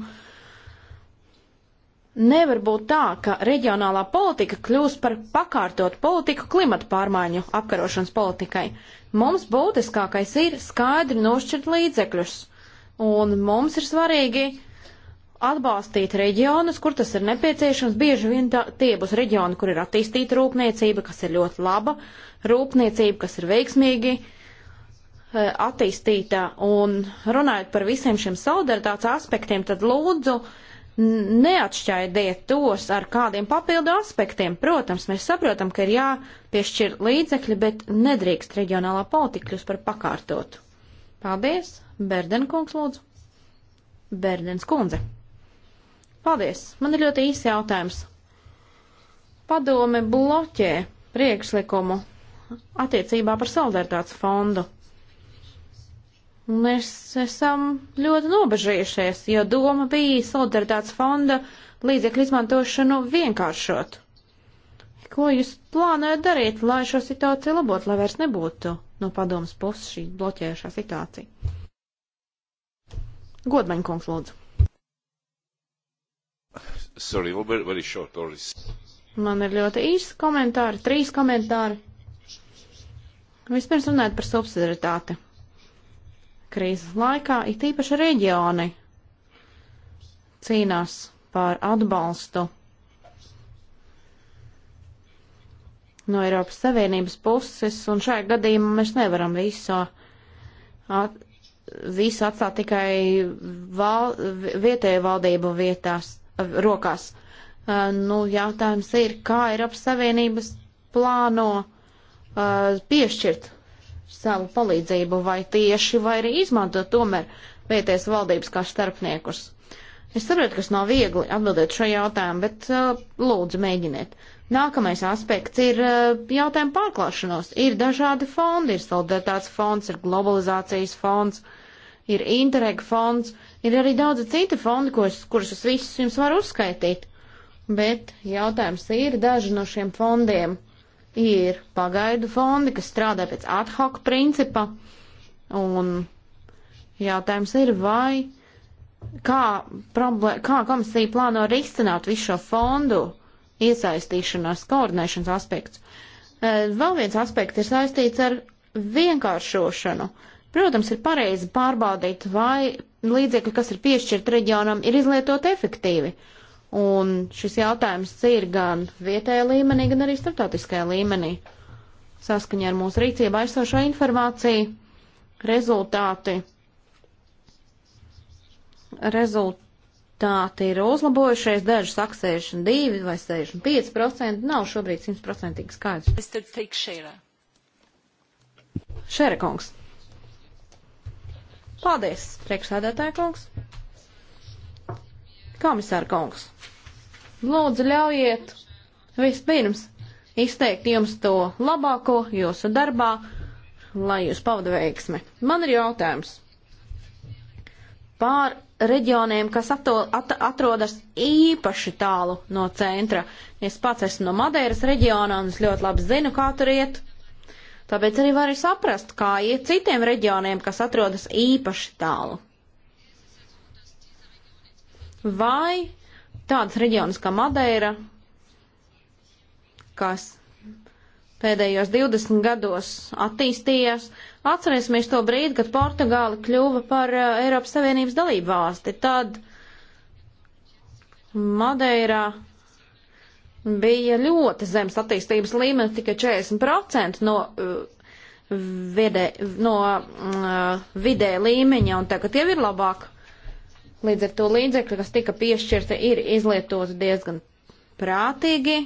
Nevar būt tā, ka reģionālā politika kļūst par pakārtot politiku klimatu pārmaiņu apkarošanas politikai. Mums būtiskākais ir skaidri nošķirt līdzekļus, un mums ir svarīgi atbalstīt reģionus, kur tas ir nepieciešams. Bieži vien tā, tie būs reģioni, kur ir attīstīta rūpniecība, kas ir ļoti laba, uh, rūpniecību, kas ir veiksmīgi eh, attīstīta. Un runājot par visiem šiem solidaritātes aspektiem, tad lūdzu neatšķaidiet tos ar kādiem papildu aspektiem. Protams, mēs saprotam, ka ir jāpiešķir līdzekļi, bet nedrīkst reģionālā politika kļūst par pakārtotu. Paldies, Berdenkungs lūdzu. Berdens kundze. Paldies, man ir ļoti īsi jautājums. Padome bloķē priekšlikumu attiecībā par solidaritātes fondu. Mēs esam ļoti nobežījušies, jo doma bija solidaritātes fonda līdzekļu izmantošanu vienkāršot. Ko jūs plānojat darīt, lai šo situāciju labotu, lai vairs nebūtu no padomas puses šī bloķējušā situācija? Godmaņa kungs, lūdzu. Sorry, very short, Man ir ļoti īsts komentāri, trīs komentāri. Vispirms runājot par subsidaritāti. Krīzes laikā it īpaši reģioni cīnās par atbalstu no Eiropas Savienības puses, un šajā gadījumā mēs nevaram visu, at, visu atstāt tikai val, vietēju valdību vietās, rokās. Uh, nu, jautājums ir, kā Eiropas Savienības plāno uh, piešķirt savu palīdzību vai tieši, vai arī izmantot tomēr vieties valdības kā starpniekus. Es saprotu, kas nav viegli atbildēt šo jautājumu, bet uh, lūdzu mēģiniet. Nākamais aspekts ir uh, jautājuma pārklāšanos. Ir dažādi fondi, ir solidaritātes fonds, ir globalizācijas fonds, ir Interreg fonds, ir arī daudzi citi fondi, kurus, kurus es visus jums varu uzskaitīt. Bet jautājums ir daži no šiem fondiem ir pagaidu fondi, kas strādā pēc ad hoc principa, un jautājums ir, vai kā, problē, kā komisija plāno risināt visu šo fondu iesaistīšanās, koordinēšanas aspektu. E, vēl viens aspekts ir saistīts ar vienkāršošanu. Protams, ir pareizi pārbaudīt, vai līdzekļi, kas ir piešķirt reģionam, ir izlietot efektīvi. Uh, Un šis jautājums ir gan vietējā līmenī, gan arī starptautiskajā līmenī. Saskaņā ar mūsu rīcībā aizsošo informāciju rezultāti, rezultāti ir uzlabojušies, daži saka 62 vai 65%, nav šobrīd 100% skaidrs. Šerekungs. Paldies, priekšsādātāja kungs. Komisāra kungs, lūdzu ļaujiet vispirms izteikt jums to labāko jūsu darbā, lai jūs pavadu veiksmi. Man ir jautājums pār reģioniem, kas atto, at, atrodas īpaši tālu no centra. Es pats esmu no Madeiras reģiona un es ļoti labi zinu, kā tur iet. Tāpēc arī varu saprast, kā iet citiem reģioniem, kas atrodas īpaši tālu vai tāds reģions kā Madeira, kas pēdējos 20 gados attīstījās. Atcerēsimies to brīdi, kad Portugāla kļuva par uh, Eiropas Savienības dalību valsti. Tad Madeirā bija ļoti zems attīstības līmenis, tikai 40% no, uh, vidē, no uh, vidē līmeņa, un tagad jau ir labāk. Uh, Līdz ar to līdzekļi, kas tika piešķirti, ir izlietoti diezgan prātīgi.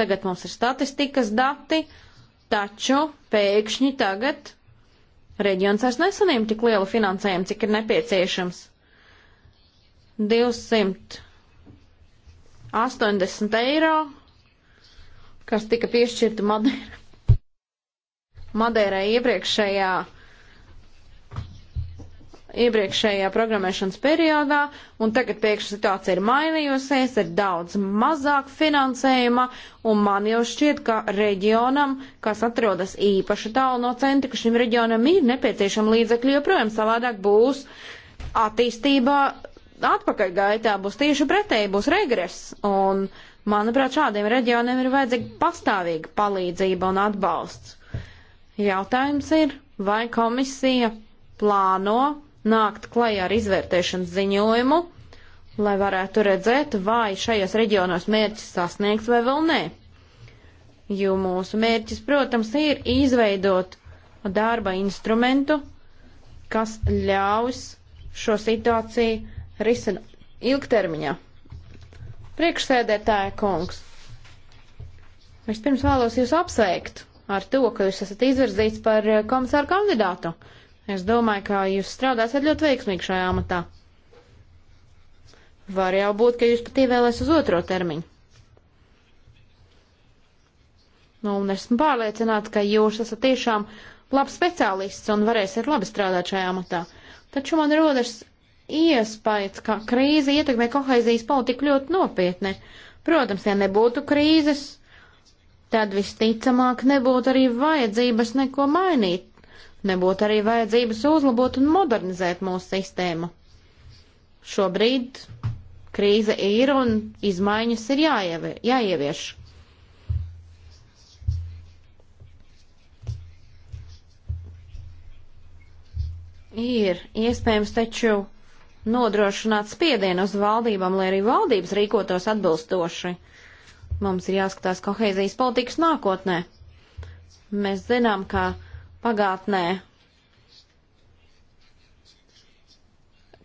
Tagad mums ir statistikas dati, taču pēkšņi tagad reģions vairs nesaņem tik lielu finansējumu, cik ir nepieciešams. 280 eiro, kas tika piešķirta Madērai Madēra iepriekšējā iepriekšējā programmēšanas periodā, un tagad pēkšņi situācija ir mainījusies, ir daudz mazāk finansējuma, un man jau šķiet, ka reģionam, kas atrodas īpaši tālu no centra, ka šim reģionam ir nepieciešama līdzekļi, joprojām savādāk būs attīstībā atpakaļ gaitā, būs tieši pretēji, būs regress, un manuprāt, šādiem reģioniem ir vajadzīga pastāvīga palīdzība un atbalsts. Jautājums ir, vai komisija plāno nākt klajā ar izvērtēšanas ziņojumu, lai varētu redzēt, vai šajos reģionos mērķis sasniegts vai vēl nē. Jo mūsu mērķis, protams, ir izveidot darba instrumentu, kas ļaus šo situāciju risināt ilgtermiņā. Priekšsēdētāja kungs, vispirms vēlos jūs apsveikt ar to, ka jūs esat izvirzīts par komisāru kandidātu. Uh, Es domāju, ka jūs strādāsiet ļoti veiksmīgi šajā amatā. Var jau būt, ka jūs pat ievēlēs uz otro termiņu. Nu, un esmu pārliecināta, ka jūs esat tiešām labs speciālists un varēsiet labi strādāt šajā amatā. Taču man rodas iespējas, ka krīze ietekmē kohēzijas politiku ļoti nopietni. Protams, ja nebūtu krīzes, tad visticamāk nebūtu arī vajadzības neko mainīt nebūtu arī vajadzības uzlabot un modernizēt mūsu sistēmu. Šobrīd krīze ir un izmaiņas ir jāievi, jāievieš. Ir iespējams taču nodrošināt spiedienu uz valdībām, lai arī valdības rīkotos atbilstoši. Mums ir jāskatās kohēzijas politikas nākotnē. Mēs zinām, ka pagātnē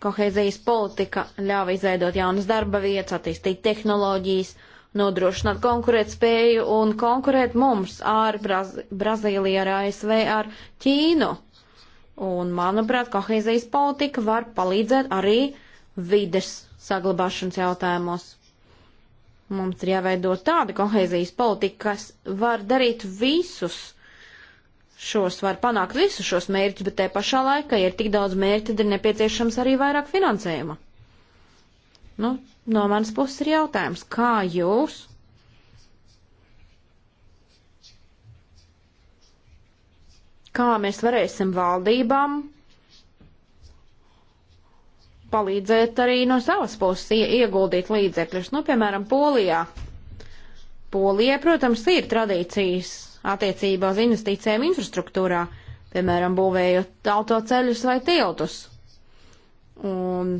kohēzijas politika ļāva izveidot jaunas darba vietas, attīstīt tehnoloģijas, nodrošināt konkurētspēju un konkurēt mums ar Braz Brazīliju, ar ASV, ar Ķīnu. Un, manuprāt, kohēzijas politika var palīdzēt arī vides saglabāšanas jautājumos. Mums ir jāveido tāda kohēzijas politika, kas var darīt visus uh, šos, var panākt visus šos mērķus, bet te pašā laikā, ja ir tik daudz mērķu, tad ir nepieciešams arī vairāk finansējuma. Nu, no manas puses ir jautājums, kā jūs kā mēs varēsim valdībām palīdzēt arī no savas puses ie, ieguldīt līdzekļus. Nu, piemēram, Polijā. Polijai, protams, ir tradīcijas attiecībā uz investīcijām infrastruktūrā, piemēram, būvējot autoceļus vai tiltus. Un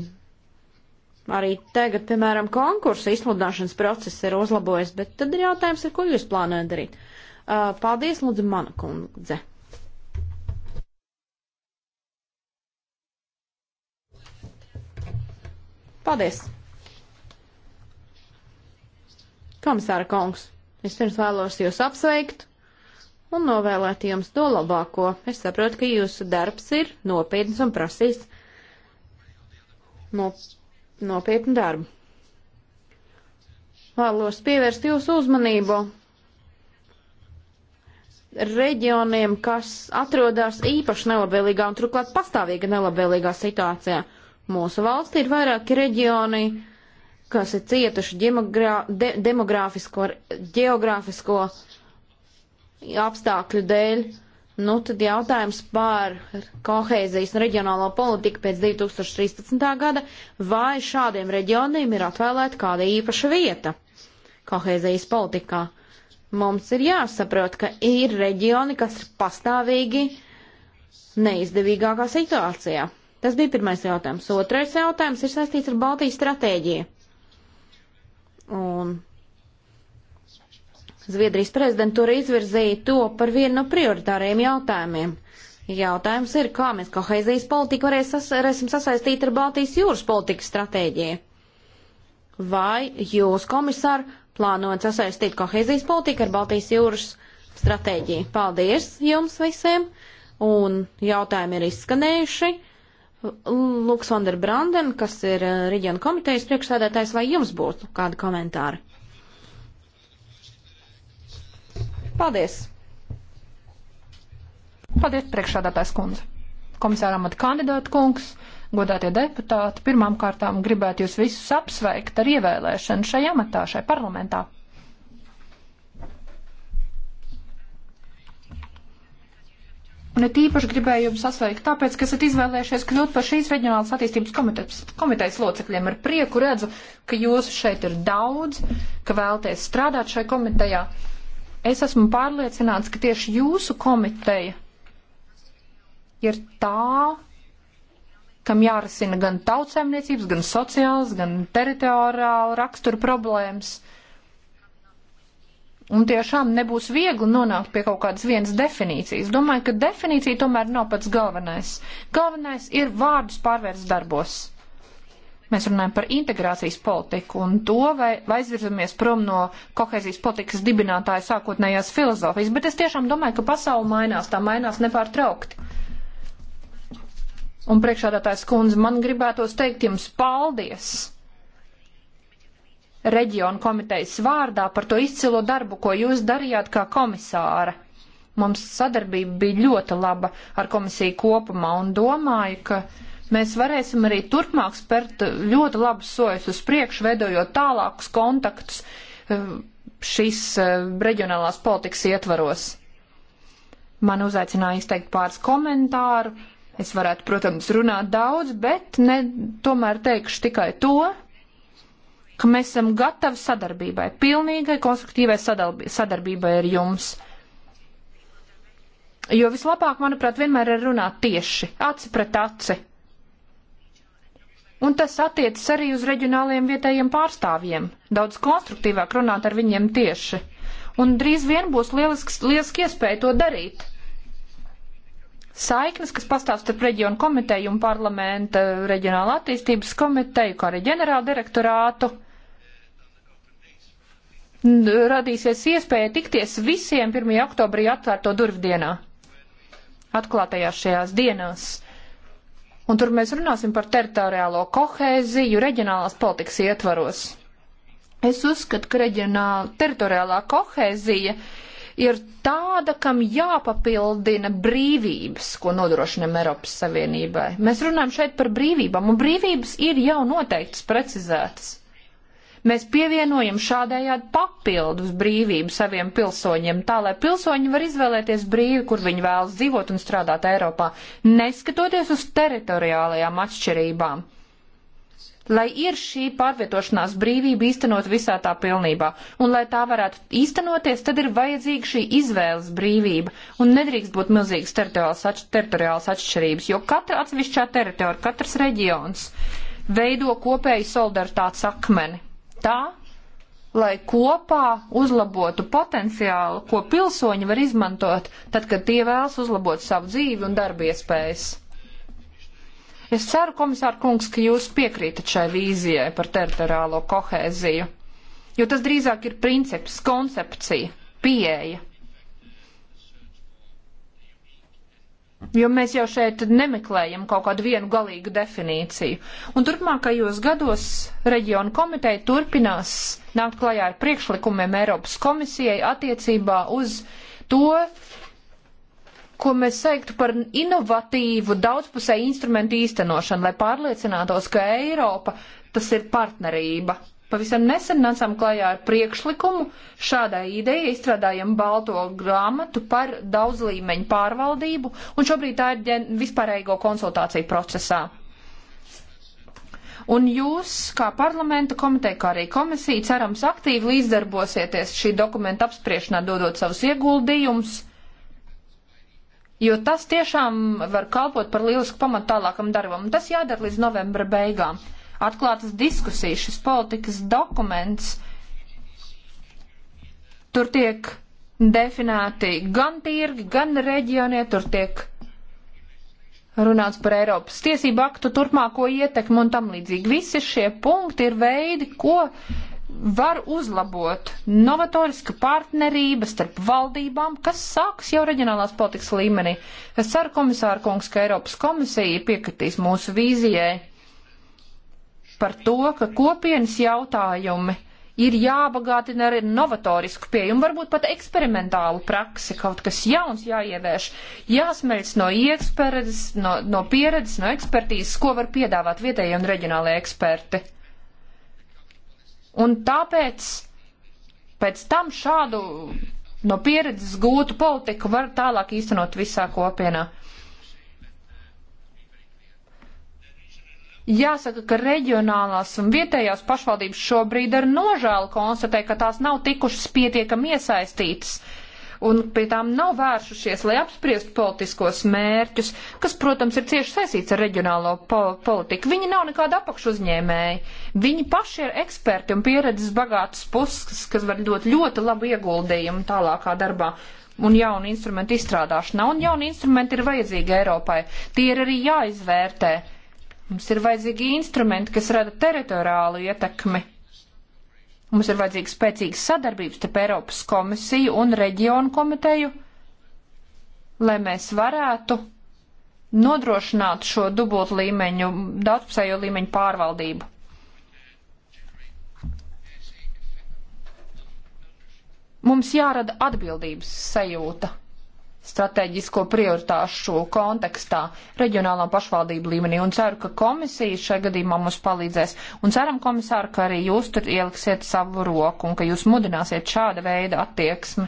arī tagad, piemēram, konkursu izsludināšanas process ir uzlabojis, bet tad ir jautājums, ar ko jūs plānojat darīt. Uh, paldies, lūdzu, mana kundze. Paldies! Komisāra kungs, es pirms vēlos jūs apsveikt un novēlēt jums to labāko. Es saprotu, ka jūsu darbs ir nopietns un prasīs no, nopietnu darbu. Vēlos pievērst jūsu uzmanību reģioniem, kas atrodas īpaši nelabvēlīgā un turklāt pastāvīga nelabvēlīgā situācijā. Mūsu valstī ir vairāki reģioni, kas ir cietuši de demogrāfisko, geogrāfisko apstākļu dēļ. Nu, tad jautājums par koheizijas un reģionālo politiku pēc 2013. gada, vai šādiem reģioniem ir atvēlēta kāda īpaša vieta koheizijas politikā. Mums ir jāsaprot, ka ir reģioni, kas ir pastāvīgi neizdevīgākā situācijā. Tas bija pirmais jautājums. Otrais jautājums ir saistīts ar Baltijas stratēģiju. Un Zviedrijas prezidentūra izvirzīja to par vienu no prioritāriem jautājumiem. Jautājums ir, kā mēs kohēzijas politiku varēsim sasaistīt ar Baltijas jūras politikas stratēģiju? Vai jūs, komisār, plānojat sasaistīt kohēzijas politiku ar Baltijas jūras stratēģiju? Paldies jums visiem! Un jautājumi ir izskanējuši. Luks Vanderbranden, kas ir eh, reģiona komitejas priekšsēdētājs, vai jums būtu kādi komentāri? Paldies! Paldies, priekšādātājs kundze! Komisāram at kandidātu kungs, godātie deputāti, pirmām kārtām gribētu jūs visus apsveikt ar ievēlēšanu šai amatā, šai parlamentā. Un it īpaši gribēju jums sasveikt, tāpēc, ka esat izvēlējušies kļūt par šīs reģionālas attīstības komitejas, komitejas locekļiem. Ar prieku redzu, ka jūs šeit ir daudz, ka vēlties strādāt šai komitejā. Es esmu pārliecināts, ka tieši jūsu komiteja ir tā, kam jārisina gan tautsēmniecības, gan sociāls, gan teritoriāla rakstura problēmas. Un tiešām nebūs viegli nonākt pie kaut kādas vienas definīcijas. Domāju, ka definīcija tomēr nav pats galvenais. Galvenais ir vārdus pārvērst darbos. Mēs runājam par integrācijas politiku un to, vai, vai aizvirzamies prom no kohēzijas politikas dibinātāja sākotnējās filozofijas, bet es tiešām domāju, ka pasauli mainās, tā mainās nepārtraukti. Un priekšādātājs kundze, man gribētos teikt jums paldies! reģionu komitejas vārdā par to izcilo darbu, ko jūs darījāt kā komisāra. Mums sadarbība bija ļoti laba ar komisiju kopumā un domāju, ka mēs varēsim arī turpmāk spērt ļoti labus sojas uz priekšu, veidojot tālākus kontaktus eh, šīs eh, reģionālās politikas ietvaros. Man uzaicināja izteikt pāris komentāru. Es varētu, protams, runāt daudz, bet ne, tomēr teikšu tikai to, ka mēs esam gatavi sadarbībai, pilnīgai konstruktīvai sadarbībai ar jums. Jo vislabāk, manuprāt, vienmēr ir runāt tieši, aci pret aci. Un tas attiecas arī uz reģionāliem vietējiem pārstāvjiem. Daudz konstruktīvāk runāt ar viņiem tieši. Un drīz vien būs lielisks, lieliski iespēja to darīt. Saiknes, kas pastāv starp reģionu komiteju un parlamenta reģionāla attīstības komiteju, kā arī ģenerāla direktorātu, radīsies iespēja tikties visiem 1. oktobrī atvērto durvdienā atklātajās šajās dienās. Un tur mēs runāsim par teritoriālo kohēziju reģionālās politikas ietvaros. Es uzskatu, ka reģionāla teritoriālā kohēzija ir tāda, kam jāpapildina brīvības, ko nodrošinam Eiropas Savienībai. Mēs runājam šeit par brīvībām, un brīvības ir jau noteiktas, precizētas. Mēs pievienojam šādējādi papildus brīvību saviem pilsoņiem, tā lai pilsoņi var izvēlēties brīvi, kur viņi vēlas dzīvot un strādāt Eiropā, neskatoties uz teritoriālajām atšķirībām lai ir šī pārvietošanās brīvība īstenot visā tā pilnībā. Un, lai tā varētu īstenoties, tad ir vajadzīga šī izvēles brīvība. Un nedrīkst būt milzīgas teritoriālas atšķirības, jo katra atsevišķā teritorija, katrs reģions veido kopēju solidaritātes akmeni tā, lai kopā uzlabotu potenciālu, ko pilsoņi var izmantot, tad, kad tie vēlas uzlabot savu dzīvi un darba iespējas. Es ceru, komisār kungs, ka jūs piekrītat šai vīzijai par teritoriālo kohēziju, jo tas drīzāk ir princips, koncepcija, pieeja. Jo mēs jau šeit nemeklējam kaut kādu vienu galīgu definīciju. Un turpmākajos gados reģionu komiteja turpinās nākt klajā ar priekšlikumiem Eiropas komisijai attiecībā uz to, ko mēs teiktu par inovatīvu daudzpusēju instrumentu īstenošanu, lai pārliecinātos, ka Eiropa tas ir partnerība Pavisam nesen nācām klajā ar priekšlikumu šādai idejai, izstrādājam balto grāmatu par daudzlīmeņu pārvaldību, un šobrīd tā ir vispārējo konsultāciju procesā. Un jūs, kā parlamenta komiteja, kā arī komisija, cerams, aktīvi līdzdarbosieties šī dokumenta apspriešanā, dodot savus ieguldījumus, jo tas tiešām var kalpot par lielisku pamatu tālākam darbam. Un tas jādara līdz novembra beigām atklātas diskusijas, šis politikas dokuments. Tur tiek definēti gan tirgi, gan reģionie, tur tiek runāts par Eiropas tiesību aktu turpmāko ietekmu un tam līdzīgi. Visi šie punkti ir veidi, ko var uzlabot novatoriska partnerība starp valdībām, kas sāks jau reģionālās politikas līmenī. Es ceru, komisāra kungs, ka Eiropas komisija piekritīs mūsu vīzijai par to, ka kopienas jautājumi ir jābagātina ar novatorisku pieeju un varbūt pat eksperimentālu praksi, kaut kas jauns jāievērš, jāsmeļas no iekspēredzes, no, no pieredzes, no ekspertīzes, ko var piedāvāt vietējie un reģionālie eksperti. Un tāpēc pēc tam šādu no pieredzes gūtu politiku var tālāk īstenot visā kopienā. Jāsaka, ka reģionālās un vietējās pašvaldības šobrīd ar nožēlu konstatē, ka tās nav tikušas pietiekami iesaistītas un pie tām nav vēršušies, lai apspriestu politiskos mērķus, kas, protams, ir cieši saistīts ar reģionālo po politiku. Viņi nav nekāda apakšuzņēmēja. Viņi paši ir eksperti un pieredzes bagātas puses, kas var dot ļoti labu ieguldījumu tālākā darbā un jaunu instrumentu izstrādāšanā, un jauni instrumenti ir vajadzīgi Eiropai. Tie ir arī jāizvērtē Mums ir vajadzīgi instrumenti, kas rada teritoriālu ietekmi. Mums ir vajadzīga spēcīga sadarbības starp Eiropas komisiju un reģionu komiteju, lai mēs varētu nodrošināt šo dubult līmeņu, daudzpusējo līmeņu pārvaldību. Mums jārada atbildības sajūta stratēģisko prioritāšu kontekstā reģionālā pašvaldību līmenī un ceru, ka komisija šajā gadījumā mums palīdzēs un ceram, komisāri, ka arī jūs tur ieliksiet savu roku un ka jūs mudināsiet šāda veida attieksmi.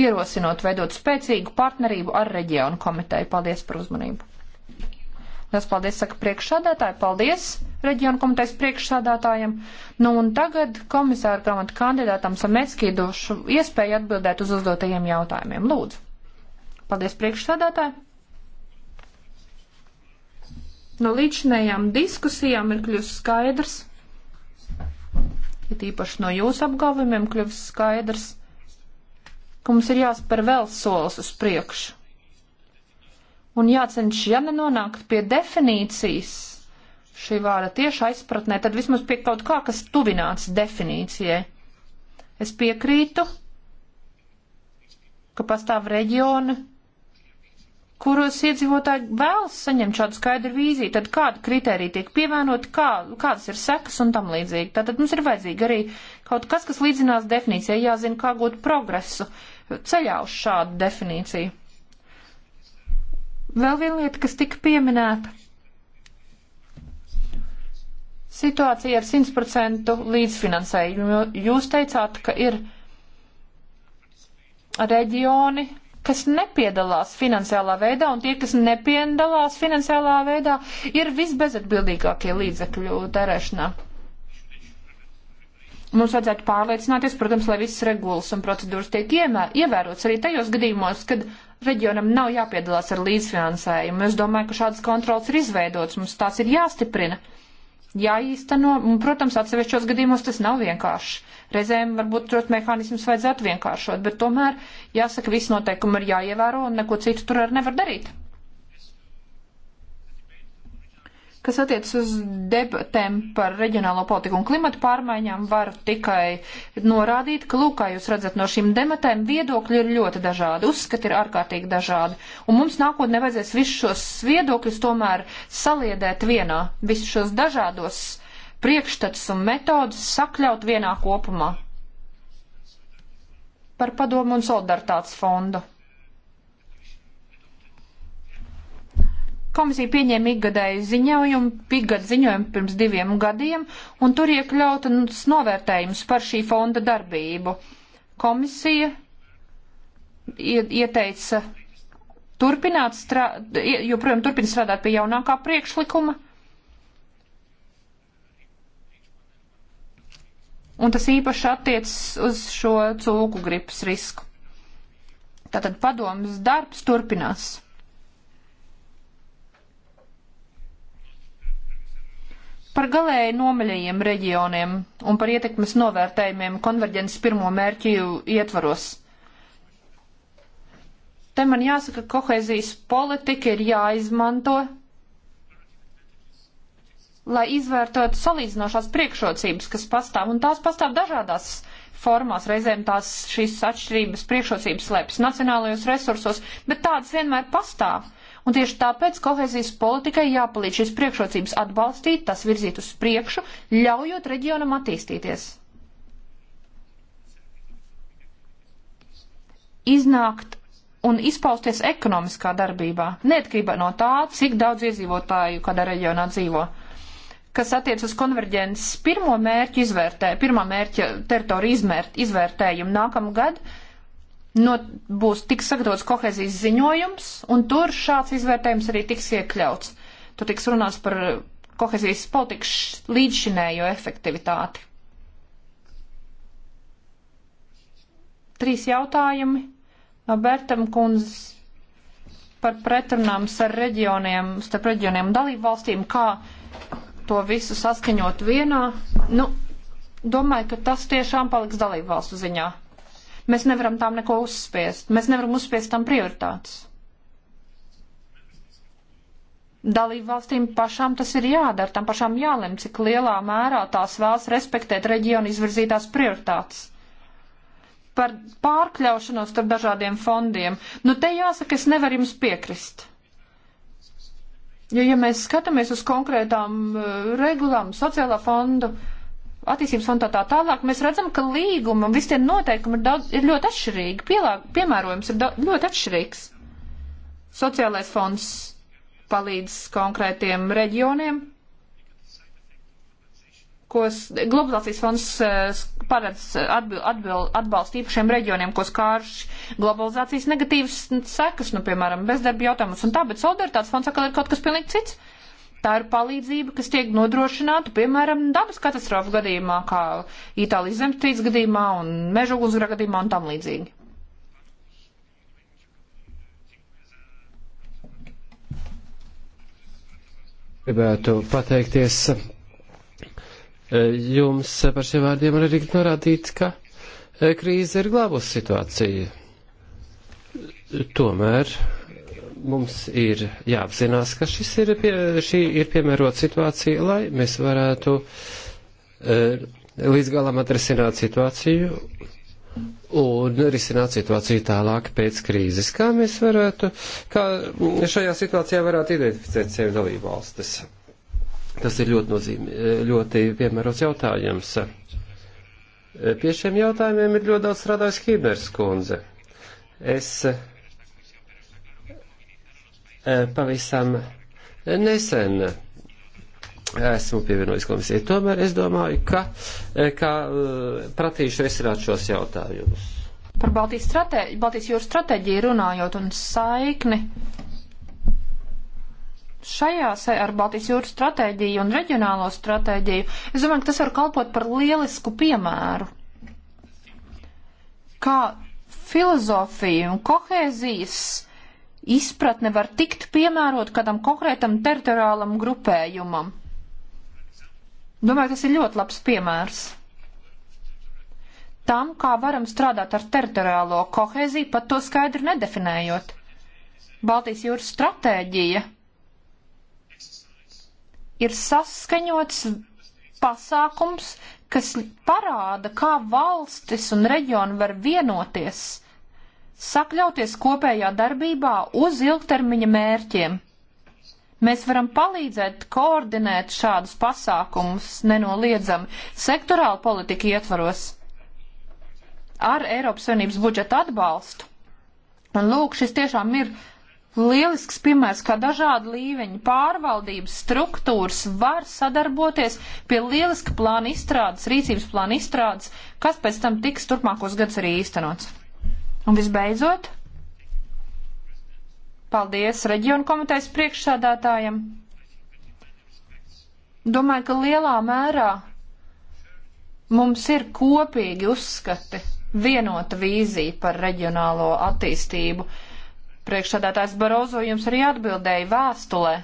Ierosinot veidot spēcīgu partnerību ar reģionu komiteju. Paldies par uzmanību! Liels paldies, saka priekšsādātāji, paldies reģionu komitejas priekšsādātājiem. Nu un tagad komisāra grāmatu kandidātam Sametskī došu iespēju atbildēt uz uzdotajiem jautājumiem. Lūdzu. Paldies priekšsādātāji. No nu, līdzinējām diskusijām ir kļuvis skaidrs, ir īpaši no jūsu apgalvumiem kļuvis skaidrs, ka mums ir jāspēr vēl solis uz priekšu un jācenš, ja nenonākt pie definīcijas šī vārda tieši aizpratnē, tad vismaz pie kaut kā, kas tuvināts definīcijai. Es piekrītu, ka pastāv reģioni, kuros iedzīvotāji vēlas saņemt šādu skaidru vīziju, tad kāda kriterija tiek pievienot, kā, kādas ir sekas un tam līdzīgi. Tātad mums ir vajadzīgi arī kaut kas, kas līdzinās definīcijai, jāzina, kā gūt progresu ceļā uz šādu definīciju. Vēl viena lieta, kas tika pieminēta. Situācija ar 100% līdzfinansējumu. Jūs teicāt, ka ir reģioni, kas nepiedalās finansiālā veidā, un tie, kas nepiedalās finansiālā veidā, ir visbezatbildīgākie līdzekļu tērēšanā. Mums vajadzētu pārliecināties, protams, lai visas regulas un procedūras tiek iemē, ievērots arī tajos gadījumos, kad reģionam nav jāpiedalās ar līdzfinansējumu. Es domāju, ka šādas kontrols ir izveidotas, mums tās ir jāstiprina, jāīsteno, un, protams, atsevišķos gadījumos tas nav vienkārši. Reizēm varbūt trot mehānismus vajadzētu vienkāršot, bet tomēr, jāsaka, visi noteikumi ir jāievēro un neko citu tur arī nevar darīt. Kas attiecas uz debatēm par reģionālo politiku un klimatu pārmaiņām, varu tikai norādīt, ka, lūk, kā jūs redzat no šīm debatēm, viedokļi ir ļoti dažādi, uzskati ir ārkārtīgi dažādi. Un mums nākotnē vajadzēs visus šos viedokļus tomēr saliedēt vienā, visus šos dažādos priekšstats un metodas sakļaut vienā kopumā. Par padomu un solidaritātes fondu. Komisija pieņēma ikgadēju ziņojumu, ikgad ziņojumu pirms diviem gadiem, un tur iekļauta novērtējums par šī fonda darbību. Komisija ieteica turpināt strā, joprojām turpin strādāt pie jaunākā priekšlikuma. Un tas īpaši attiecas uz šo cūku gripas risku. Tātad padomas darbs turpinās. Par galēji nomaļajiem reģioniem un par ietekmes novērtējumiem konverģences pirmo mērķu ietvaros. Te man jāsaka, ka kohēzijas politika ir jāizmanto, lai izvērtotu salīdzinošās priekšrocības, kas pastāv, un tās pastāv dažādās formās, reizēm tās šīs atšķirības priekšrocības slēpjas nacionālajos resursos, bet tādas vienmēr pastāv. Un tieši tāpēc kohezijas politikai jāpalīdz šīs priekšrocības atbalstīt, tas virzīt uz priekšu, ļaujot reģionam attīstīties. Iznākt un izpausties ekonomiskā darbībā, neatkarībā no tā, cik daudz iedzīvotāju kādā reģionā dzīvo kas attiec uz konverģences pirmo mērķu izvērtē, pirmā mērķa teritoriju izmērt, izvērtējumu nākamgad, no, būs tiks sagatavots kohezijas ziņojums, un tur šāds izvērtējums arī tiks iekļauts. Tur tiks runās par kohezijas politikas līdzšinējo efektivitāti. Trīs jautājumi no Bertam kundzes par pretrunām starp reģioniem, starp reģioniem un dalību valstīm, kā to visu saskaņot vienā. Nu, domāju, ka tas tiešām paliks dalību valstu ziņā. Mēs nevaram tām neko uzspiest. Mēs nevaram uzspiest tam prioritātes. Dalību valstīm pašām tas ir jādara, tam pašām jālem, cik lielā mērā tās vēlas respektēt reģionu izvirzītās prioritātes par pārkļaušanos starp dažādiem fondiem. Nu, te jāsaka, es nevaru jums piekrist. Jo, ja mēs skatāmies uz konkrētām eh, regulām, sociālā fondu, uh, attīstības fonda tā tālāk, mēs redzam, ka līguma un visi tie noteikumi ir, daudz, ir ļoti atšķirīgi, pielāk, piemērojums ir daudz, ļoti atšķirīgs. Sociālais fonds palīdz konkrētiem reģioniem, ko globalizācijas fonds e, paredz atbil, atbil, atbalstu īpašiem reģioniem, ko skārš globalizācijas negatīvas sekas, nu, piemēram, bezdarba jautājumus un tā, bet solidaritātes fonds atkal ir kaut kas pilnīgi cits Tā ir palīdzība, kas tiek nodrošināta, piemēram, dabas katastrofu gadījumā, kā Itālijas zemstrīces gadījumā un meža ugunsgrā gadījumā un tam līdzīgi. Gribētu pateikties eh, jums par šiem vārdiem un arī norādīt, ka eh, krīze ir glābusi situāciju. Tomēr mums ir jāapzinās, ka šis ir, pie, šī ir piemērota situācija, lai mēs varētu uh, līdz galam atrisināt situāciju un risināt situāciju tālāk pēc krīzes. Kā mēs varētu, kā šajā situācijā varētu identificēt sevi dalību valstis? Tas ir ļoti nozīmi, ļoti piemērots jautājums. Pie šiem jautājumiem ir ļoti daudz strādājis Hībners kundze. Es Eh, pavisam nesen esmu pievienojis komisijai. Tomēr es domāju, ka, eh, ka eh, pratīšu risināt šos jautājumus. Par Baltijas, stratē, Baltijas jūras stratēģiju runājot un saikni šajā ar Baltijas jūras stratēģiju un reģionālo stratēģiju, es domāju, ka tas var kalpot par lielisku piemēru. Kā filozofija un kohēzijas izpratne var tikt piemērot kādam konkrētam teritoriālam grupējumam. Domāju, tas ir ļoti labs piemērs tam, kā varam strādāt ar teritoriālo kohēziju, pat to skaidri nedefinējot. Baltijas jūras stratēģija ir saskaņots pasākums, kas parāda, kā valstis un reģioni var vienoties sakļauties kopējā darbībā uz ilgtermiņa mērķiem. Mēs varam palīdzēt koordinēt šādus pasākumus nenoliedzami sektorāla politika ietvaros ar Eiropas Savienības budžeta atbalstu. Un lūk, šis tiešām ir lielisks piemērs, kā dažādi līmeņi pārvaldības struktūras var sadarboties pie lieliska plāna izstrādes, rīcības plāna izstrādes, kas pēc tam tiks turpmākos gadus arī īstenots. Un visbeidzot, paldies reģionu komitejas priekšsādātājiem. Domāju, ka lielā mērā mums ir kopīgi uzskati, vienota vīzija par reģionālo attīstību. Priekšsādātājs Barozo jums arī atbildēja vēstulē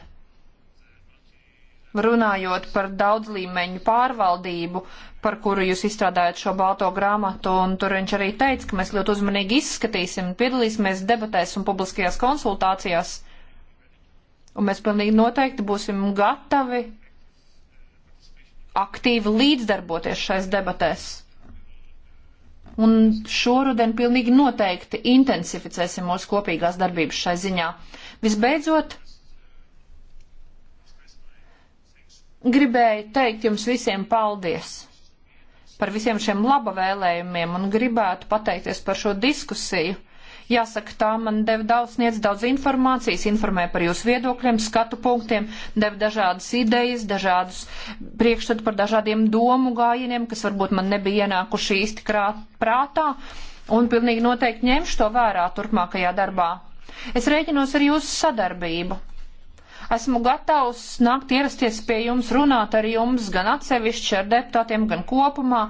runājot par daudzlīmeņu pārvaldību, par kuru jūs izstrādājat šo balto grāmatu, un tur viņš arī teica, ka mēs ļoti uzmanīgi izskatīsim, piedalīsimies debatēs un publiskajās konsultācijās, un mēs pilnīgi noteikti būsim gatavi aktīvi līdzdarboties šais debatēs. Un šoruden pilnīgi noteikti intensificēsim mūsu kopīgās darbības šai ziņā. Visbeidzot, gribēju teikt jums visiem paldies par visiem šiem laba vēlējumiem un gribētu pateikties par šo diskusiju. Jāsaka, tā man deva daudz, sniedz daudz informācijas, informēja par jūsu viedokļiem, skatu punktiem, deva dažādas idejas, dažādus priekšstatu par dažādiem domu gājieniem, kas varbūt man nebija ienākuši īsti krāt, prātā, un pilnīgi noteikti ņemšu to vērā turpmākajā darbā. Es rēķinos ar jūsu sadarbību Esmu gatavs nākt ierasties pie jums, runāt ar jums, gan atsevišķi ar deputātiem, gan kopumā,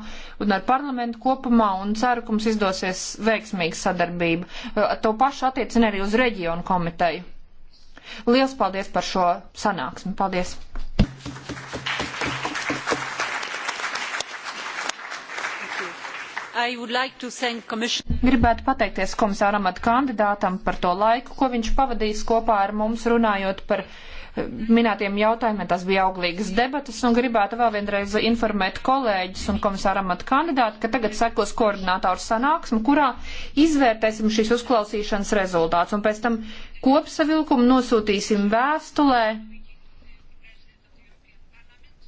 un ar parlamentu kopumā, un ceru, ka mums izdosies veiksmīga sadarbība. Eh, to pašu attiecina arī uz reģionu komiteju. Liels paldies par šo sanāksmi. Paldies! like Gribētu pateikties komisāram at kandidātam par to laiku, ko viņš pavadīs kopā ar mums runājot par eh, minētiem jautājumiem. Tas bija auglīgas debatas un gribētu vēl vienreiz informēt kolēģis un komisāram at kandidātu, ka tagad sekos koordinātoru sanāksmu, kurā izvērtēsim šīs uzklausīšanas rezultāts un pēc tam kopsavilkumu nosūtīsim vēstulē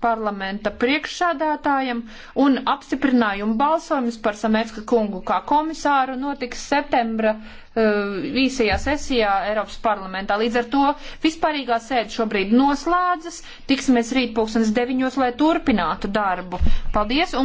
parlamenta priekšsādātājam un apstiprinājumu balsojums par Samecka kungu kā komisāru notiks septembra uh, īsajā sesijā Eiropas parlamentā. Līdz ar to vispārīgā sēde šobrīd noslēdzas. Tiksimies rīt pulkstens deviņos, lai turpinātu darbu. Paldies!